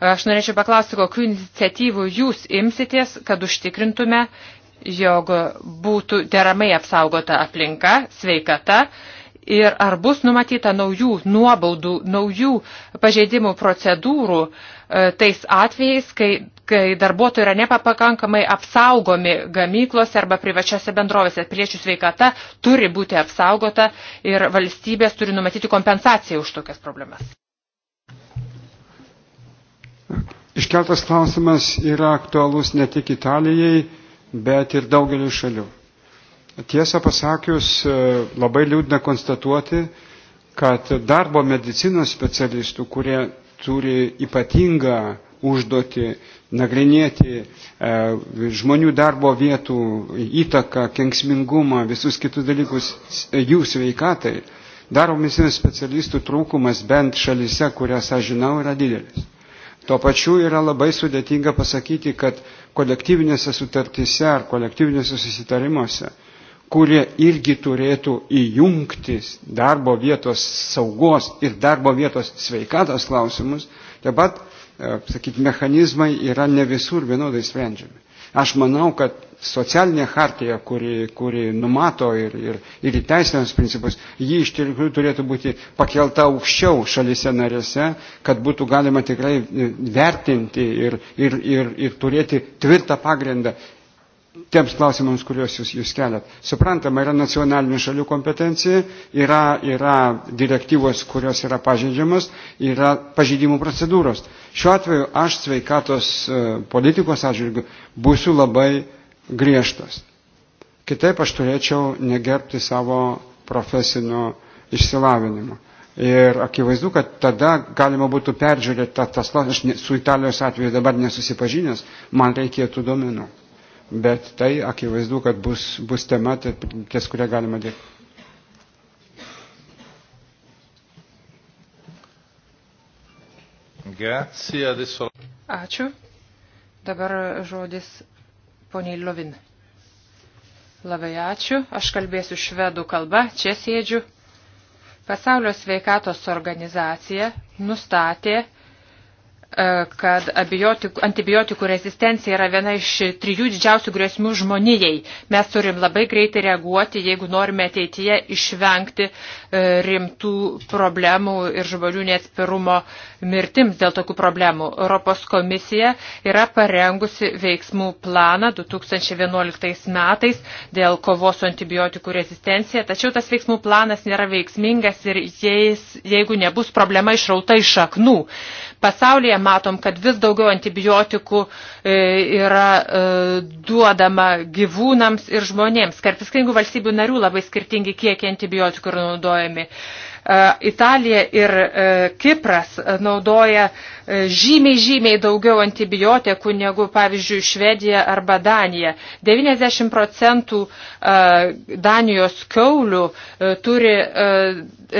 Aš norėčiau paklausti, kokiu iniciatyvų jūs imsitės, kad užtikrintume, jog būtų deramai apsaugota aplinka, sveikata ir ar bus numatyta naujų nuobaudų, naujų pažeidimų procedūrų e, tais atvejais, kai kai darbuotojai yra nepakankamai apsaugomi gamyklose arba privačiose bendrovėse. Priečių sveikata turi būti apsaugota ir valstybės turi numatyti kompensaciją už tokias problemas. Iškeltas klausimas yra aktualus ne tik Italijai, bet ir daugeliu šalių. Tiesą pasakius, e, labai liūdna konstatuoti, kad darbo medicinos specialistų, kurie turi ypatingą užduoti nagrinėti e, žmonių darbo vietų įtaką, kenksmingumą, visus kitus dalykus e, jų sveikatai, daro medicinos specialistų trūkumas bent šalise, kurias aš žinau, yra didelis. Tuo pačiu yra labai sudėtinga pasakyti, kad kolektyvinėse sutartyse ar kolektyvinėse susitarimuose, kurie irgi turėtų įjungtis darbo vietos saugos ir darbo vietos sveikatos klausimus, taip pat E, sakyti, mechanizmai yra ne visur vienodai sprendžiami. Aš manau, kad socialinė hartija, kuri, kuri numato ir, ir, ir įteisinamas principus, ji iš tikrųjų turėtų būti pakelta aukščiau šalise narėse, kad būtų galima tikrai e, vertinti ir, ir, ir, ir turėti tvirtą pagrindą tiems klausimams, kuriuos jūs, jūs keliat. Suprantama, yra nacionalinių šalių kompetencija, yra, yra direktyvos, kurios yra pažeidžiamas, yra pažeidimų procedūros. Šiuo atveju aš sveikatos e, politikos atžvilgiu būsiu labai griežtas. Kitaip aš turėčiau negerbti savo profesinio išsilavinimo. Ir akivaizdu, kad tada galima būtų peržiūrėti tą tas, aš ne, su Italijos atveju dabar nesusipažinęs, man reikėtų domenų. Bet tai akivaizdu, kad bus, bus tema, tai ties kuria galima dirbti. Grazie, adesso... Ačiū. Dabar žodis poniai Lovin. Labai ačiū. Aš kalbėsiu švedų kalba. Čia sėdžiu. Pasaulio sveikatos organizacija nustatė, e, kad abiotikų, antibiotikų rezistencija yra viena iš trijų didžiausių grėsmių žmonijai. Mes turim labai greitai reaguoti, jeigu norime ateityje išvengti E, rimtų problemų ir žmonių neatspirumo mirtims dėl tokių problemų. Europos komisija yra parengusi veiksmų planą 2011 metais dėl kovos su antibiotikų rezistencija, tačiau tas veiksmų planas nėra veiksmingas ir jais, jeigu nebus problema išrauta iš šaknų. Pasaulyje matom, kad vis daugiau antibiotikų e, yra e, duodama gyvūnams ir žmonėms. Kartais skirtingų valstybių narių labai skirtingi kiekiai antibiotikų yra naudojami naudojami. E, Italija ir e, Kipras naudoja e, žymiai, žymiai daugiau antibiotikų negu, pavyzdžiui, Švedija arba Danija. 90 procentų Danijos keulių turi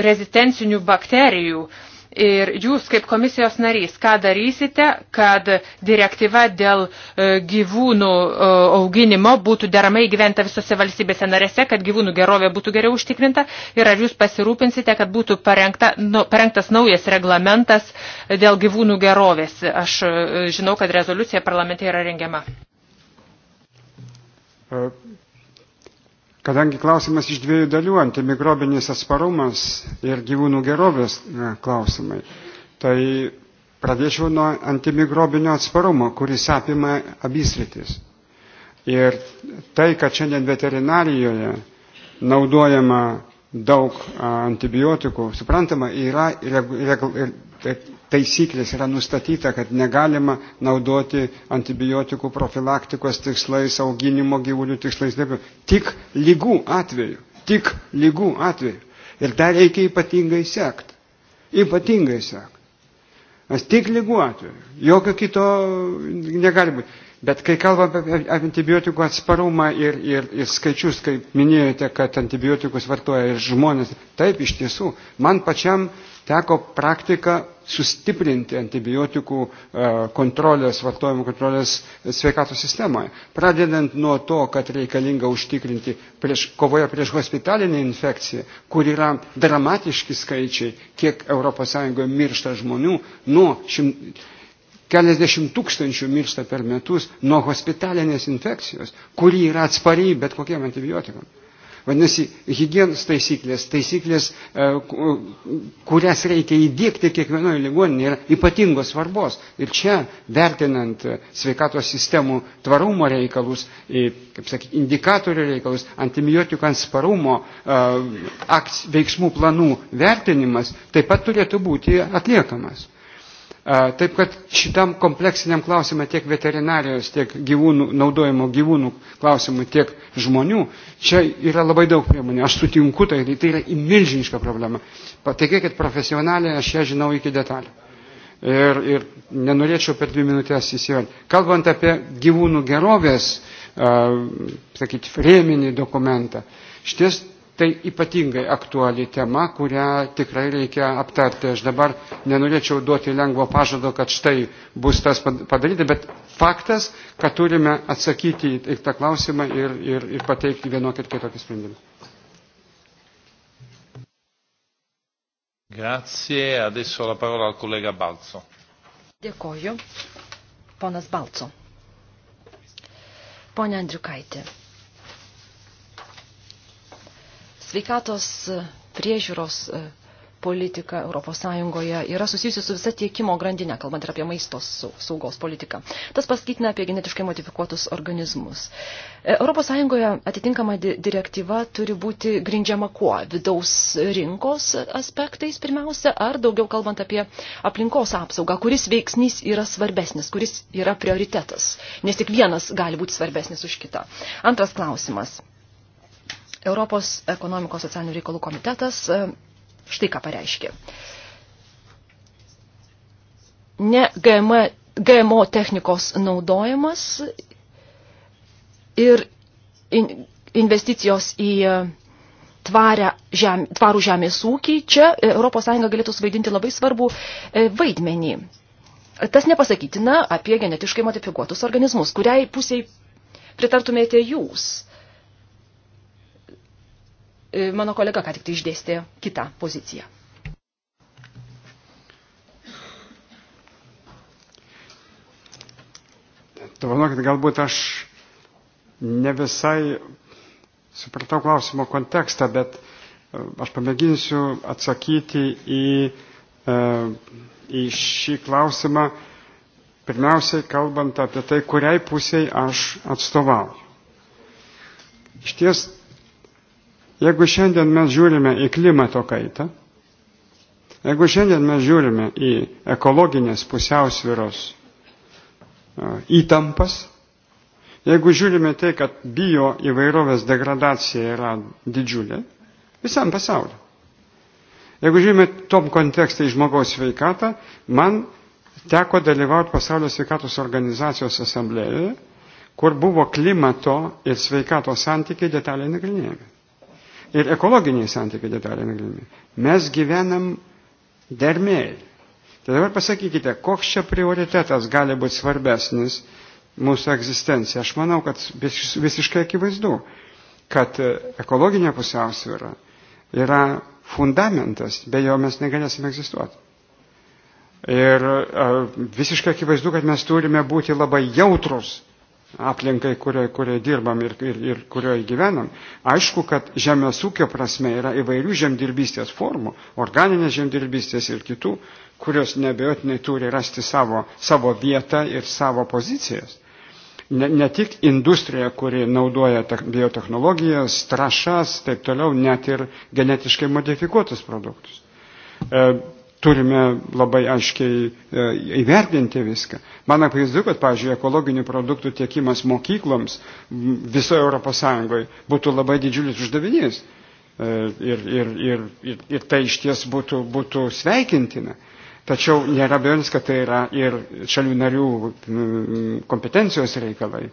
rezistencinių bakterijų Ir jūs kaip komisijos narys, ką darysite, kad direktyva dėl e, gyvūnų e, auginimo būtų deramai gyventa visose valstybėse narėse, kad gyvūnų gerovė būtų geriau užtikrinta ir ar jūs pasirūpinsite, kad būtų parengta, nu, parengtas naujas reglamentas dėl gyvūnų gerovės. Aš e, žinau, kad rezoliucija parlamente yra rengiama. Uh, Kadangi klausimas iš dviejų dalių - antimikrobinis atsparumas ir gyvūnų gerovės klausimai, tai pradėčiau nuo antimikrobinio atsparumo, kuris apima abisritis. Ir tai, kad šiandien veterinarijoje naudojama daug antibiotikų, suprantama, yra regu, regu, taisyklės yra nustatyta, kad negalima naudoti antibiotikų profilaktikos tikslais, auginimo gyvulių tikslais, taip, tik lygų atveju, tik lygų atveju. Ir dar reikia ypatingai sekti, ypatingai sekti. Nes tik lygų atveju, jokio kito negali būti. Bet kai kalbame apie antibiotikų atsparumą ir, ir, ir skaičius, kaip minėjote, kad antibiotikus vartoja ir žmonės, taip iš tiesų, man pačiam teko praktiką sustiprinti antibiotikų e, kontrolės, vartojimo kontrolės sveikatos sistemoje. Pradedant nuo to, kad reikalinga užtikrinti prieš, kovoje prieš hospitalinę infekciją, kur yra dramatiški skaičiai, kiek ES miršta žmonių nuo šimtų. Keliasdešimt tūkstančių miršta per metus nuo hospitalinės infekcijos, kuri yra atspariai bet kokiem antibiotikam. Vadinasi, hygienos taisyklės, taisyklės, e, kurias reikia įdėkti kiekvienoje ligoninėje, yra ypatingos svarbos. Ir čia, vertinant e, sveikatos sistemų tvarumo reikalus, kaip sakyti, indikatorių reikalus, antibiotikų ansparumo e, veiksmų planų vertinimas taip pat turėtų būti atliekamas. Taip kad šitam kompleksiniam klausimui tiek veterinarijos, tiek gyvūnų, naudojimo gyvūnų klausimui, tiek žmonių, čia yra labai daug priemonių. Aš sutinku, tai, tai yra milžiniška problema. Patikėkit profesionaliai, aš ją žinau iki detalių. Ir, ir nenorėčiau per dvi minutės įsivelti. Kalbant apie gyvūnų gerovės, sakyti, rėminį dokumentą, šties Tai ypatingai aktuali tema, kurią tikrai reikia aptarti. Aš dabar nenorėčiau duoti lengvo pažado, kad štai bus tas padaryti, bet faktas, kad turime atsakyti į tą klausimą ir, ir, ir pateikti vienokį ir kitokį sprendimą. Grazie, adesso la parola al collega Balzo. Dėkoju. Ponas Balco. Pone Andriukaitė. sveikatos e, priežiūros e, politika ES yra susijusi su visa tiekimo grandinė, kalbant ir apie maisto saugos politiką. Tas paskaitina apie genetiškai modifikuotus organizmus. ES atitinkama direktyva turi būti grindžiama kuo? Vidaus rinkos aspektais pirmiausia, ar daugiau kalbant apie aplinkos apsaugą, kuris veiksnys yra svarbesnis, kuris yra prioritetas, nes tik vienas gali būti svarbesnis už kitą. Antras klausimas Europos ekonomikos socialinių reikalų komitetas e, štai ką pareiškė. Ne GM, GMO technikos naudojimas ir in, investicijos į e, tvarę žem, tvarų žemės ūkį, čia ES galėtų suvaidinti labai svarbų e, vaidmenį. Tas nepasakytina apie genetiškai modifikuotus organizmus, kuriai pusiai pritartumėte jūs. E, mano kolega ką tik tai išdėstė kitą poziciją. Tavanokit, galbūt aš ne visai supratau klausimo kontekstą, bet e, aš pamėginsiu atsakyti į, e, į šį klausimą, pirmiausiai kalbant apie tai, kuriai pusiai aš atstovauju. Iš ties Jeigu šiandien mes žiūrime į klimato kaitą, jeigu šiandien mes žiūrime į ekologinės pusiausviros e, įtampas, jeigu žiūrime tai, kad bio įvairovės degradacija yra didžiulė visam pasauliu. Jeigu žiūrime tom kontekstai žmogaus sveikatą, man teko dalyvauti pasaulio sveikatos organizacijos asamblėjoje, kur buvo klimato ir sveikato santykiai detaliai nagrinėjami ir ekologiniai santykiai detaliai nagrinami. Mes gyvenam dermėje. Tai dabar pasakykite, koks čia prioritetas gali būti svarbesnis mūsų egzistencija. Aš manau, kad visiškai akivaizdu, kad e, ekologinė pusiausvyrą yra fundamentas, be jo mes negalėsime egzistuoti. Ir e, visiškai akivaizdu, kad mes turime būti labai jautrus aplinkai, kurioje kurio dirbam ir, ir, ir kurioje gyvenam. Aišku, kad žemės ūkio prasme yra įvairių žemdirbystės formų, organinės žemdirbystės ir kitų, kurios nebejotinai turi rasti savo, savo vietą ir savo pozicijas. Ne, ne tik industrija, kuri naudoja biotehnologijas, trašas, taip toliau, net ir genetiškai modifikuotus produktus. E, turime labai aiškiai įvertinti viską. Man apvaizdu, kad, pavyzdžiui, ekologinių produktų tiekimas mokykloms visoje ES būtų labai didžiulis uždavinys. Ir, ir, ir, ir, ir tai iš ties būtų, būtų sveikintina. Tačiau nėra abejonės, kad tai yra ir šalių narių kompetencijos reikalai.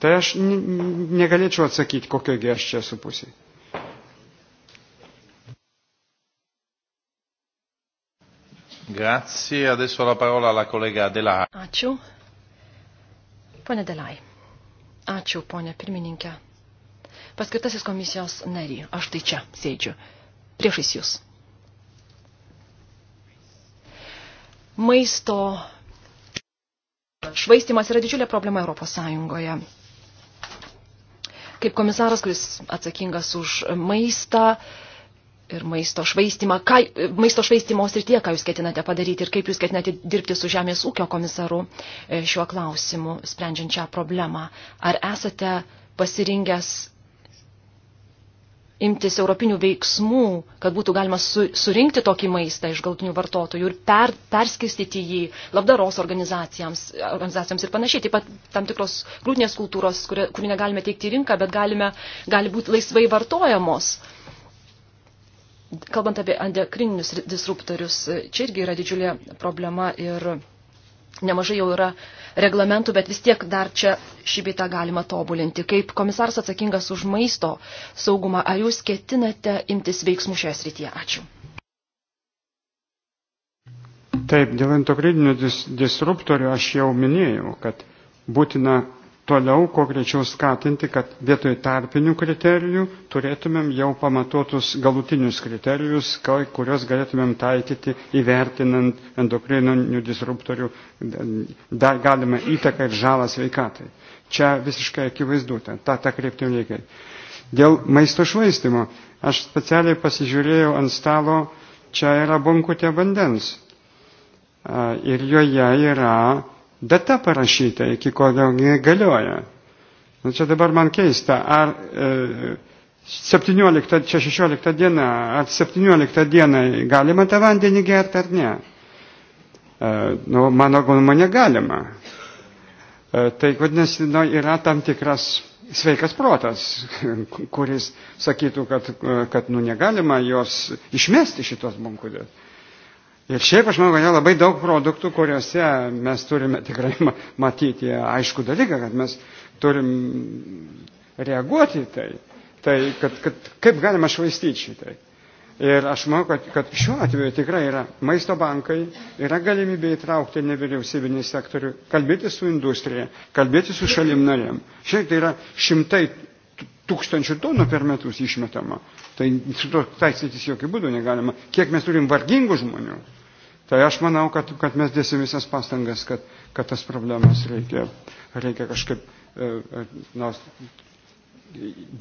Tai aš negalėčiau atsakyti, kokiogi aš čia esu pusėje. Grazie. Adesso la parola alla kolega Delai. Ačiū. Pone Delai. Ačiū, ponė pirmininkė. Paskirtasis komisijos nary. Aš tai čia sėdžiu. Priešais jūs. Maisto švaistimas yra didžiulė problema Europos Sąjungoje. Kaip komisaras, kuris atsakingas už maistą, uh, ir maisto švaistimą, ką, maisto švaistimo srityje, ką jūs ketinate padaryti ir kaip jūs ketinate dirbti su Žemės ūkio komisaru e, šiuo klausimu, sprendžiant šią problemą. Ar esate pasirinkęs imtis europinių veiksmų, kad būtų galima su, surinkti tokį maistą iš galtinių vartotojų ir per, perskirstyti jį labdaros organizacijams, organizacijams ir panašiai. Taip pat tam tikros grūtinės kultūros, kurių negalime teikti į rinką, bet galime, gali būti laisvai vartojamos. Uh, kalbant apie endokrininius disruptorius, čia irgi yra didžiulė problema ir nemažai jau yra reglamentų, bet vis tiek dar čia šibitą galima tobulinti. Kaip komisaras atsakingas už maisto saugumą, ar jūs ketinate imtis veiksmų šioje srityje? Ačiū. Taip, dėl endokrininių dis disruptorių aš jau minėjau, kad būtina toliau kuo greičiau skatinti, kad vietoj tarpinių kriterijų turėtumėm jau pamatuotus galutinius kriterijus, kuriuos galėtumėm taikyti įvertinant endokrininių disruptorių galimą įtaką ir žalą sveikatai. Čia visiškai akivaizdu, tą, tą kreiptim reikia. Dėl maisto švaistimo aš specialiai pasižiūrėjau ant stalo, čia yra bonkutė vandens. Ir joje yra data parašyta, iki kol galioja. Na nu, čia dabar man keista, ar e, 17, čia 16 diena, ar 17 diena galima tą vandenį gerti ar ne? E, nu, mano nuomonė galima. E, tai vadinasi, nu, yra tam tikras sveikas protas, kuris sakytų, kad, kad nu, negalima jos išmesti šitos bunkudės. Ir šiaip aš manau, kad yra labai daug produktų, kuriuose mes turime tikrai matyti aišku dalyką, kad mes turim reaguoti į tai, tai kad, kad kaip galima švaistyti šitai. Ir aš manau, kad, kad šiuo atveju tikrai yra maisto bankai, yra galimybė įtraukti nevyriausybinį sektorių, kalbėti su industrija, kalbėti su šalim narėm. Šiaip tai yra šimtai tūkstančių tonų per metus išmetama. Tai šito taisytis jokių būdų negalima. Kiek mes turim vargingų žmonių, tai aš manau, kad, kad mes dėsim visas pastangas, kad, kad tas problemas reikia, reikia kažkaip e, e, na,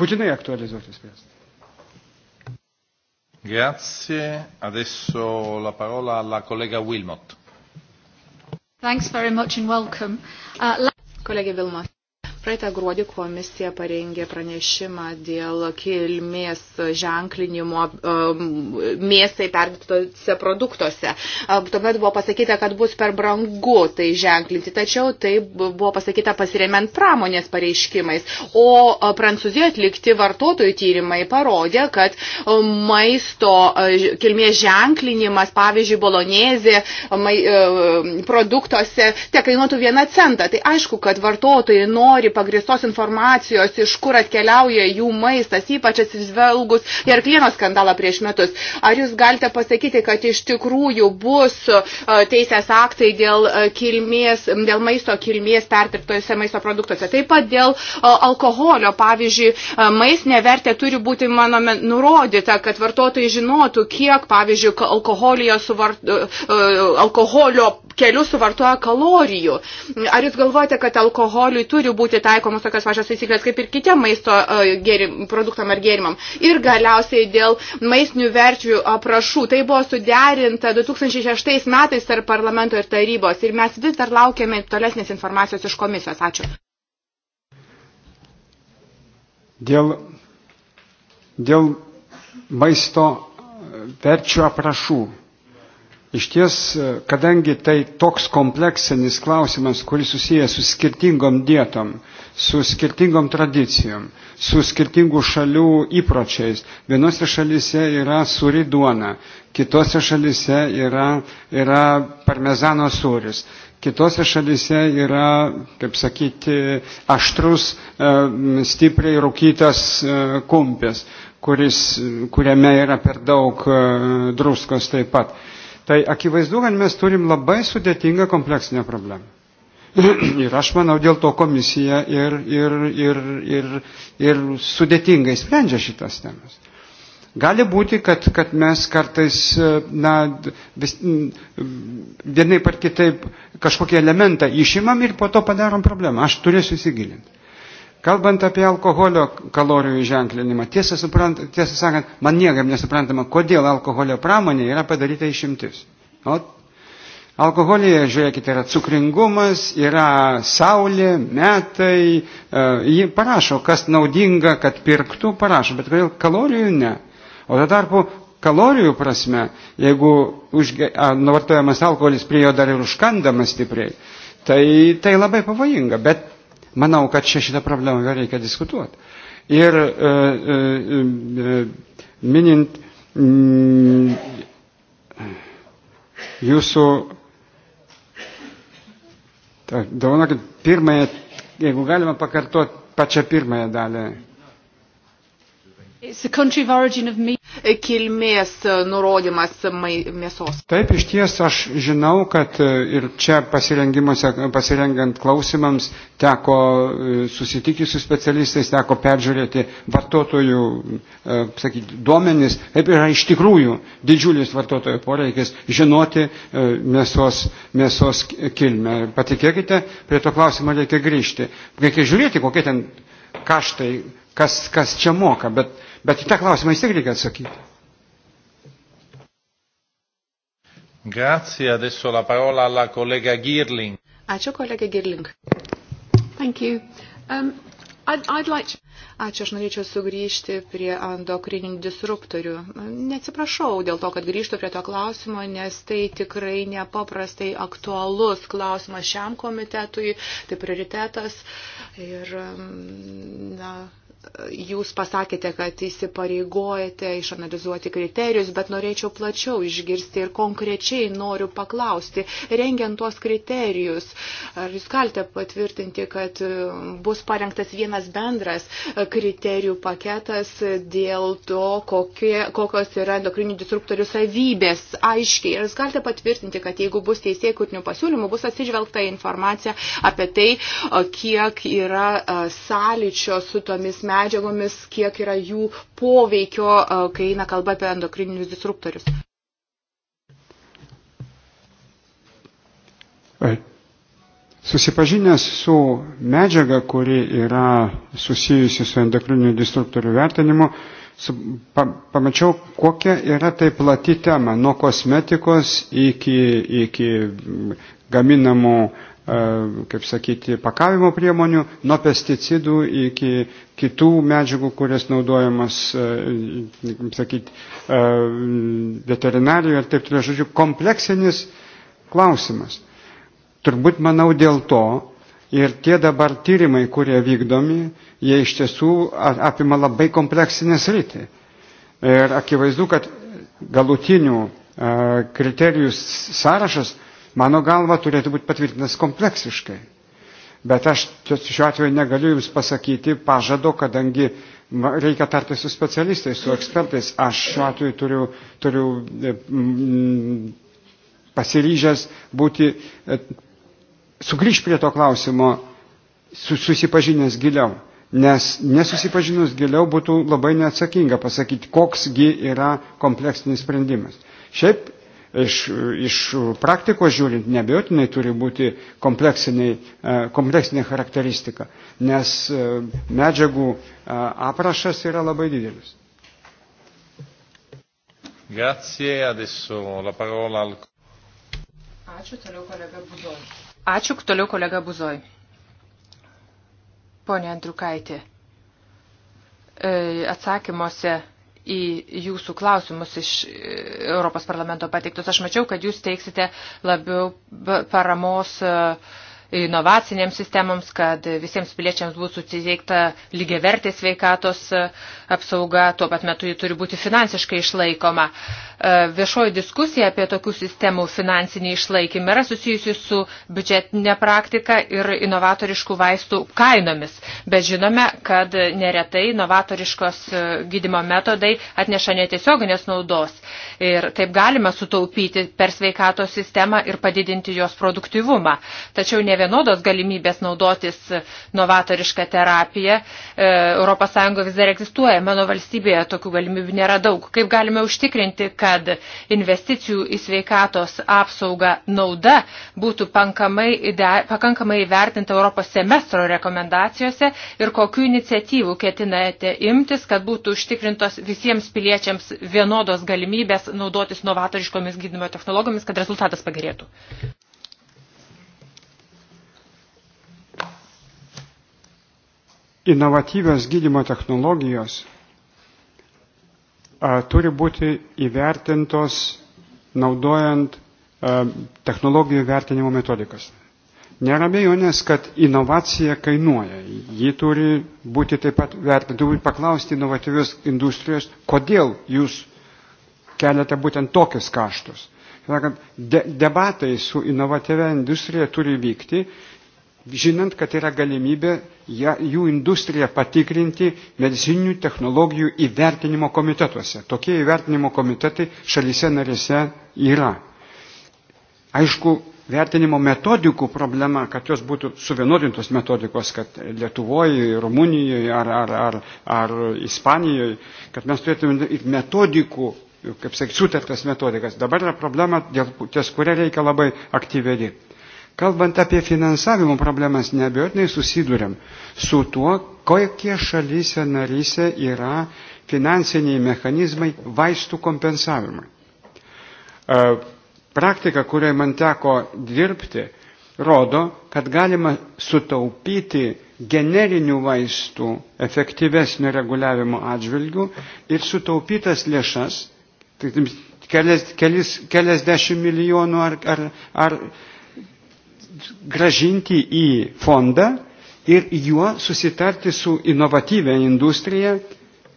būtinai aktualizuoti spręsti. Grazie. Adesso la parola alla collega Wilmot. Thanks very much and welcome. Uh, Kolegė Vilmot. Praeitą gruodį komisija parengė pranešimą dėl kilmės ženklinimo um, mėsai perdirbtose produktuose. Um, tuomet buvo pasakyta, kad bus per brangu tai ženklinti, tačiau tai buvo pasakyta pasiremiant pramonės pareiškimais. O uh, Prancūzijoje atlikti vartotojų tyrimai parodė, kad um, maisto uh, kilmės ženklinimas, pavyzdžiui, bolonėzė uh, produktuose, te kainuotų vieną centą. Tai aišku, kad vartotojai nori pagristos informacijos, iš kur atkeliauja jų maistas, ypač atsižvelgus į arklienos skandalą prieš metus. Ar jūs galite pasakyti, kad iš tikrųjų bus e, teisės aktai dėl, e, kilmės, dėl maisto kilmės pertirptojose maisto produktuose? Taip pat dėl e, alkoholio, pavyzdžiui, maistinė vertė turi būti, manome, nurodyta, kad vartotojai žinotų, kiek, pavyzdžiui, alkoholio, suvart, alkoholio keliu suvartoja kalorijų. Ar jūs galvojate, kad alkoholiui turi būti taikomos tokios pačios taisyklės kaip ir kitiem maisto e, gėrim, produktam ar gėrimam. Ir galiausiai dėl maistinių verčių aprašų. Tai buvo suderinta 2006 metais tarp parlamento ir tarybos. Ir mes vis dar laukiame tolesnės informacijos iš komisijos. Ačiū. Dėl, dėl maisto verčių aprašų Iš ties, e, kadangi tai toks kompleksinis klausimas, kuris susijęs su skirtingom dietom, su skirtingom tradicijom, su skirtingų šalių įpročiais, vienose šalyse yra suri duona, kitose šalyse yra, yra parmezano sūris, kitose šalyse yra, kaip sakyti, aštrus, e, stipriai rūkytas e, kumpis, kuris, kuriame yra per daug druskos taip pat. Tai akivaizdu, kad mes turim labai sudėtingą kompleksinę problemą. ir aš manau, dėl to komisija ir, ir, ir, ir, ir sudėtingai sprendžia šitas temas. Gali būti, kad, kad mes kartais, na, vis, vienaip ar kitaip kažkokį elementą išimam ir po to padarom problemą. Aš turėsiu įsigilinti. Kalbant apie alkoholio kalorijų ženklinimą, tiesą, suprant, tiesą sakant, man niekam nesuprantama, kodėl alkoholio pramonė yra padaryta išimtis. O alkoholėje, žiūrėkite, yra cukringumas, yra saulė, metai, e, ji parašo, kas naudinga, kad pirktų, parašo, bet kodėl kalorijų ne. O tuo tarpu kalorijų prasme, jeigu užge, a, nuvartojamas alkoholis prie jo dar ir užkandamas stipriai, tai tai labai pavojinga. Bet Manau, kad čia šitą problemą reikia diskutuoti. Ir e, e, e, minint mm, jūsų, daunokit, pirmąją, jeigu galima pakartoti pačią pirmąją dalį. It's the country of origin of meat kilmės nurodymas mėsos. Taip, iš ties aš žinau, kad e, ir čia pasirengiant klausimams teko e, susitikti su specialistais, teko peržiūrėti vartotojų, e, sakyti, duomenis. Taip yra iš tikrųjų didžiulis vartotojų poreikis žinoti mėsos, mėsos kilmę. Patikėkite, prie to klausimo reikia grįžti. Reikia žiūrėti, kokie ten kaštai, kas, kas čia moka, bet Bet į tą klausimą jis irgi reikia atsakyti. Grazie, adesso la parola alla collega Girling. Ačiū, kolega Girling. Thank you. Um, I'd, I'd like to... Ačiū, aš norėčiau sugrįžti prie endokrininių disruptorių. Neatsiprašau dėl to, kad grįžtu prie to klausimo, nes tai tikrai nepaprastai aktualus klausimas šiam komitetui, tai prioritetas. Ir, um, na, jūs pasakėte, kad įsipareigojate išanalizuoti kriterijus, bet norėčiau plačiau išgirsti ir konkrečiai noriu paklausti, rengiant tuos kriterijus, ar jūs galite patvirtinti, kad bus parengtas vienas bendras kriterijų paketas dėl to, kokie, kokios yra endokrinių disruptorių savybės aiškiai. Ar jūs galite patvirtinti, kad jeigu bus teisėjų kurtinių pasiūlymų, bus atsižvelgta informacija apie tai, kiek yra sąlyčio su tomis metais medžiagomis, kiek yra jų poveikio, e, kai eina kalba apie endokrininius disruptorius. E, susipažinęs su medžiaga, kuri yra susijusi su endokrininių disruptorių vertinimu, su, pa, pamačiau, kokia yra tai plati tema, nuo kosmetikos iki, iki gaminamų uh, E, kaip sakyti, pakavimo priemonių, nuo pesticidų iki kitų medžiagų, kurias naudojamas, e, sakyti, e, veterinarijoje ir taip toliau, žodžiu, kompleksinis klausimas. Turbūt manau dėl to ir tie dabar tyrimai, kurie vykdomi, jie iš tiesų apima labai kompleksinę sritį. Ir akivaizdu, kad galutinių kriterijų sąrašas mano galva, turėtų būti patvirtintas kompleksiškai. Bet aš šiuo atveju negaliu Jums pasakyti pažado, kadangi reikia tartis su specialistais, su ekspertais. Aš šiuo atveju turiu, turiu e, mm, pasiryžęs būti, e, sugrįž prie to klausimo, susipažinęs giliau. Nes nesusipažinus giliau būtų labai neatsakinga pasakyti, koksgi yra kompleksinis sprendimas. Šiaip iš, iš praktikos žiūrint, nebejotinai turi būti e, kompleksinė charakteristika, nes e, medžiagų e, aprašas yra labai didelis. Grazie, adesso la parola al... Ačiū, toliau kolega Buzoj. Ačiū, toliau kolega Buzoj. Pone Andriukaitė, atsakymuose į jūsų klausimus iš Europos parlamento pateiktus. Aš mačiau, kad jūs teiksite labiau paramos uh, inovacinėms sistemoms, kad visiems piliečiams būtų suteikta lygiavertė sveikatos apsauga, tuo pat metu ji turi būti finansiškai išlaikoma. E, viešoji diskusija apie tokių sistemų finansinį išlaikymą yra susijusi su biudžetinė praktika ir inovatoriškų vaistų kainomis, bet žinome, kad neretai inovatoriškos e, gydimo metodai atneša netiesioginės naudos ir taip galima sutaupyti per sveikatos sistemą ir padidinti jos produktyvumą. Tačiau ne vienodos galimybės naudotis novatorišką terapiją. ES vis dar egzistuoja, mano valstybėje tokių galimybių nėra daug. Kaip galime užtikrinti, kad investicijų į sveikatos apsaugą nauda būtų pakankamai įvertinta Europos semestro rekomendacijose ir kokiu iniciatyvų ketinate imtis, kad būtų užtikrintos visiems piliečiams vienodos galimybės naudotis novatoriškomis gydymo technologijomis, kad rezultatas pagerėtų? inovatyvios gydimo technologijos turi būti įvertintos naudojant technologijų vertinimo metodikas. Nėra bejonės, kad inovacija kainuoja. Ji turi būti taip pat vertinti, turi paklausti inovatyvios industrijos, kodėl jūs keliate būtent tokius kaštus. De, debatai su inovatyvia industrija turi vykti žinant, kad yra galimybė jų industriją patikrinti medicininių technologijų įvertinimo komitetuose. Tokie įvertinimo komitetai šalyse narėse yra. Aišku, vertinimo metodikų problema, kad jos būtų suvienodintos metodikos, kad Lietuvoje, Rumunijoje ar, ar, ar, ar Ispanijoje, kad mes turėtume ir metodikų, kaip sakyti, sutartas metodikas. Dabar yra problema, ties kuria reikia labai aktyviai dirbti. Kalbant apie finansavimo problemas, neabejotinai susidurėm su tuo, kokie šalyse naryse yra finansiniai mechanizmai vaistų kompensavimui. E, praktika, kurioje man teko dirbti, rodo, kad galima sutaupyti generinių vaistų efektyvesnio reguliavimo atžvilgių ir sutaupytas lėšas, tai kelias, kelias, keliasdešimt milijonų ar, ar, ar gražinti į fondą ir juo susitarti su inovatyvę industriją,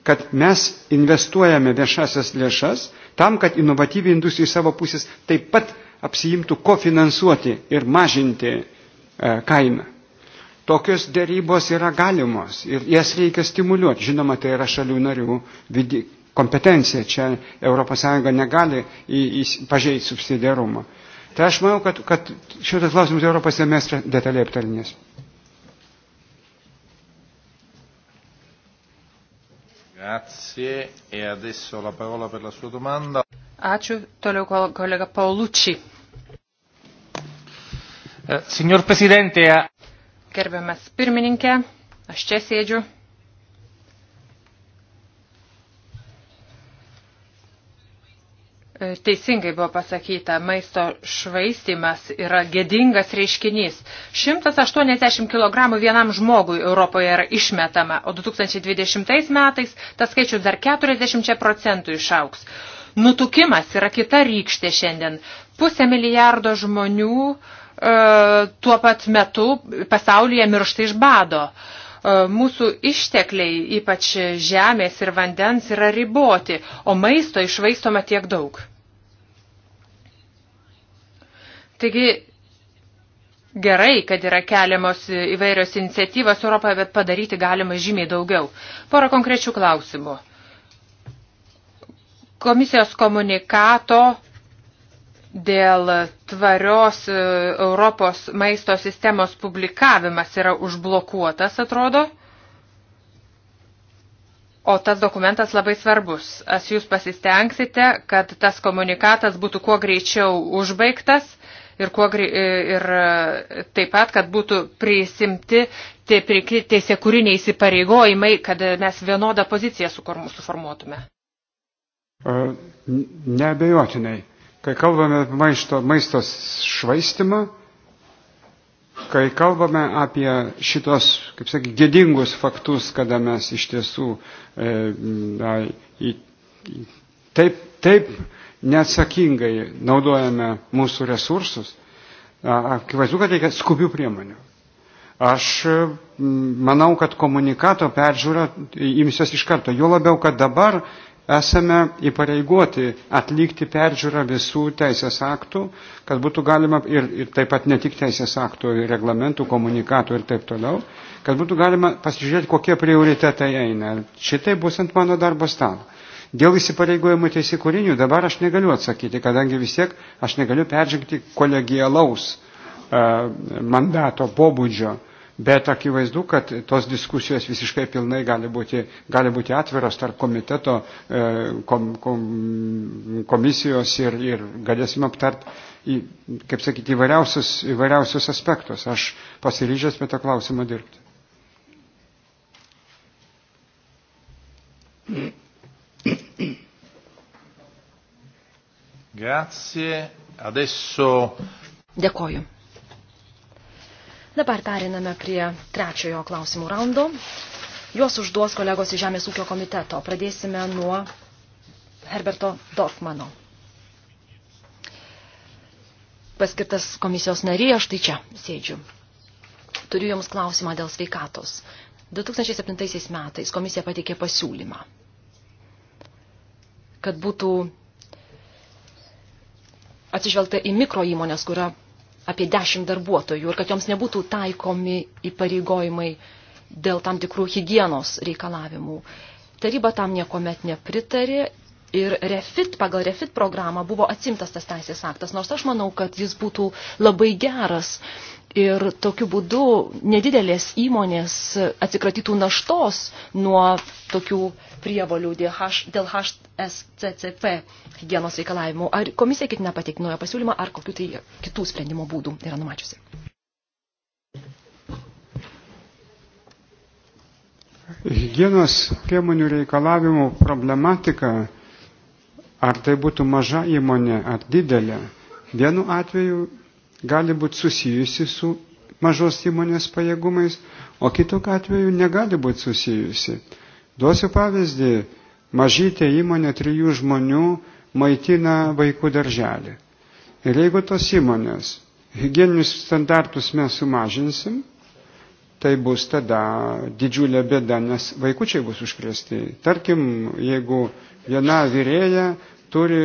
kad mes investuojame viešasias lėšas tam, kad inovatyvi industrija savo pusės taip pat apsijimtų kofinansuoti ir mažinti e, kainą. Tokios dėrybos yra galimos ir jas reikia stimuliuoti. Žinoma, tai yra šalių narių vidi, kompetencija. Čia ES negali pažeisti subsidiarumą. Tai aš manau, kad, kad šitas klausimas Europos semestrą detaliai aptarinės. Grazie. E adesso la parola per la sua domanda. Ačiū. Toliau kolega Paulucci. Eh, signor Presidente. Gerbiamas pirmininkė, aš čia sėdžiu. E, teisingai buvo pasakyta, maisto švaistimas yra gėdingas reiškinys. 180 kg vienam žmogui Europoje yra išmetama, o 2020 metais tas skaičius dar 40 procentų išauks. Nutukimas yra kita rykštė šiandien. Pusė milijardo žmonių e, tuo pat metu pasaulyje miršta iš bado. E, E, mūsų ištekliai, ypač žemės ir vandens, yra riboti, o maisto išvaistoma tiek daug. Taigi gerai, kad yra keliamos įvairios iniciatyvos Europoje, bet padaryti galima žymiai daugiau. Porą konkrečių klausimų. Komisijos komunikato dėl tvarios e, Europos maisto sistemos publikavimas yra užblokuotas, atrodo. O tas dokumentas labai svarbus. As jūs pasistengsite, kad tas komunikatas būtų kuo greičiau užbaigtas ir, kuo grei, e, ir e, taip pat, kad būtų prisimti te, teisėkūriniai įsipareigojimai, kad mes vienodą poziciją suformuotume. Neabejotinai kai kalbame apie maisto, maisto švaistimą, kai kalbame apie šitos, kaip sakė, gėdingus faktus, kada mes iš tiesų e, na, į, taip, taip neatsakingai naudojame mūsų resursus, akivaizdu, kad reikia skubių priemonių. Aš e, manau, kad komunikato peržiūra imsios iš karto. Jo labiau, kad dabar esame įpareigoti atlikti peržiūrą visų teisės aktų, kad būtų galima ir, ir taip pat ne tik teisės aktų, reglamentų, komunikatų ir taip toliau, kad būtų galima pasižiūrėti, kokie prioritetai eina. Šitai bus ant mano darbo stalo. Dėl įsipareigojimų teisėkūrinių dabar aš negaliu atsakyti, kadangi vis tiek aš negaliu peržengti kolegialaus e, mandato pobūdžio. E, bet akivaizdu, kad tos diskusijos visiškai pilnai gali būti, gali būti atviros tarp komiteto, e, kom, kom, komisijos ir, ir galėsim aptart, į, kaip sakyti, įvairiausius, įvairiausius aspektus. Aš pasiryžęs prie tą klausimą dirbti. Grazie. Adesso. Dėkoju. Dabar periname prie trečiojo klausimų raundo. Juos užduos kolegos iš Žemės ūkio komiteto. Pradėsime nuo Herberto Dorfmano. Paskirtas komisijos narys, aš tai čia sėdžiu. Turiu Jums klausimą dėl sveikatos. 2007 metais komisija pateikė pasiūlymą, kad būtų atsižvelgta į mikro įmonės, kuria apie 10 darbuotojų ir kad joms nebūtų taikomi įpareigojimai dėl tam tikrų hygienos reikalavimų. Taryba tam niekuomet nepritarė ir refit, pagal refit programą buvo atsimtas tas teisės aktas, nors aš manau, kad jis būtų labai geras ir tokiu būdu nedidelės įmonės atsikratytų naštos nuo tokių prievolių dėl, H, dėl H, SCCP hygienos reikalavimų. Ar komisija ketina pateikti naują pasiūlymą, ar kokiu tai kitų sprendimo būdų yra numačiusi? Hygienos priemonių reikalavimų problematika, ar tai būtų maža įmonė ar didelė, vienu atveju gali būti susijusi su mažos įmonės pajėgumais, o kitų atveju negali būti susijusi. Duosiu pavyzdį, Mažytė įmonė trijų žmonių maitina vaikų darželį. Ir jeigu tos įmonės hygieninius standartus mes sumažinsim, tai bus tada didžiulė bėda, nes vaikučiai bus užkrėsti. Tarkim, jeigu viena vyrėja turi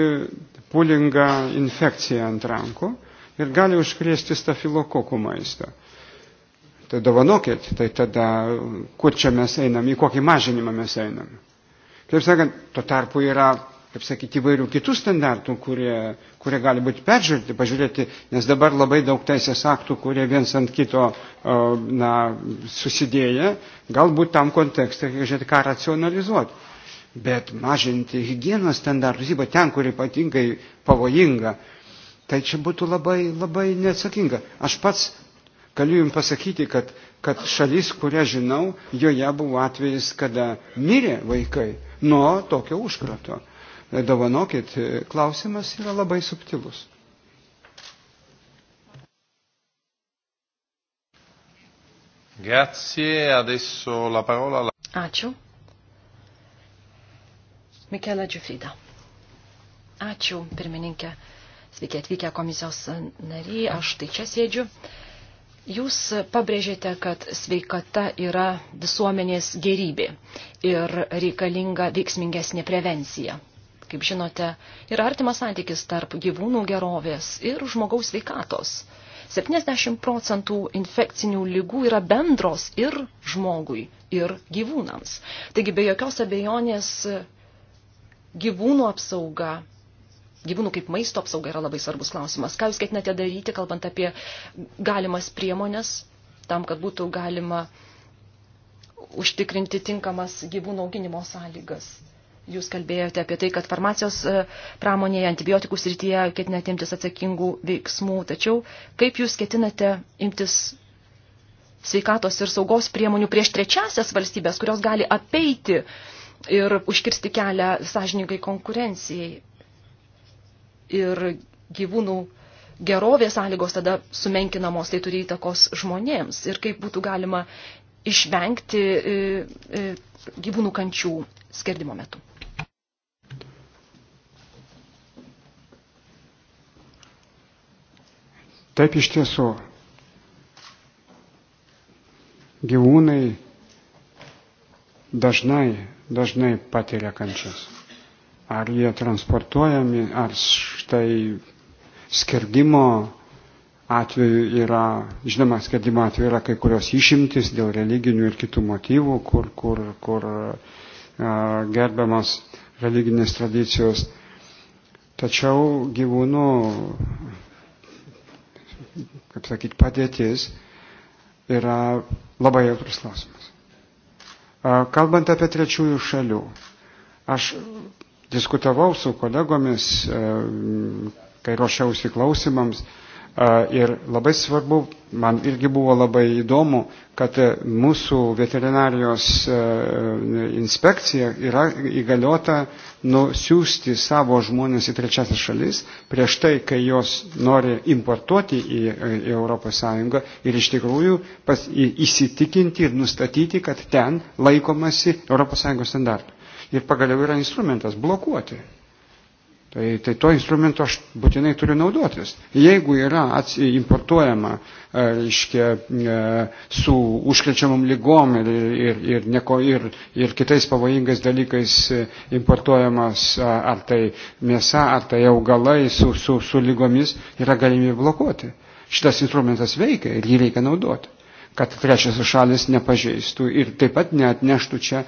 pulingą infekciją ant rankų ir gali užkrėsti stafilokokų maistą. Tai dovanokit, tai tada kur čia mes einam, į kokį mažinimą mes einam. Taip sakant, tuo tarpu yra, kaip sakyti, įvairių kitų standartų, kurie, kurie gali būti peržiūrėti, pažiūrėti, nes dabar labai daug teisės aktų, kurie viens ant kito na, susidėję, galbūt tam kontekste, žiūrėti, ką racionalizuoti. Bet mažinti hygienos standartus, ypač ten, kur ypatingai pavojinga, tai čia būtų labai, labai neatsakinga. Aš pats Galiu Jums pasakyti, kad, kad šalis, kurią žinau, joje buvo atvejis, kada mirė vaikai nuo tokio užkrato. Dovanokit, klausimas yra labai subtilus. Grazie, adesso la parola alla... Ačiū. Mikela Džiufrida. Ačiū, pirmininkė. Sveiki atvykę komisijos nariai, aš tai čia sėdžiu. Uh, Jūs pabrėžėte, kad sveikata yra visuomenės gerybė ir reikalinga veiksmingesnė prevencija. Kaip žinote, yra artimas santykis tarp gyvūnų gerovės ir žmogaus sveikatos. 70 procentų infekcinių lygų yra bendros ir žmogui, ir gyvūnams. Taigi be jokios abejonės gyvūnų apsauga gyvūnų kaip maisto apsauga yra labai svarbus klausimas. Ką jūs ketinate daryti, kalbant apie galimas priemonės, tam, kad būtų galima užtikrinti tinkamas gyvūnų auginimo sąlygas? Jūs kalbėjote apie tai, kad farmacijos e, pramonėje, antibiotikų srityje ketinate imtis atsakingų veiksmų, tačiau kaip jūs ketinate imtis sveikatos ir saugos priemonių prieš trečiasias valstybės, kurios gali apeiti ir užkirsti kelią sąžininkai konkurencijai ir gyvūnų gerovės sąlygos tada sumenkinamos, tai turi įtakos žmonėms ir kaip būtų galima išvengti e, e, gyvūnų kančių skerdimo metu. Taip iš tiesų, gyvūnai dažnai, dažnai patiria kančias ar jie transportuojami, ar štai skerdimo atveju yra, žinoma, skerdimo atveju yra kai kurios išimtis dėl religinių ir kitų motyvų, kur, kur, kur gerbiamas religinės tradicijos. Tačiau gyvūnų, kaip sakyti, padėtis yra labai jautrus klausimas. Kalbant apie trečiųjų šalių, aš Diskutavau su kolegomis, e, kai ruošiausi klausimams e, ir labai svarbu, man irgi buvo labai įdomu, kad mūsų veterinarijos e, inspekcija yra įgaliota nusiųsti savo žmonės į trečiasis šalis prieš tai, kai jos nori importuoti į, į ES ir iš tikrųjų pas, įsitikinti ir nustatyti, kad ten laikomasi ES standartų ir pagaliau yra instrumentas blokuoti. Tai, tai to instrumento aš būtinai turiu naudotis. Jeigu yra importuojama e, reiškia, e, su užkrečiamom lygom ir, ir, ir, neko, ir, ir kitais pavojingais dalykais e, importuojamas ar tai mėsa, ar tai augalai su, su, su lygomis, yra galimybė blokuoti. Šitas instrumentas veikia ir jį reikia naudoti kad trečiosios šalis nepažeistų ir taip pat neatneštų čia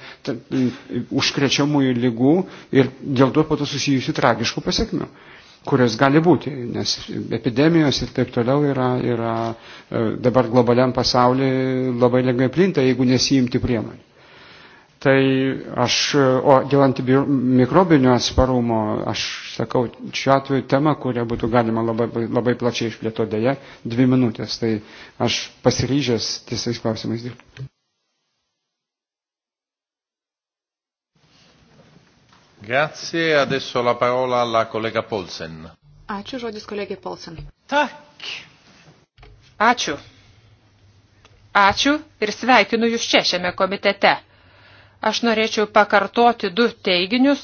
užkrečiamųjų lygų ir dėl to po to susijusių tragiškų pasiekmių kurios gali būti, nes epidemijos ir taip toliau yra, yra e, dabar globaliam pasauliu labai lengvai plinta, jeigu nesijimti priemonių. Tai aš, o dėl antimikrobinio atsparumo, aš sakau, šiuo atveju tema, kurią būtų galima labai, labai plačiai išplėtoti dėje, dvi minutės, tai aš pasiryžęs tiesiais klausimais dirbti. Grazie, adesso la parola alla collega Polsen. Ačiū, žodis kolegė Polsen. Tak. Ačiū. Ačiū ir sveikinu jūs čia šiame komitete Aš norėčiau pakartoti du teiginius,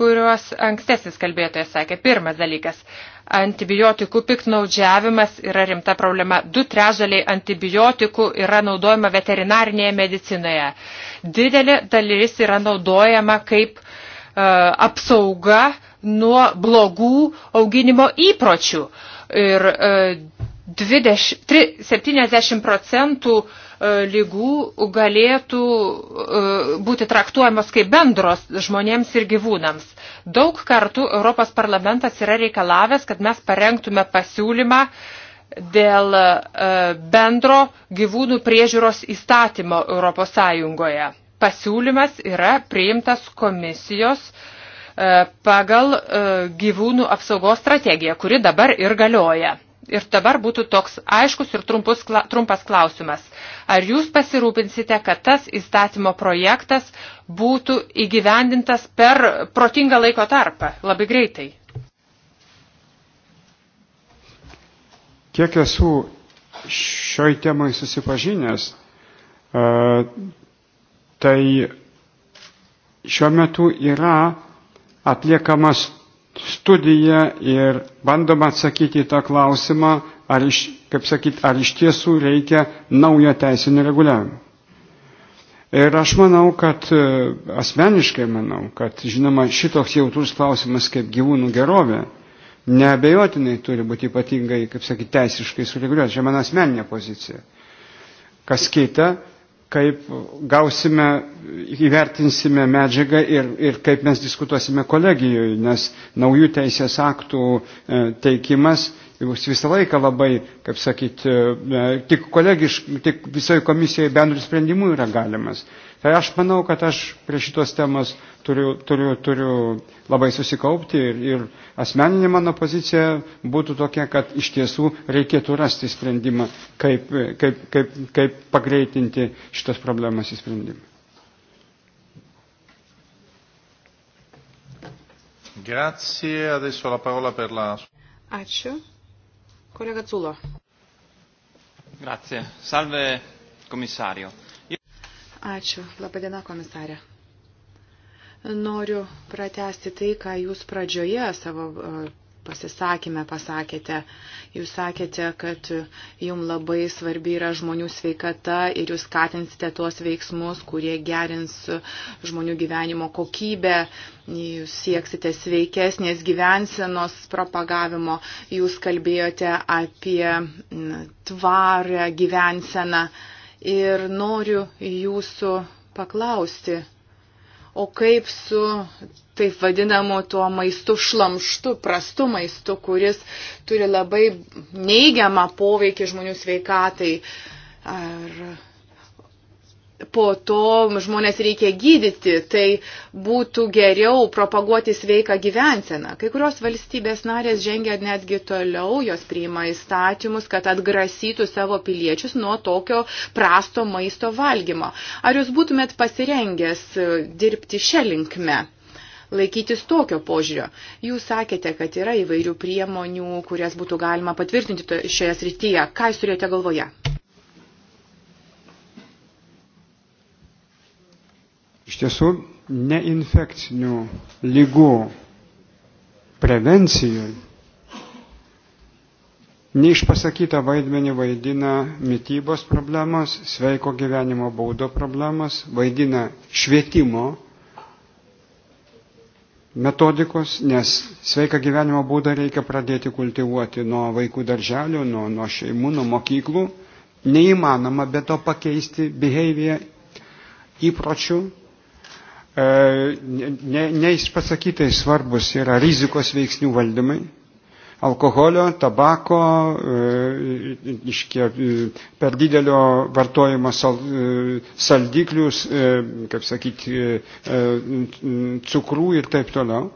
kuriuos ankstesnis kalbėtojas sakė. Pirmas dalykas - antibiotikų piknaudžiavimas yra rimta problema. Du trešdaliai antibiotikų yra naudojama veterinarinėje medicinoje. Didelė dalis yra naudojama kaip e, apsauga nuo blogų auginimo įpročių. Ir e, 20, 3, 70 procentų e, E, lygų galėtų e, būti traktuojamos kaip bendros žmonėms ir gyvūnams. Daug kartų Europos parlamentas yra reikalavęs, kad mes parengtume pasiūlymą dėl e, bendro gyvūnų priežiūros įstatymo Europos Sąjungoje. Pasiūlymas yra priimtas komisijos pagal gyvūnų apsaugos strategiją, kuri dabar ir galioja. Ir dabar būtų toks aiškus ir trumpus, trumpas klausimas. Ar jūs pasirūpinsite, kad tas įstatymo projektas būtų įgyvendintas per protingą laiko tarpą, labai greitai? Kiek esu šioj temai susipažinęs, e, tai šiuo metu yra atliekamas studija ir bandoma atsakyti į tą klausimą, ar iš kaip sakyti, ar iš tiesų reikia naujo teisinio reguliavimo. Ir aš manau, kad e, asmeniškai manau, kad žinoma šitoks jautrus klausimas kaip gyvūnų gerovė neabejotinai turi būti ypatingai, kaip sakyti, teisiškai sureguliuotas. Čia mano asmeninė pozicija. Kas kita, kaip gausime, įvertinsime medžiagą ir, ir kaip mes diskutuosime kolegijoje, nes naujų teisės aktų e, teikimas jūs visą laiką labai, kaip sakyti, e, tik, kolegiš, tik visoje komisijoje bendrų sprendimų yra galimas. Tai aš manau, kad aš prie šitos temos turiu, turiu, turiu labai susikaupti ir, ir asmeninė mano pozicija būtų tokia, kad iš tiesų reikėtų rasti sprendimą, kaip, kaip, kaip, kaip pagreitinti šitos problemos įsprendimą. Grazie, adesso la parola per la... Ačiū. Kolega Zulo. Grazie. Salve, komisario. Ačiū. Labadiena, komisarė. Noriu pratesti tai, ką jūs pradžioje savo e, pasisakymę pasakėte. Jūs sakėte, kad jums labai svarbi yra žmonių sveikata ir jūs skatinsite tuos veiksmus, kurie gerins žmonių gyvenimo kokybę, jūs sieksite sveikesnės gyvensenos propagavimo, jūs kalbėjote apie tvarę gyvenseną ir noriu jūsų paklausti, o kaip su taip vadinamu tuo maistu šlamštu, prastu maistu, kuris turi labai neigiamą poveikį žmonių sveikatai? Ar po to žmonės reikia gydyti, tai būtų geriau propaguoti sveiką gyvenseną. Kai kurios valstybės narės žengia netgi toliau, jos priima įstatymus, kad atgrasytų savo piliečius nuo tokio prasto maisto valgymo. Ar jūs būtumėt pasirengęs e, dirbti šią linkmę? laikytis tokio požiūrio. Jūs sakėte, kad yra įvairių priemonių, kurias būtų galima patvirtinti šioje srityje. Ką jūs turėjote galvoje? Iš tiesų, neinfekcinių lygų prevencijai Neišpasakytą vaidmenį vaidina mytybos problemos, sveiko gyvenimo baudo problemos, vaidina švietimo metodikos, nes sveiką gyvenimo būdą reikia pradėti kultivuoti nuo vaikų darželių, nuo, nuo šeimų, nuo mokyklų. Neįmanoma be to pakeisti behavior įpročių, E, ne, neišpasakytai svarbus yra rizikos veiksnių valdymai, alkoholio, tabako, e, iškia, e, per didelio vartojimo sal, saldiklius, kaip sakyti, cukrų ir taip toliau.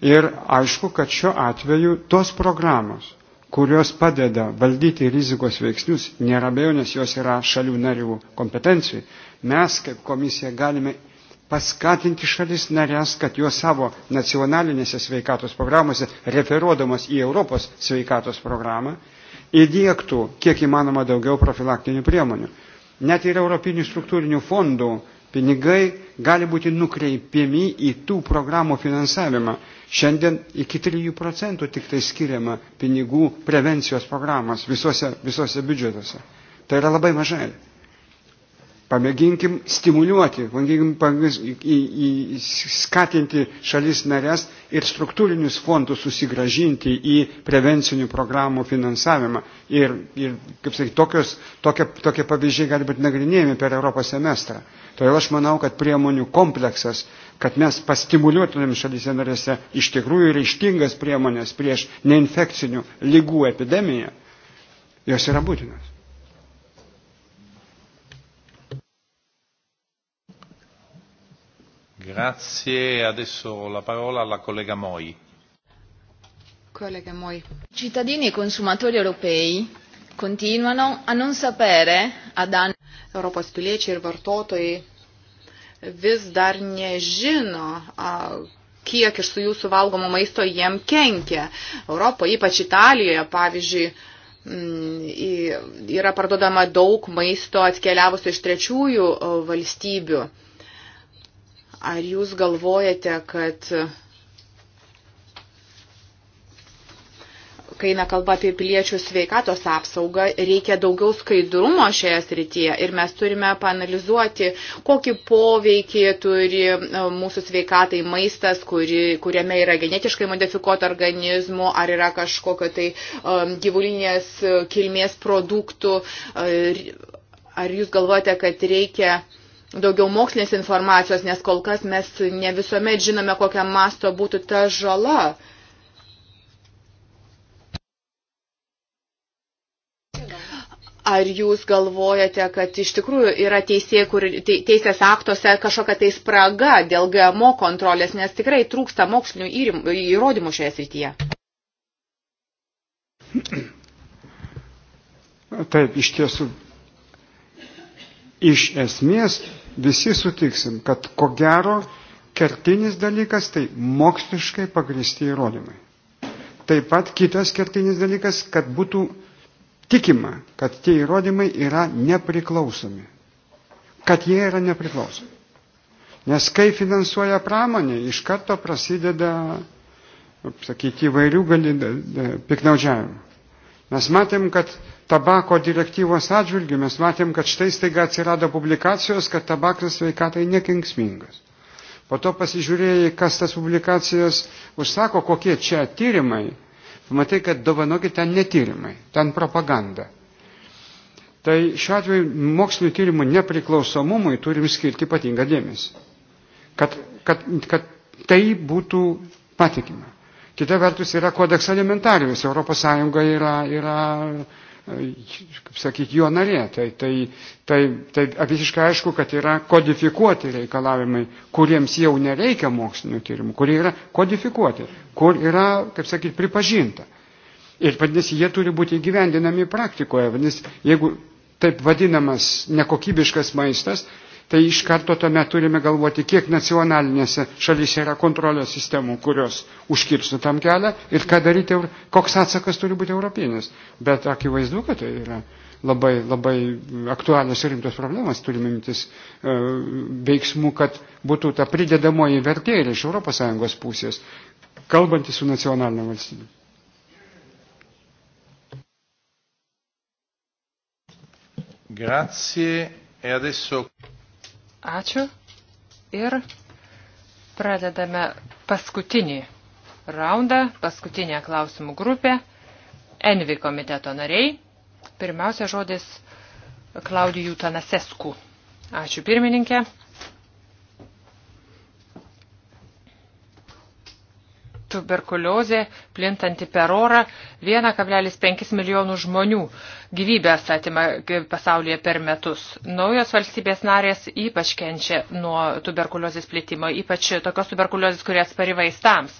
Ir aišku, kad šiuo atveju tos programos, kurios padeda valdyti rizikos veiksnius, nėra bejonės, jos yra šalių narių kompetencijai. Mes kaip komisija galime paskatinti šalis narės, kad juos savo nacionalinėse sveikatos programuose, referuodamas į Europos sveikatos programą, įdėktų kiek įmanoma daugiau profilaktinių priemonių. Net ir Europinių struktūrinių fondų pinigai gali būti nukreipiami į tų programų finansavimą. Šiandien iki 3 procentų tik tai skiriama pinigų prevencijos programos visose, visose biudžetuose. Tai yra labai mažai. Pamėginkim stimuliuoti, pamėginkim skatinti šalis narės ir struktūrinius fondus susigražinti į prevencinių programų finansavimą. Ir, ir kaip sakyti, tokios, tokie, tokie pavyzdžiai gali būti nagrinėjami per Europos semestrą. Todėl aš manau, kad priemonių kompleksas, kad mes pastimuliuotumėm šalyse narėse iš tikrųjų reištingas priemonės prieš neinfekcinių lygų epidemiją, jos yra būtinas. Grazie, adesso la parola alla collega Moi. Collega Moi. Cittadini e consumatori europei continuano a non sapere a danno. Europos piliečiai ir vartotojai vis dar nežino, a, kiek iš su jūsų valgomo maisto jiem kenkia. Europoje, ypač Italijoje, pavyzdžiui, mm, yra parduodama daug maisto atkeliavusio iš trečiųjų valstybių. Ar jūs galvojate, kad kai eina kalba apie piliečių sveikatos apsaugą, reikia daugiau skaidrumo šioje srityje ir mes turime panalizuoti, kokį poveikį turi e, mūsų sveikatai maistas, kuri, kuriame yra genetiškai modifikuoto organizmų, ar yra kažkokio tai um, gyvulinės kilmės produktų. Ar, e, ar jūs galvojate, kad reikia daugiau mokslinės informacijos, nes kol kas mes ne visuomet žinome, kokią masto būtų ta žala. Ar jūs galvojate, kad iš tikrųjų yra teisė, kur, te, teisės aktuose kažkokia tai spraga dėl GMO kontrolės, nes tikrai trūksta mokslinių įrodymų šioje srityje? Taip, iš tiesų, iš esmės visi sutiksim, kad ko gero kertinis dalykas tai moksliškai pagristi įrodymai. Taip pat kitas kertinis dalykas, kad būtų tikima, kad tie įrodymai yra nepriklausomi. Kad jie yra nepriklausomi. Nes kai finansuoja pramonė, iš karto prasideda, sakyti, įvairių gali piknaudžiavimų. Mes matėm, kad tabako direktyvos atžvilgių mes matėm, kad štai staiga atsirado publikacijos, kad tabakas sveikatai nekenksmingas. Po to pasižiūrėjai, kas tas publikacijos užsako, kokie čia tyrimai. Pamatai, kad dovanokit ten netyrimai, ten propaganda. Tai šiuo atveju mokslinio tyrimų nepriklausomumui turim skirti ypatingą dėmesį, kad, kad, kad tai būtų patikima. Kita vertus yra kodeks alimentarius, ES yra, yra e, kaip sakyti, jo narė. Tai, tai, tai, tai visiškai aišku, kad yra kodifikuoti reikalavimai, kuriems jau nereikia mokslinių tyrimų, kurie yra kodifikuoti, kur yra, kaip sakyti, pripažinta. Ir vadinasi, jie turi būti įgyvendinami praktikoje. Vadinasi, jeigu taip vadinamas nekokybiškas maistas, tai iš karto tuomet turime galvoti, kiek nacionalinėse šalyse yra kontrolės sistemų, kurios užkirstų tam kelią ir ką daryti, koks atsakas turi būti europinis. Bet akivaizdu, kad tai yra labai, labai aktualios ir rimtos problemas, turime imtis e, veiksmų, kad būtų ta pridedamoji vertė ir iš ES pusės, kalbantys su nacionalinė valstybė. Grazie e adesso Ačiū. Ir pradedame paskutinį raundą, paskutinę klausimų grupę. Envi komiteto nariai. Pirmiausia žodis Klaudijų Tanasesku. Ačiū pirmininkė. tuberkuliozė plintanti per orą 1,5 milijonų žmonių gyvybės atima pasaulyje per metus. Naujos valstybės narės ypač kenčia nuo tuberkuliozės plitimo, ypač tokios tuberkuliozės, kurie atspari vaistams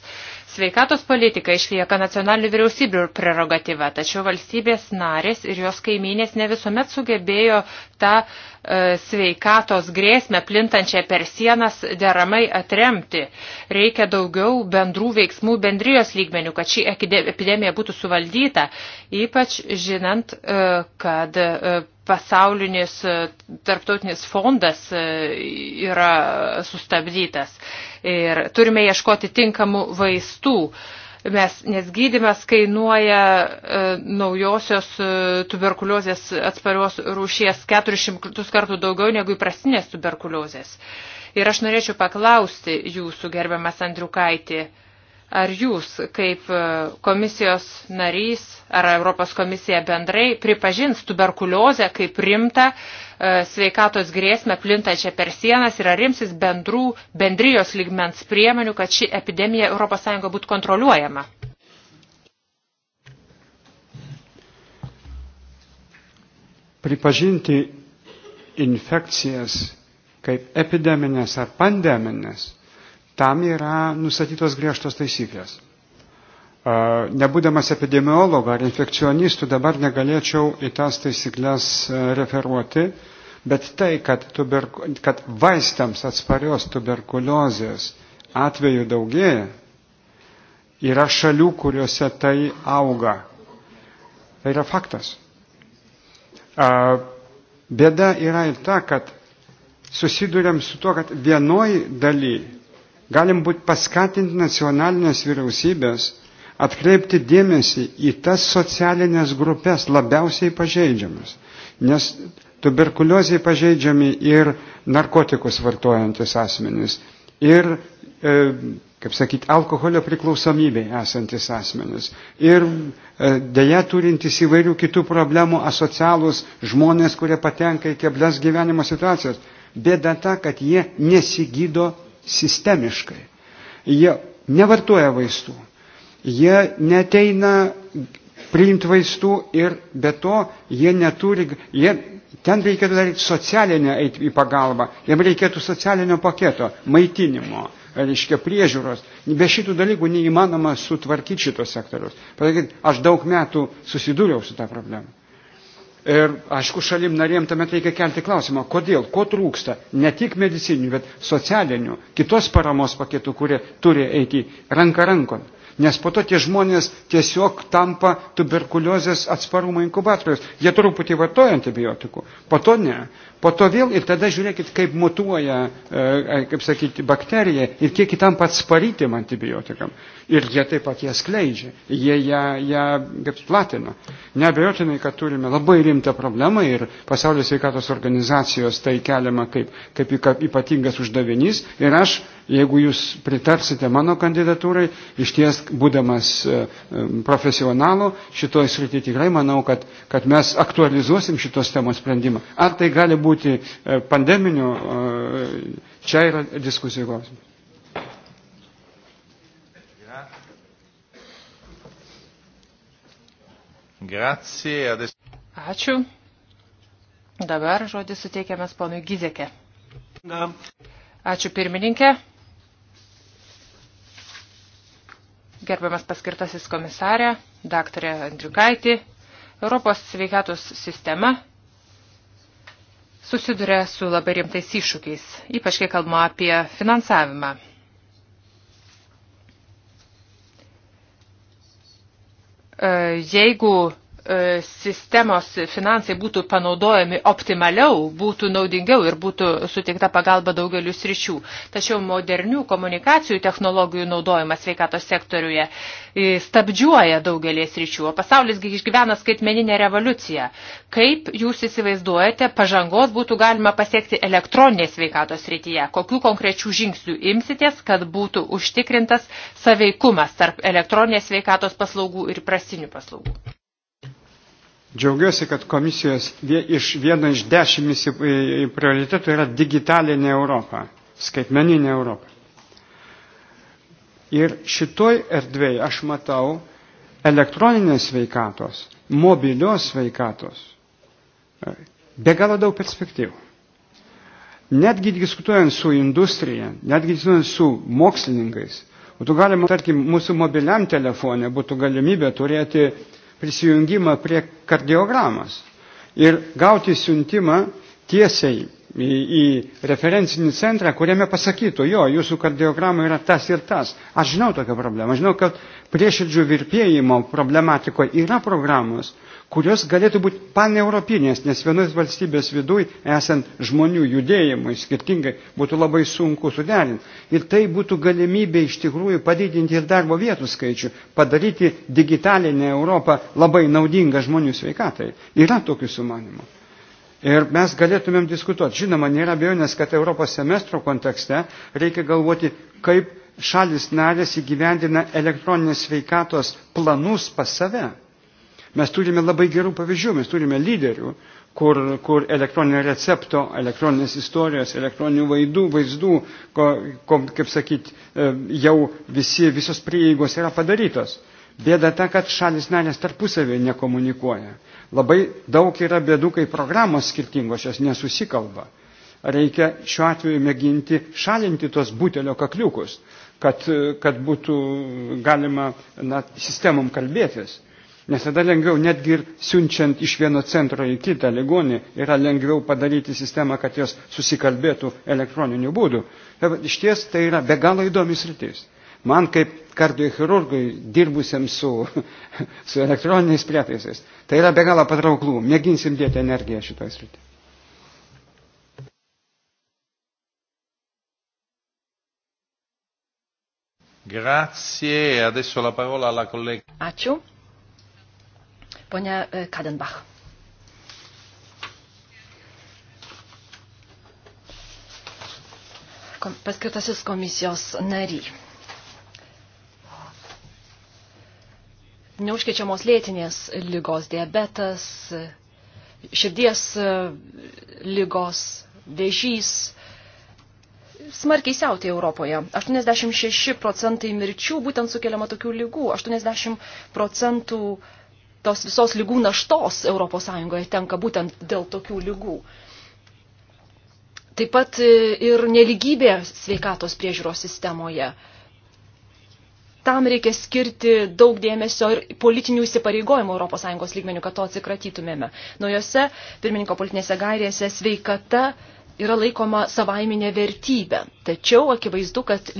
sveikatos politika išlieka nacionalinių vyriausybių prerogatyva, tačiau valstybės narės ir jos kaimynės ne visuomet sugebėjo tą e, sveikatos grėsmę plintančią per sienas deramai atremti. Reikia daugiau bendrų veiksmų bendrijos lygmenių, kad ši epidemija būtų suvaldyta, ypač žinant, e, kad e, pasaulinis e, tarptautinis fondas e, yra sustabdytas ir turime ieškoti tinkamų vaistų. Mes, nes gydimas kainuoja e, naujosios e, tuberkuliozės atsparios rūšies 400 kartų daugiau negu įprastinės tuberkuliozės. Ir aš norėčiau paklausti jūsų gerbiamas Andriukaitį, e, Ar jūs, kaip e, komisijos narys ar Europos komisija bendrai, pripažins tuberkuliozę kaip rimtą e, sveikatos grėsmę plintančią per sienas ir ar rimsis bendrų, bendrijos lygmens priemonių, kad ši epidemija ES būtų kontroliuojama? Pripažinti infekcijas kaip epideminės ar pandeminės tam yra nustatytos griežtos taisyklės. E, nebūdamas epidemiologu ar infekcionistu dabar negalėčiau į tas taisyklės e, referuoti, bet tai, kad, tuberku, kad vaistams atsparios tuberkuliozės atveju daugėja, yra šalių, kuriuose tai auga. Tai yra faktas. E, bėda yra ir ta, kad susidurėm su to, kad vienoj daly galim būti paskatinti nacionalinės vyriausybės atkreipti dėmesį į tas socialinės grupės labiausiai pažeidžiamas. Nes tuberkuliozai pažeidžiami ir narkotikus vartojantis asmenys, ir, e, kaip sakyti, alkoholio priklausomybei esantis asmenys, ir e, dėja turintys įvairių kitų problemų asocialus žmonės, kurie patenka į keblias gyvenimo situacijas. Bėda ta, kad jie nesigydo sistemiškai. Jie nevartoja vaistų, jie neteina priimti vaistų ir be to jie neturi, jie, ten reikėtų daryti socialinę eiti į pagalbą, jiem reikėtų socialinio paketo, maitinimo, reiškia priežiūros. Be šitų dalykų neįmanoma sutvarkyti šitos sektoriaus. Pasakyti, aš daug metų susidūriau su tą problemą. Ir aišku, šalim narėm tuomet reikia kelti klausimą, kodėl, ko trūksta, ne tik medicininių, bet socialinių, kitos paramos paketų, kurie turi eiti ranka rankon nes po to tie žmonės tiesiog tampa tuberkuliozės atsparumo inkubatorius. Jie truputį vartoja antibiotikų, po to ne. Po to vėl ir tada žiūrėkit, kaip mutuoja, e, e, kaip sakyti, bakterija ir kiek ji tampa atsparytėm antibiotikam. Ir jie taip pat ją skleidžia, jie ją, ją kaip platina. Neabejotinai, kad turime labai rimtą problemą ir pasaulio sveikatos organizacijos tai keliama kaip, kaip ypatingas uždavinys. Ir aš Jeigu jūs pritarsite mano kandidatūrai, iš ties būdamas e, e, profesionalu šitoje srityje tikrai manau, kad, kad mes aktualizuosim šitos temos sprendimą. Ar tai gali būti e, pandeminių, čia yra diskusijų klausimas. Grazie. Ačiū. Dabar žodis suteikiamas ponui Gizekė. Na. Ačiū pirmininkė. gerbiamas paskirtasis komisarė, daktarė Andriukaitį, Europos sveikatos sistema susiduria su labai rimtais iššūkiais, ypač kai kalbama apie finansavimą. E, jeigu E, sistemos finansai būtų panaudojami optimaliau, būtų naudingiau ir būtų suteikta pagalba daugeliu sričių. Tačiau modernių komunikacijų technologijų naudojimas sveikatos sektoriuje e, stabdžiuoja daugelį sričių, o pasaulis išgyvena skaitmeninę revoliuciją. Kaip jūs įsivaizduojate, pažangos būtų galima pasiekti elektroninės sveikatos srityje? Kokių konkrečių žingsnių imsitės, kad būtų užtikrintas saveikumas tarp elektroninės sveikatos paslaugų ir prasinių paslaugų? Džiaugiuosi, kad komisijos iš vieno iš dešimt prioritetų yra digitalinė Europa, skaitmeninė Europa. Ir šitoj erdvėje aš matau elektroninės sveikatos, mobilios sveikatos e, be galo daug perspektyvų. Netgi diskutuojant su industrija, netgi diskutuojant su mokslininkais, būtų galima, tarkim, mūsų mobiliam telefonė būtų galimybė turėti uh, prisijungimą prie kardiogramos ir gauti siuntimą tiesiai į, į referencinį centrą, kuriame pasakytų, jo, jūsų kardiograma yra tas ir tas. Aš žinau tokią problemą. Aš žinau, kad prieširdžių virpėjimo problematikoje yra programos, kurios galėtų būti paneuropinės, nes vienos valstybės viduj esant žmonių judėjimui skirtingai būtų labai sunku suderinti. Ir tai būtų galimybė iš tikrųjų padidinti ir darbo vietų skaičių, padaryti digitalinę Europą labai naudingą žmonių sveikatai. Yra tokių sumanimų. Ir mes galėtumėm diskutuoti. Žinoma, nėra abejonės, kad Europos semestro kontekste reikia galvoti, kaip šalis narės įgyvendina elektroninės sveikatos planus pas save. Mes turime labai gerų pavyzdžių, mes turime lyderių, kur, kur elektroninio recepto, elektroninės istorijos, elektroninių vaidų, vaizdų, ko, ko, kaip sakyt, e, jau visi, visos prieigos yra padarytos. Bėda ta, kad šalis narės tarpusavėje nekomunikuoja. Labai daug yra bėdų, kai programos skirtingos jos nesusikalba. Reikia šiuo atveju mėginti šalinti tos butelio kakliukus, kad, kad būtų galima na, sistemom kalbėtis. Nes tada lengviau, netgi ir siunčiant iš vieno centro į kitą ligonį, yra lengviau padaryti sistemą, kad jos susikalbėtų elektroniniu būdu. Iš ties tai yra be galo įdomis rytis. Man kaip kardiochirurgui dirbusiam su, su elektroniniais prietaisais, tai yra be galo patrauklų. Mėginsim dėti energiją šitoje srityje. Grazie, adesso la parola alla collega. Ačiū. Pone Kadenbach. Paskirtasis komisijos nary. Neužkečiamos lėtinės lygos, diabetas, širdies e, lygos, vėžys smarkiai siautė Europoje. 86 procentai mirčių būtent sukeliama tokių lygų, 80 procentų uh, tos visos lygų naštos ES tenka būtent dėl tokių lygų. Taip pat e, ir neligybė sveikatos priežiūros sistemoje. Tam reikia skirti daug dėmesio ir politinių įsipareigojimų ES lygmenių, kad to atsikratytumėme. Naujose pirmininko politinėse gairėse sveikata yra laikoma savaiminė vertybė. Tačiau akivaizdu, kad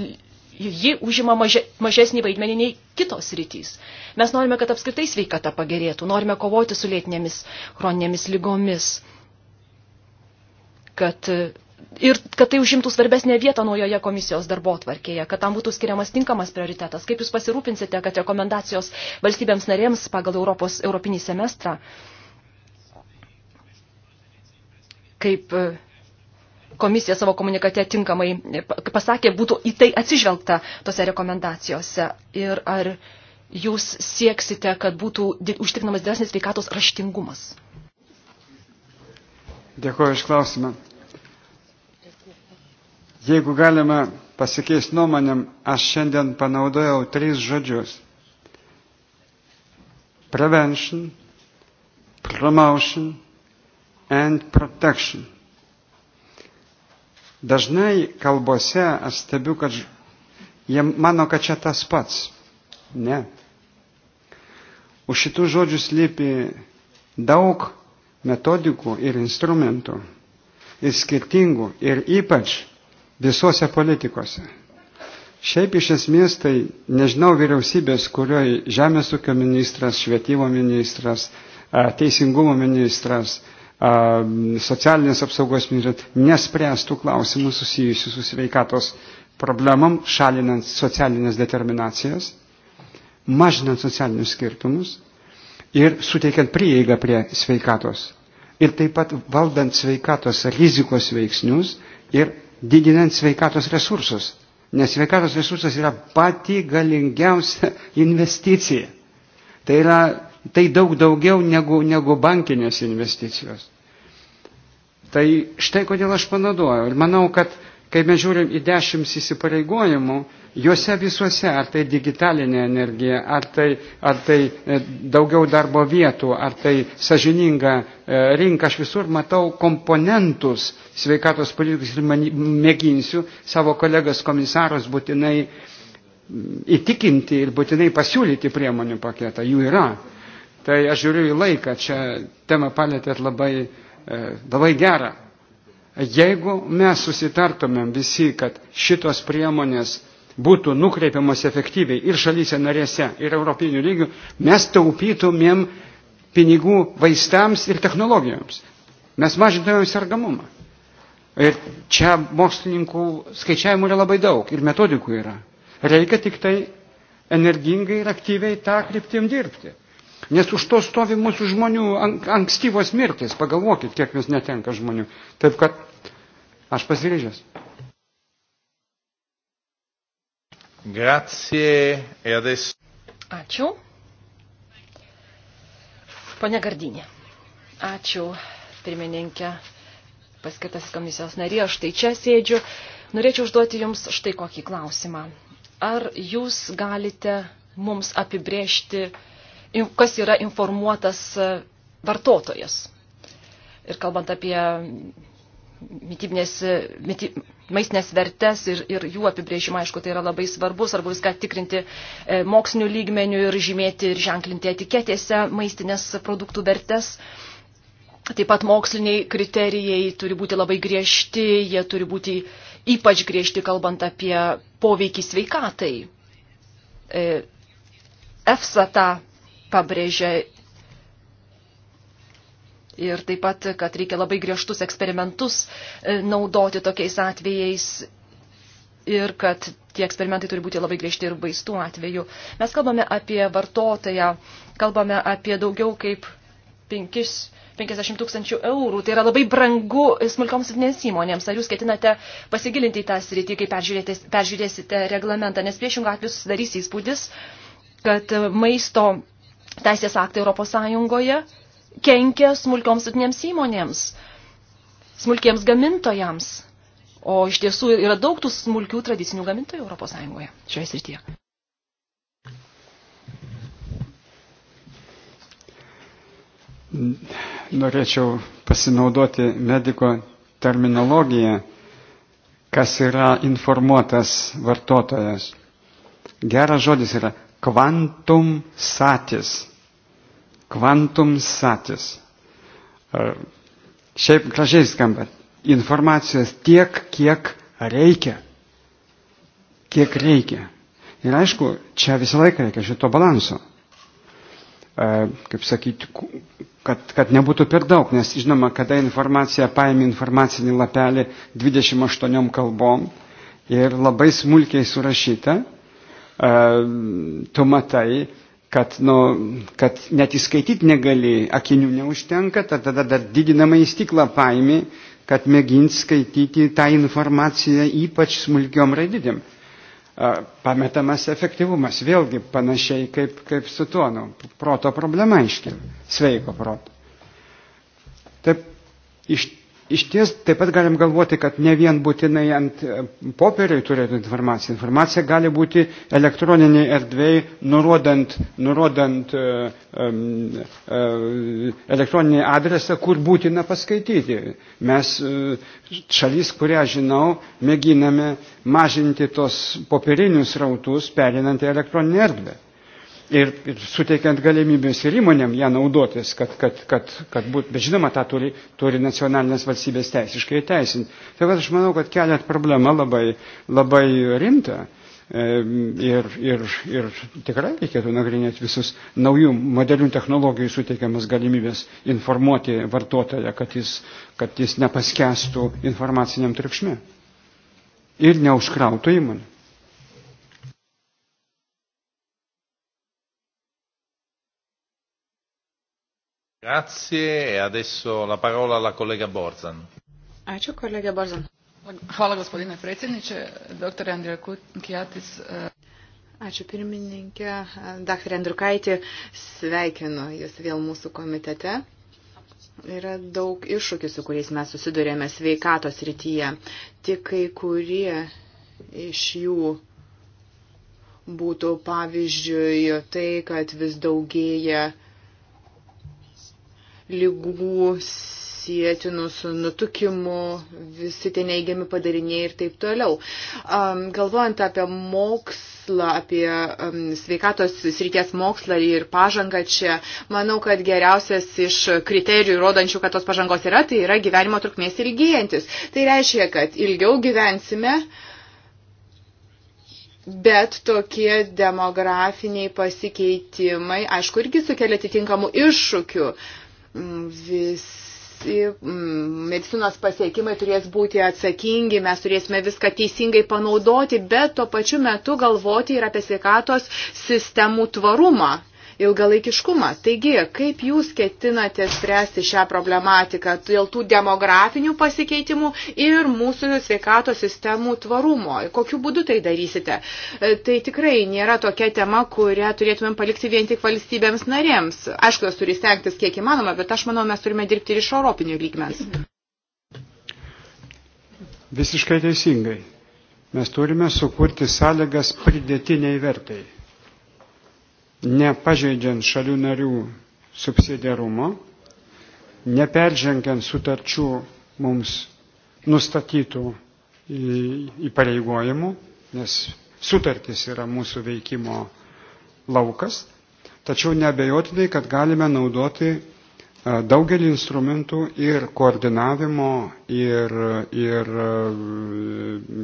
ji užima maže, mažesnį vaidmenį nei kitos rytys. Mes norime, kad apskritai sveikata pagerėtų, norime kovoti su lėtinėmis chroninėmis lygomis, kad, e, ir kad tai užimtų svarbesnę vietą naujoje komisijos darbo tvarkėje, kad tam būtų skiriamas tinkamas prioritetas. Kaip jūs pasirūpinsite, kad rekomendacijos valstybėms narėms pagal Europos europinį semestrą, kaip e, komisija savo komunikate tinkamai e, pasakė, būtų į tai atsižvelgta tose rekomendacijose. Ir ar jūs sieksite, kad būtų užtikrinamas didesnis sveikatos raštingumas? Dėkuoju iš klausimą. Jeigu galima pasikeisti nuomonėm, aš šiandien panaudojau tris žodžius. Prevention, promotion and protection. Dažnai kalbose aš stebiu, kad jie mano, kad čia tas pats. Ne. Už šitų žodžių slypi daug metodikų ir instrumentų. Ir skirtingų. Ir ypač visuose politikose. Šiaip iš esmės tai nežinau vyriausybės, kurioje žemės ūkio ministras, švietimo ministras, teisingumo ministras, socialinės apsaugos ministras nespręstų klausimų susijusių su sveikatos problemam, šalinant socialinės determinacijas, mažinant socialinius skirtumus ir suteikiant prieigą prie sveikatos. Ir taip pat valdant sveikatos rizikos veiksnius ir didinant sveikatos resursus. Nes sveikatos resursas yra pati galingiausia investicija. Tai yra tai daug daugiau negu, negu bankinės investicijos. Tai štai kodėl aš panaudojau. Ir manau, kad kai mes žiūrim į dešimt įsipareigojimų, juose visuose, ar tai digitalinė energija, ar tai, ar tai e, daugiau darbo vietų, ar tai sažininga e, rinka, aš visur matau komponentus sveikatos politikos ir mėginsiu savo kolegas komisarus būtinai įtikinti ir būtinai pasiūlyti priemonių paketą. Jų yra. Tai aš žiūriu į laiką, čia temą palėtėt labai, e, labai gerą. Jeigu mes susitartumėm visi, kad šitos priemonės būtų nukreipiamos efektyviai ir šalyse narėse, ir europinių lygių, mes taupytumėm pinigų vaistams ir technologijoms. Mes mažintumėm sergamumą. Ir čia mokslininkų skaičiavimų yra labai daug ir metodikų yra. Reikia tik tai energingai ir aktyviai tą kryptim dirbti. Nes už to stovi mūsų žmonių ankstyvos mirtis. Pagalvokit, kiek mes netenka žmonių. Taip kad aš pasiryžęs. Grazie. E adesso... Ačiū. Pane Gardinė. Ačiū, pirmininkė, paskirtas komisijos narė. Aš tai čia sėdžiu. Norėčiau užduoti Jums štai kokį klausimą. Ar Jūs galite mums apibrėžti kas yra informuotas e, vartotojas. Ir kalbant apie mytybinės, e, myty, maistinės vertes ir, ir jų apibrėžimą, aišku, tai yra labai svarbu, svarbu viską tikrinti e, mokslinių lygmenių ir žymėti ir ženklinti etiketėse maistinės produktų vertes. Taip pat moksliniai kriterijai turi būti labai griežti, jie turi būti ypač griežti, kalbant apie poveikį sveikatai. EFSA tą pabrėžia ir taip pat, kad reikia labai griežtus eksperimentus e, naudoti tokiais atvejais ir kad tie eksperimentai turi būti labai griežti ir vaistų atveju. Mes kalbame apie vartotoją, kalbame apie daugiau kaip 5, 50 tūkstančių eurų. Tai yra labai brangu smulkoms vidinės įmonėms. Ar jūs ketinate pasigilinti į tą sritį, kai peržiūrėsite reglamentą, nes priešingą atveju susidarys įspūdis, kad maisto teisės aktai Europos Sąjungoje kenkia smulkioms sutinėms įmonėms, smulkiems gamintojams. O iš tiesų yra daug tų smulkių tradicinių gamintojų Europos Sąjungoje šioje srityje. Norėčiau pasinaudoti mediko terminologiją, kas yra informuotas vartotojas. Geras žodis yra kvantum satis. Kvantum satis. Šiaip gražiai skamba. Informacijos tiek, kiek reikia. Kiek reikia. Ir aišku, čia visą laiką reikia šito balanso. E, kaip sakyti, kad, kad nebūtų per daug, nes žinoma, kada informacija paėmė informacinį lapelį 28 kalbom ir labai smulkiai surašyta, tu matai, kad, nu, kad net įskaityti negali, akinių neužtenka, tad tada dar didinamą į stiklą paimi, kad mėgint skaityti tą informaciją ypač smulkiom raidydėm. Pametamas efektyvumas, vėlgi panašiai kaip, kaip su tuonu. Proto problema iškil, sveiko proto. Taip, iš Iš ties taip pat galim galvoti, kad ne vien būtinai ant e, popieriai turėtų informaciją. Informacija gali būti elektroniniai erdvėjai, nurodant, nurodant um, um, elektroninį adresą, kur būtina paskaityti. Mes šalis, kurią žinau, mėginame mažinti tos popierinius rautus, perinant į elektroninę erdvę ir, ir suteikiant galimybės ir įmonėm ją naudotis, kad, kad, kad, kad būtų, bet žinoma, tą turi, turi nacionalinės valstybės teisiškai teisinti. Tai aš manau, kad keliat problemą labai, labai rimtą. E, ir, ir, ir tikrai reikėtų nagrinėti visus naujų modernių technologijų suteikiamas galimybės informuoti vartotoją, kad jis, kad jis nepaskestų informaciniam triukšmė ir neužkrautų įmonę. Grazie e adesso la parola alla collega Borzan. Ačiū, kolega Borzan. Hvala, gospodine predsjedniče. Dr. Andrija Kijatis. E, Ačiū pirmininkė. Dr. Andriukaitį, sveikinu Jūs vėl mūsų komitete. Yra daug iššūkių, su kuriais mes susidurėme sveikatos rytyje. Tik kai kurie iš jų būtų pavyzdžiui tai, kad vis daugėja uh, lygų sėtinų su nutukimu, visi tie neigiami padariniai ir taip toliau. Um, galvojant apie mokslą, apie um, sveikatos srities mokslą ir pažangą čia, manau, kad geriausias iš kriterijų rodančių, kad tos pažangos yra, tai yra gyvenimo trukmės ilgėjantis. Tai reiškia, kad ilgiau gyvensime. Bet tokie demografiniai pasikeitimai, aišku, irgi sukelia atitinkamų iššūkių. Uh, Mm, visi mm, medicinos pasiekimai turės būti atsakingi, mes turėsime viską teisingai panaudoti, bet tuo pačiu metu galvoti ir apie sveikatos sistemų tvarumą ilgalaikiškumą. Taigi, kaip jūs ketinate spręsti šią problematiką dėl tų demografinių pasikeitimų ir mūsų sveikato sistemų tvarumo? Kokiu būdu tai darysite? E, tai tikrai nėra tokia tema, kurią turėtumėm palikti vien tik valstybėms narėms. Aišku, jos turi stengtis kiek įmanoma, bet aš manau, mes turime dirbti ir iš europinių lygmens. Visiškai teisingai. Mes turime sukurti sąlygas pridėtiniai vertai nepažeidžiant šalių narių subsidiarumo, neperžengiant sutarčių mums nustatytų įpareigojimų, nes sutartis yra mūsų veikimo laukas, tačiau nebejotinai, kad galime naudoti daugelį instrumentų ir koordinavimo, ir, ir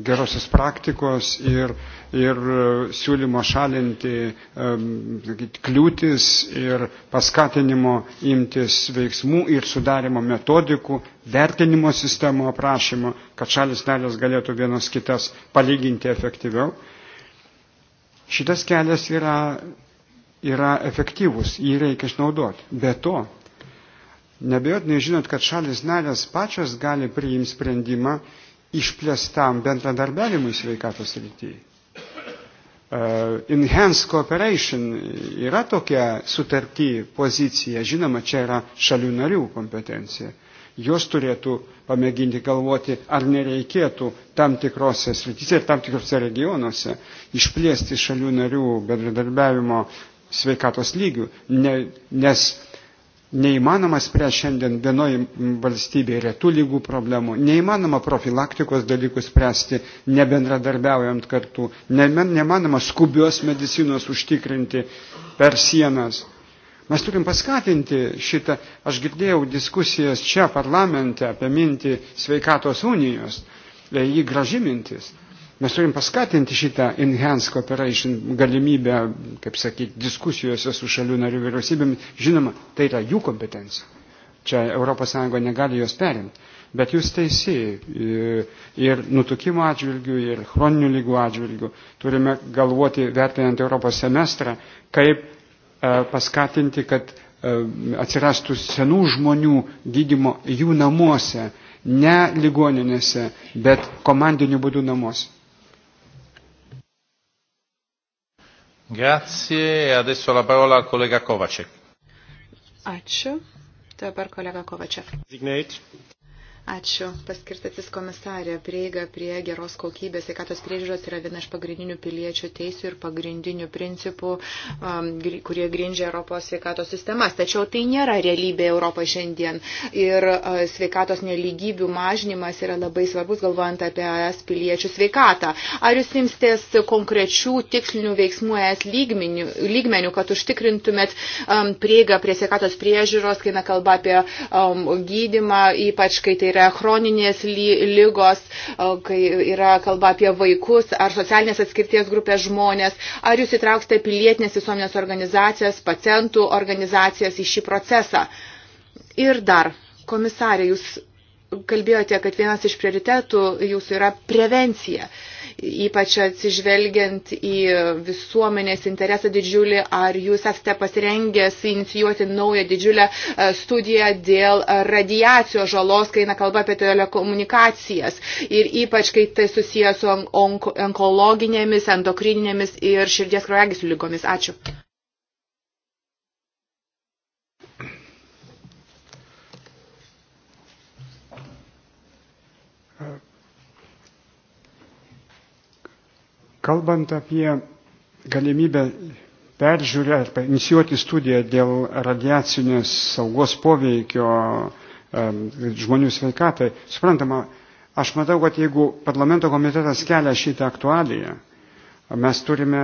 gerosios praktikos, ir, ir siūlymo šalinti kliūtis, ir paskatinimo imtis veiksmų, ir sudarimo metodikų, vertinimo sistemų aprašymo, kad šalis narės galėtų vienas kitas palyginti efektyviau. Šitas kelias yra, yra efektyvus, jį reikia išnaudoti. Be to, Nebejotinai žinot, kad šalis narės pačios gali priimti sprendimą išplėstam bendradarbiavimui sveikatos rytyje. Uh, e, enhanced cooperation yra tokia sutarty pozicija, žinoma, čia yra šalių narių kompetencija. Jos turėtų pamėginti galvoti, ar nereikėtų tam tikrose srityse ir tam tikrose regionuose išplėsti šalių narių bendradarbiavimo sveikatos lygių, ne, nes Neįmanoma spręsti šiandien vienoje valstybėje retų lygų problemų, neįmanoma profilaktikos dalykus spręsti nebendradarbiaujant kartu, neįmanoma skubios medicinos užtikrinti per sienas. Mes turim paskatinti šitą, aš girdėjau diskusijas čia parlamente apie mintį sveikatos unijos, e, jį graži mintis, Mes turim paskatinti šitą enhanced cooperation galimybę, kaip sakyti, diskusijose su šalių narių vyriausybėmis. Žinoma, tai yra jų kompetencija. Čia ES negali jos perimti. Bet jūs teisi e, ir nutukimo atžvilgių, ir chroninių lygų atžvilgių. Turime galvoti, vertinant Europos semestrą, kaip e, paskatinti, kad e, atsirastų senų žmonių gydimo jų namuose, ne ligoninėse, bet komandiniu būdu namuose. Grazie. E adesso la parola al collega Kovacek. Ačiū. Dabar kolega Kovačev. Ačiū, paskirtasis komisarė. Prieiga prie geros kokybės sveikatos priežiūros yra viena iš pagrindinių piliečių teisų ir pagrindinių principų, um, kurie grindžia Europos sveikatos sistemas. Tačiau tai nėra realybė Europoje šiandien. Ir uh, sveikatos neligybių mažinimas yra labai svarbus, galvojant apie ES piliečių sveikatą. Ar jūs imstės konkrečių tikslinių veiksmų ES lygmenių, lygmenių kad užtikrintumėt um, prieigą prie sveikatos priežiūros, kai na kalba apie um, gydimą, ypač kai tai yra chroninės lygos, kai yra kalba apie vaikus ar socialinės atskirties grupės žmonės, ar jūs įtrauksite pilietinės visuomenės organizacijas, pacientų organizacijas į šį procesą. Ir dar, komisarė, jūs kalbėjote, kad vienas iš prioritetų jūsų yra prevencija. Uh, ypač atsižvelgiant į visuomenės interesą didžiulį, ar jūs esate pasirengęs inicijuoti naują didžiulę e, studiją dėl radiacijos žalos, kai eina kalba apie telekomunikacijas ir ypač, kai tai susijęs su onko, onkologinėmis, endokrininėmis ir širdies kraujagyslių lygomis. Ačiū. Kalbant apie galimybę peržiūrę ar inicijuoti studiją dėl radiacinės saugos poveikio žmonių sveikatai, suprantama, aš matau, kad jeigu parlamento komitetas kelia šitą aktualiją, mes turime,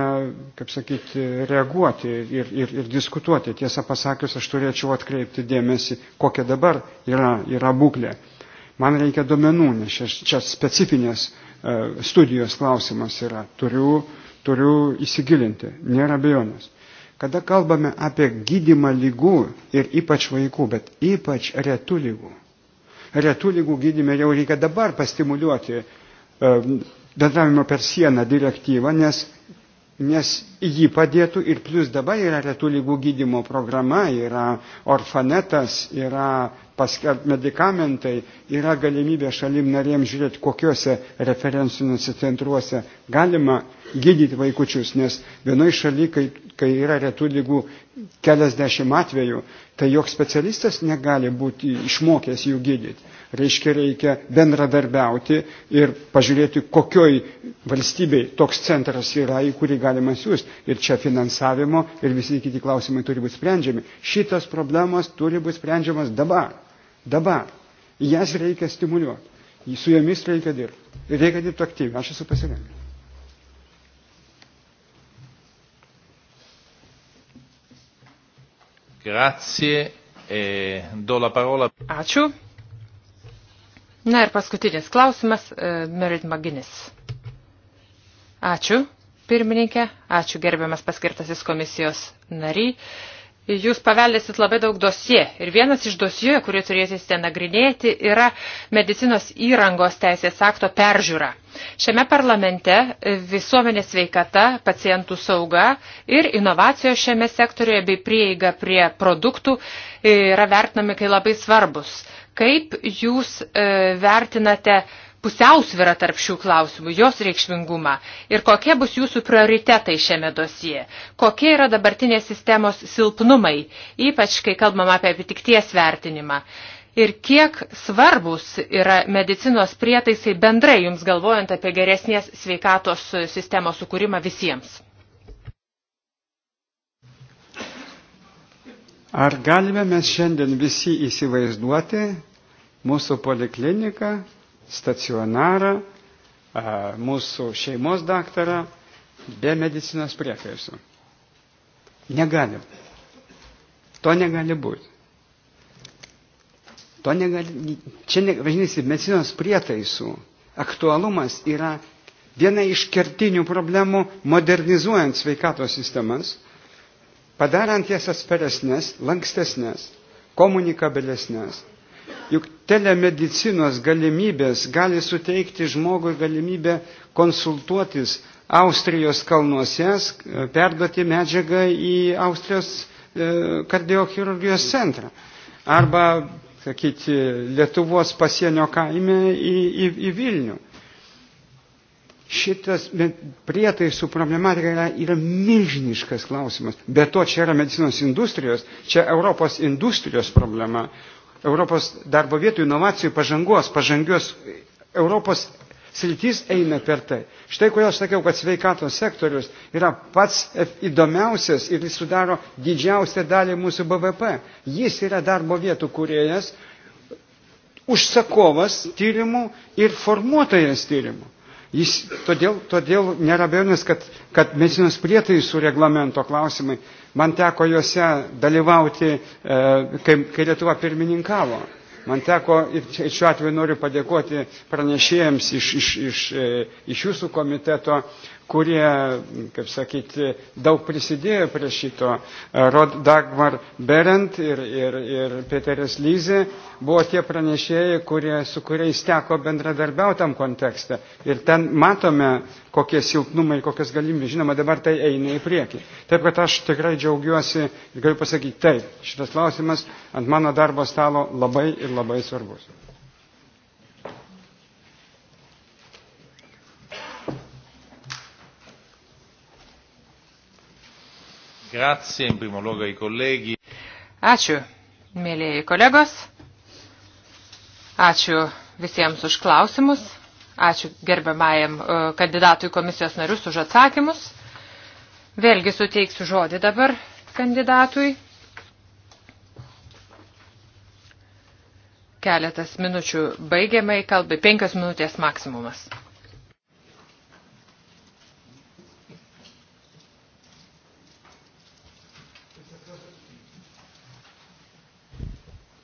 kaip sakyti, reaguoti ir, ir, ir diskutuoti. Tiesą pasakius, aš turėčiau atkreipti dėmesį, kokia dabar yra, yra būklė. Man reikia domenų, nes čia specifinės uh, E, studijos klausimas yra. Turiu, turiu įsigilinti, nėra bejonės. Kada kalbame apie gydimą lygų ir ypač vaikų, bet ypač retų lygų. Retų lygų gydime jau reikia dabar pastimuliuoti e, bendravimo per sieną direktyvą, nes, nes jį padėtų ir plus dabar yra retų lygų gydimo programa, yra orfanetas, yra paskelbti medikamentai, yra galimybė šalim narėm žiūrėti, kokiuose referenciniuose centruose galima gydyti vaikučius, nes vienoje šalyje, kai, kai yra retų lygų keliasdešimt atvejų, tai joks specialistas negali būti išmokęs jų gydyti. Reiškia, reikia bendradarbiauti ir pažiūrėti, kokioj valstybei toks centras yra, į kurį galima siūsti. Ir čia finansavimo ir visi kiti klausimai turi būti sprendžiami. Šitas problemas turi būti sprendžiamas dabar. Dabar jas reikia stimuliuoti, su jomis reikia dirbti. Ir reikia dirbti aktyviai, aš esu pasirengęs. Grazie. E, do la parola. Ačiū. Na ir paskutinis klausimas, e, Merit Maginis. Ačiū, pirmininkė. Ačiū gerbiamas paskirtasis komisijos nariai jūs paveldėsit labai daug dosie. Ir vienas iš dosie, kurį turėsite nagrinėti, yra medicinos įrangos teisės akto peržiūra. Šiame parlamente visuomenės sveikata, pacientų sauga ir inovacijos šiame sektoriuje bei prieiga prie produktų yra vertinami kai labai svarbus. Kaip jūs e, vertinate pusiausvirą tarp šių klausimų, jos reikšmingumą ir kokie bus jūsų prioritetai šiame dosie, kokie yra dabartinės sistemos silpnumai, ypač kai kalbam apie apitikties vertinimą. Ir kiek svarbus yra medicinos prietaisai bendrai jums galvojant apie geresnės sveikatos sistemos sukūrimą visiems? Ar galime mes šiandien visi įsivaizduoti mūsų polikliniką stacionarą, mūsų šeimos daktarą be medicinos prietaisų. Negalim. To negali būti. To negali, čia, ne, važinėsi, medicinos prietaisų aktualumas yra viena iš kertinių problemų modernizuojant sveikatos sistemas, padarant jas atsparesnės, lankstesnės, komunikabilesnės, Juk telemedicinos galimybės gali suteikti žmogui galimybę konsultuotis Austrijos kalnuose, perduoti medžiagą į Austrijos e, kardiochirurgijos centrą. Arba, sakyti, Lietuvos pasienio kaime į, į, į Vilnių. Šitas prietaisų problematika yra, yra milžiniškas klausimas. Be to, čia yra medicinos industrijos, čia Europos industrijos problema, Europos darbo vietų inovacijų pažangos, pažangios Europos sritys eina per tai. Štai kodėl aš sakiau, kad sveikatos sektorius yra pats įdomiausias ir jis sudaro didžiausią dalį mūsų BVP. Jis yra darbo vietų kūrėjas, užsakovas tyrimų ir formuotojas tyrimų. Jis, todėl, todėl nėra bejonės, kad, kad medicinos prietaisų reglamento klausimai, man teko juose dalyvauti, e, kai, kai Lietuva pirmininkavo. Man teko, ir šiuo atveju noriu padėkoti pranešėjams iš, iš, iš, e, iš jūsų komiteto, kurie, kaip sakyti, daug prisidėjo prie šito. Rod Dagmar Berent ir, ir, ir Peteris Lyzė buvo tie pranešėjai, kurie, su kuriais teko bendradarbiautam kontekste. Ir ten matome, kokie silpnumai, kokias galimybės. Žinoma, dabar tai eina į priekį. Taip, kad aš tikrai džiaugiuosi ir galiu pasakyti, taip, šitas klausimas ant mano darbo stalo labai ir labai svarbus. Grazie, in primo luogo ai colleghi. Ačiū, mėlėjai kolegos. Ačiū visiems už klausimus. Ačiū gerbiamajam e, kandidatui komisijos narius už atsakymus. Vėlgi suteiksiu žodį dabar kandidatui. Keletas minučių baigiamai kalbai, penkios minutės maksimumas.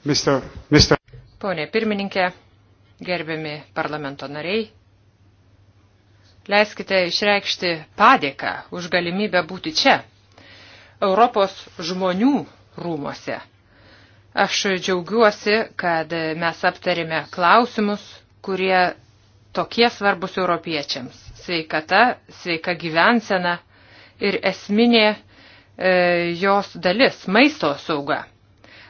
Mr. Mr. Pone pirmininkė, gerbiami parlamento nariai, leiskite išreikšti padėką už galimybę būti čia, Europos žmonių rūmose. Aš džiaugiuosi, kad mes aptarėme klausimus, kurie tokie svarbus europiečiams - sveikata, sveika gyvensena ir esminė e, jos dalis - maisto sauga.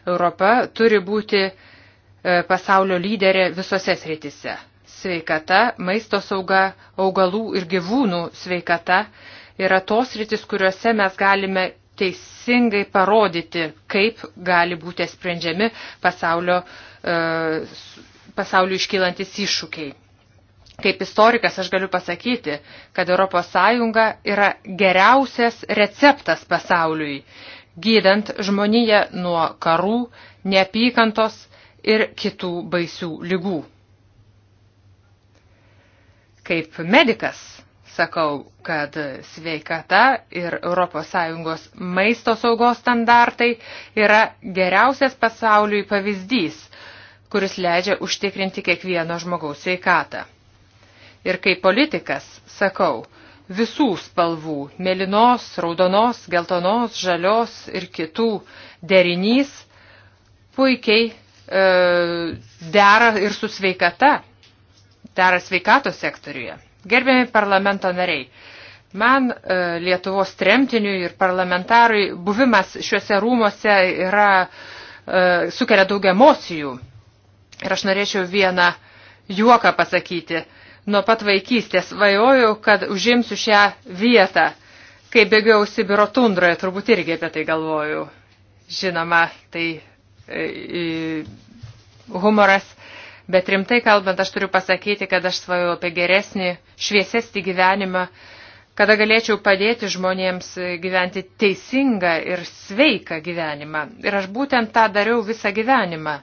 Europa turi būti e, pasaulio lyderė visose sritise. Sveikata, maisto sauga, augalų ir gyvūnų sveikata yra tos sritis, kuriuose mes galime teisingai parodyti, kaip gali būti sprendžiami pasaulio, e, pasaulio iškylantis iššūkiai. Kaip istorikas aš galiu pasakyti, kad ES yra geriausias receptas pasauliui, gydant žmoniją nuo karų, neapykantos ir kitų baisių lygų. Kaip medikas sakau, kad sveikata ir ES maisto saugos standartai yra geriausias pasauliui pavyzdys, kuris leidžia užtikrinti kiekvieno žmogaus sveikatą. Ir kaip politikas sakau, visų spalvų - mėlynos, raudonos, geltonos, žalios ir kitų derinys puikiai e, dera ir su sveikata, dera sveikato sektoriuje. Gerbiami parlamento nariai, man e, Lietuvos tremtiniui ir parlamentarui buvimas šiuose rūmose yra, e, sukelia daug emocijų. Ir aš norėčiau vieną juoką pasakyti. E, nuo pat vaikystės. Vajojau, kad užimsiu šią vietą. Kai bėgiau Sibiro tundroje, turbūt irgi apie tai galvojau. Žinoma, tai e, e, humoras, bet rimtai kalbant, aš turiu pasakyti, kad aš svajojau apie geresnį, šviesesnį gyvenimą, kada galėčiau padėti žmonėms e, gyventi teisingą ir sveiką gyvenimą. Ir aš būtent tą dariau visą gyvenimą.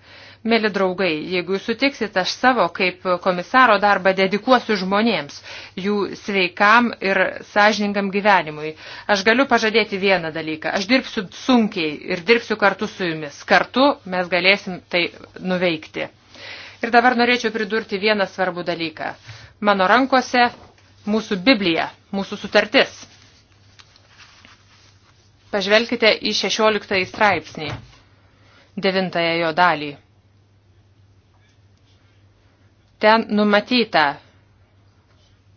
Mėly draugai, jeigu jūs sutiksit, aš savo kaip komisaro darbą dedikuosiu žmonėms, jų sveikam ir sąžiningam gyvenimui. Aš galiu pažadėti vieną dalyką. Aš dirbsiu sunkiai ir dirbsiu kartu su jumis. Kartu mes galėsim tai nuveikti. Ir dabar norėčiau pridurti vieną svarbų dalyką. Mano rankose mūsų Biblija, mūsų sutartis. Pažvelkite į 16 straipsnį, 9 jo dalį. Ten numatyta,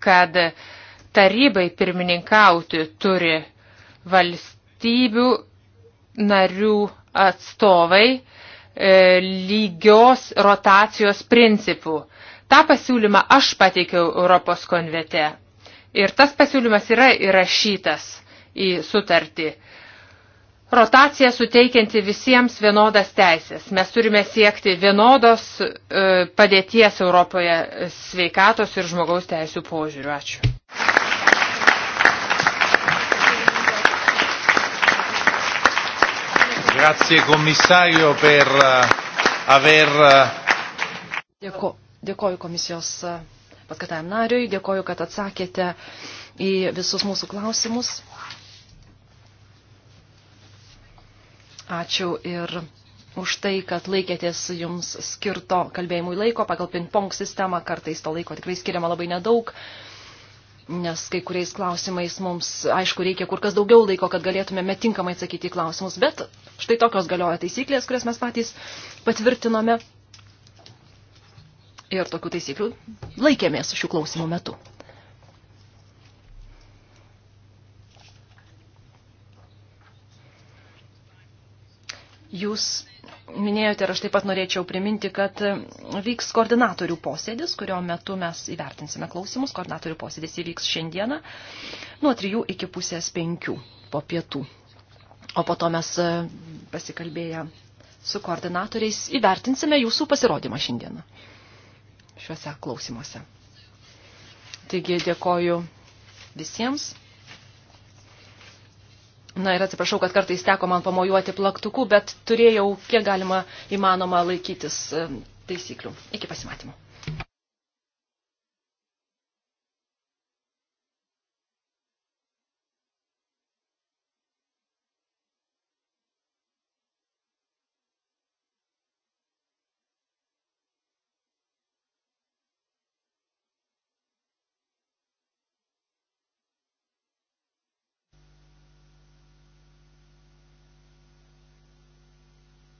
kad tarybai pirmininkauti turi valstybių narių atstovai e, lygios rotacijos principų. Ta pasiūlymą aš pateikiau Europos konvete. Ir tas pasiūlymas yra įrašytas į sutartį. Rotacija suteikianti visiems vienodas teisės. Mes turime siekti vienodos e, padėties Europoje sveikatos ir žmogaus teisų požiūrių. Ačiū. Grazie komisario per eh, aver. Eh, Dėko, dėkoju komisijos eh, paskatajam nariui, dėkoju, kad atsakėte į visus mūsų klausimus. Ačiū ir už tai, kad laikėtės jums skirto kalbėjimui laiko pagal ping-pong sistemą. Kartais to laiko tikrai skiriama labai nedaug, nes kai kuriais klausimais mums, aišku, reikia kur kas daugiau laiko, kad galėtumėme tinkamai atsakyti į klausimus. Bet štai tokios galioja taisyklės, kurias mes patys patvirtinome. Ir tokių taisyklių laikėmės šių klausimų metu. Jūs minėjote ir aš taip pat norėčiau priminti, kad vyks koordinatorių posėdis, kurio metu mes įvertinsime klausimus. Koordinatorių posėdis įvyks šiandieną nuo 3 iki pusės 5 po pietų. O po to mes e, pasikalbėję su koordinatoriais įvertinsime jūsų pasirodymą šiandieną šiuose klausimuose. Taigi dėkoju visiems. Na ir atsiprašau, kad kartais teko man pamojuoti plaktuku, bet turėjau kiek galima įmanoma laikytis e, taisyklių. Iki pasimatymų.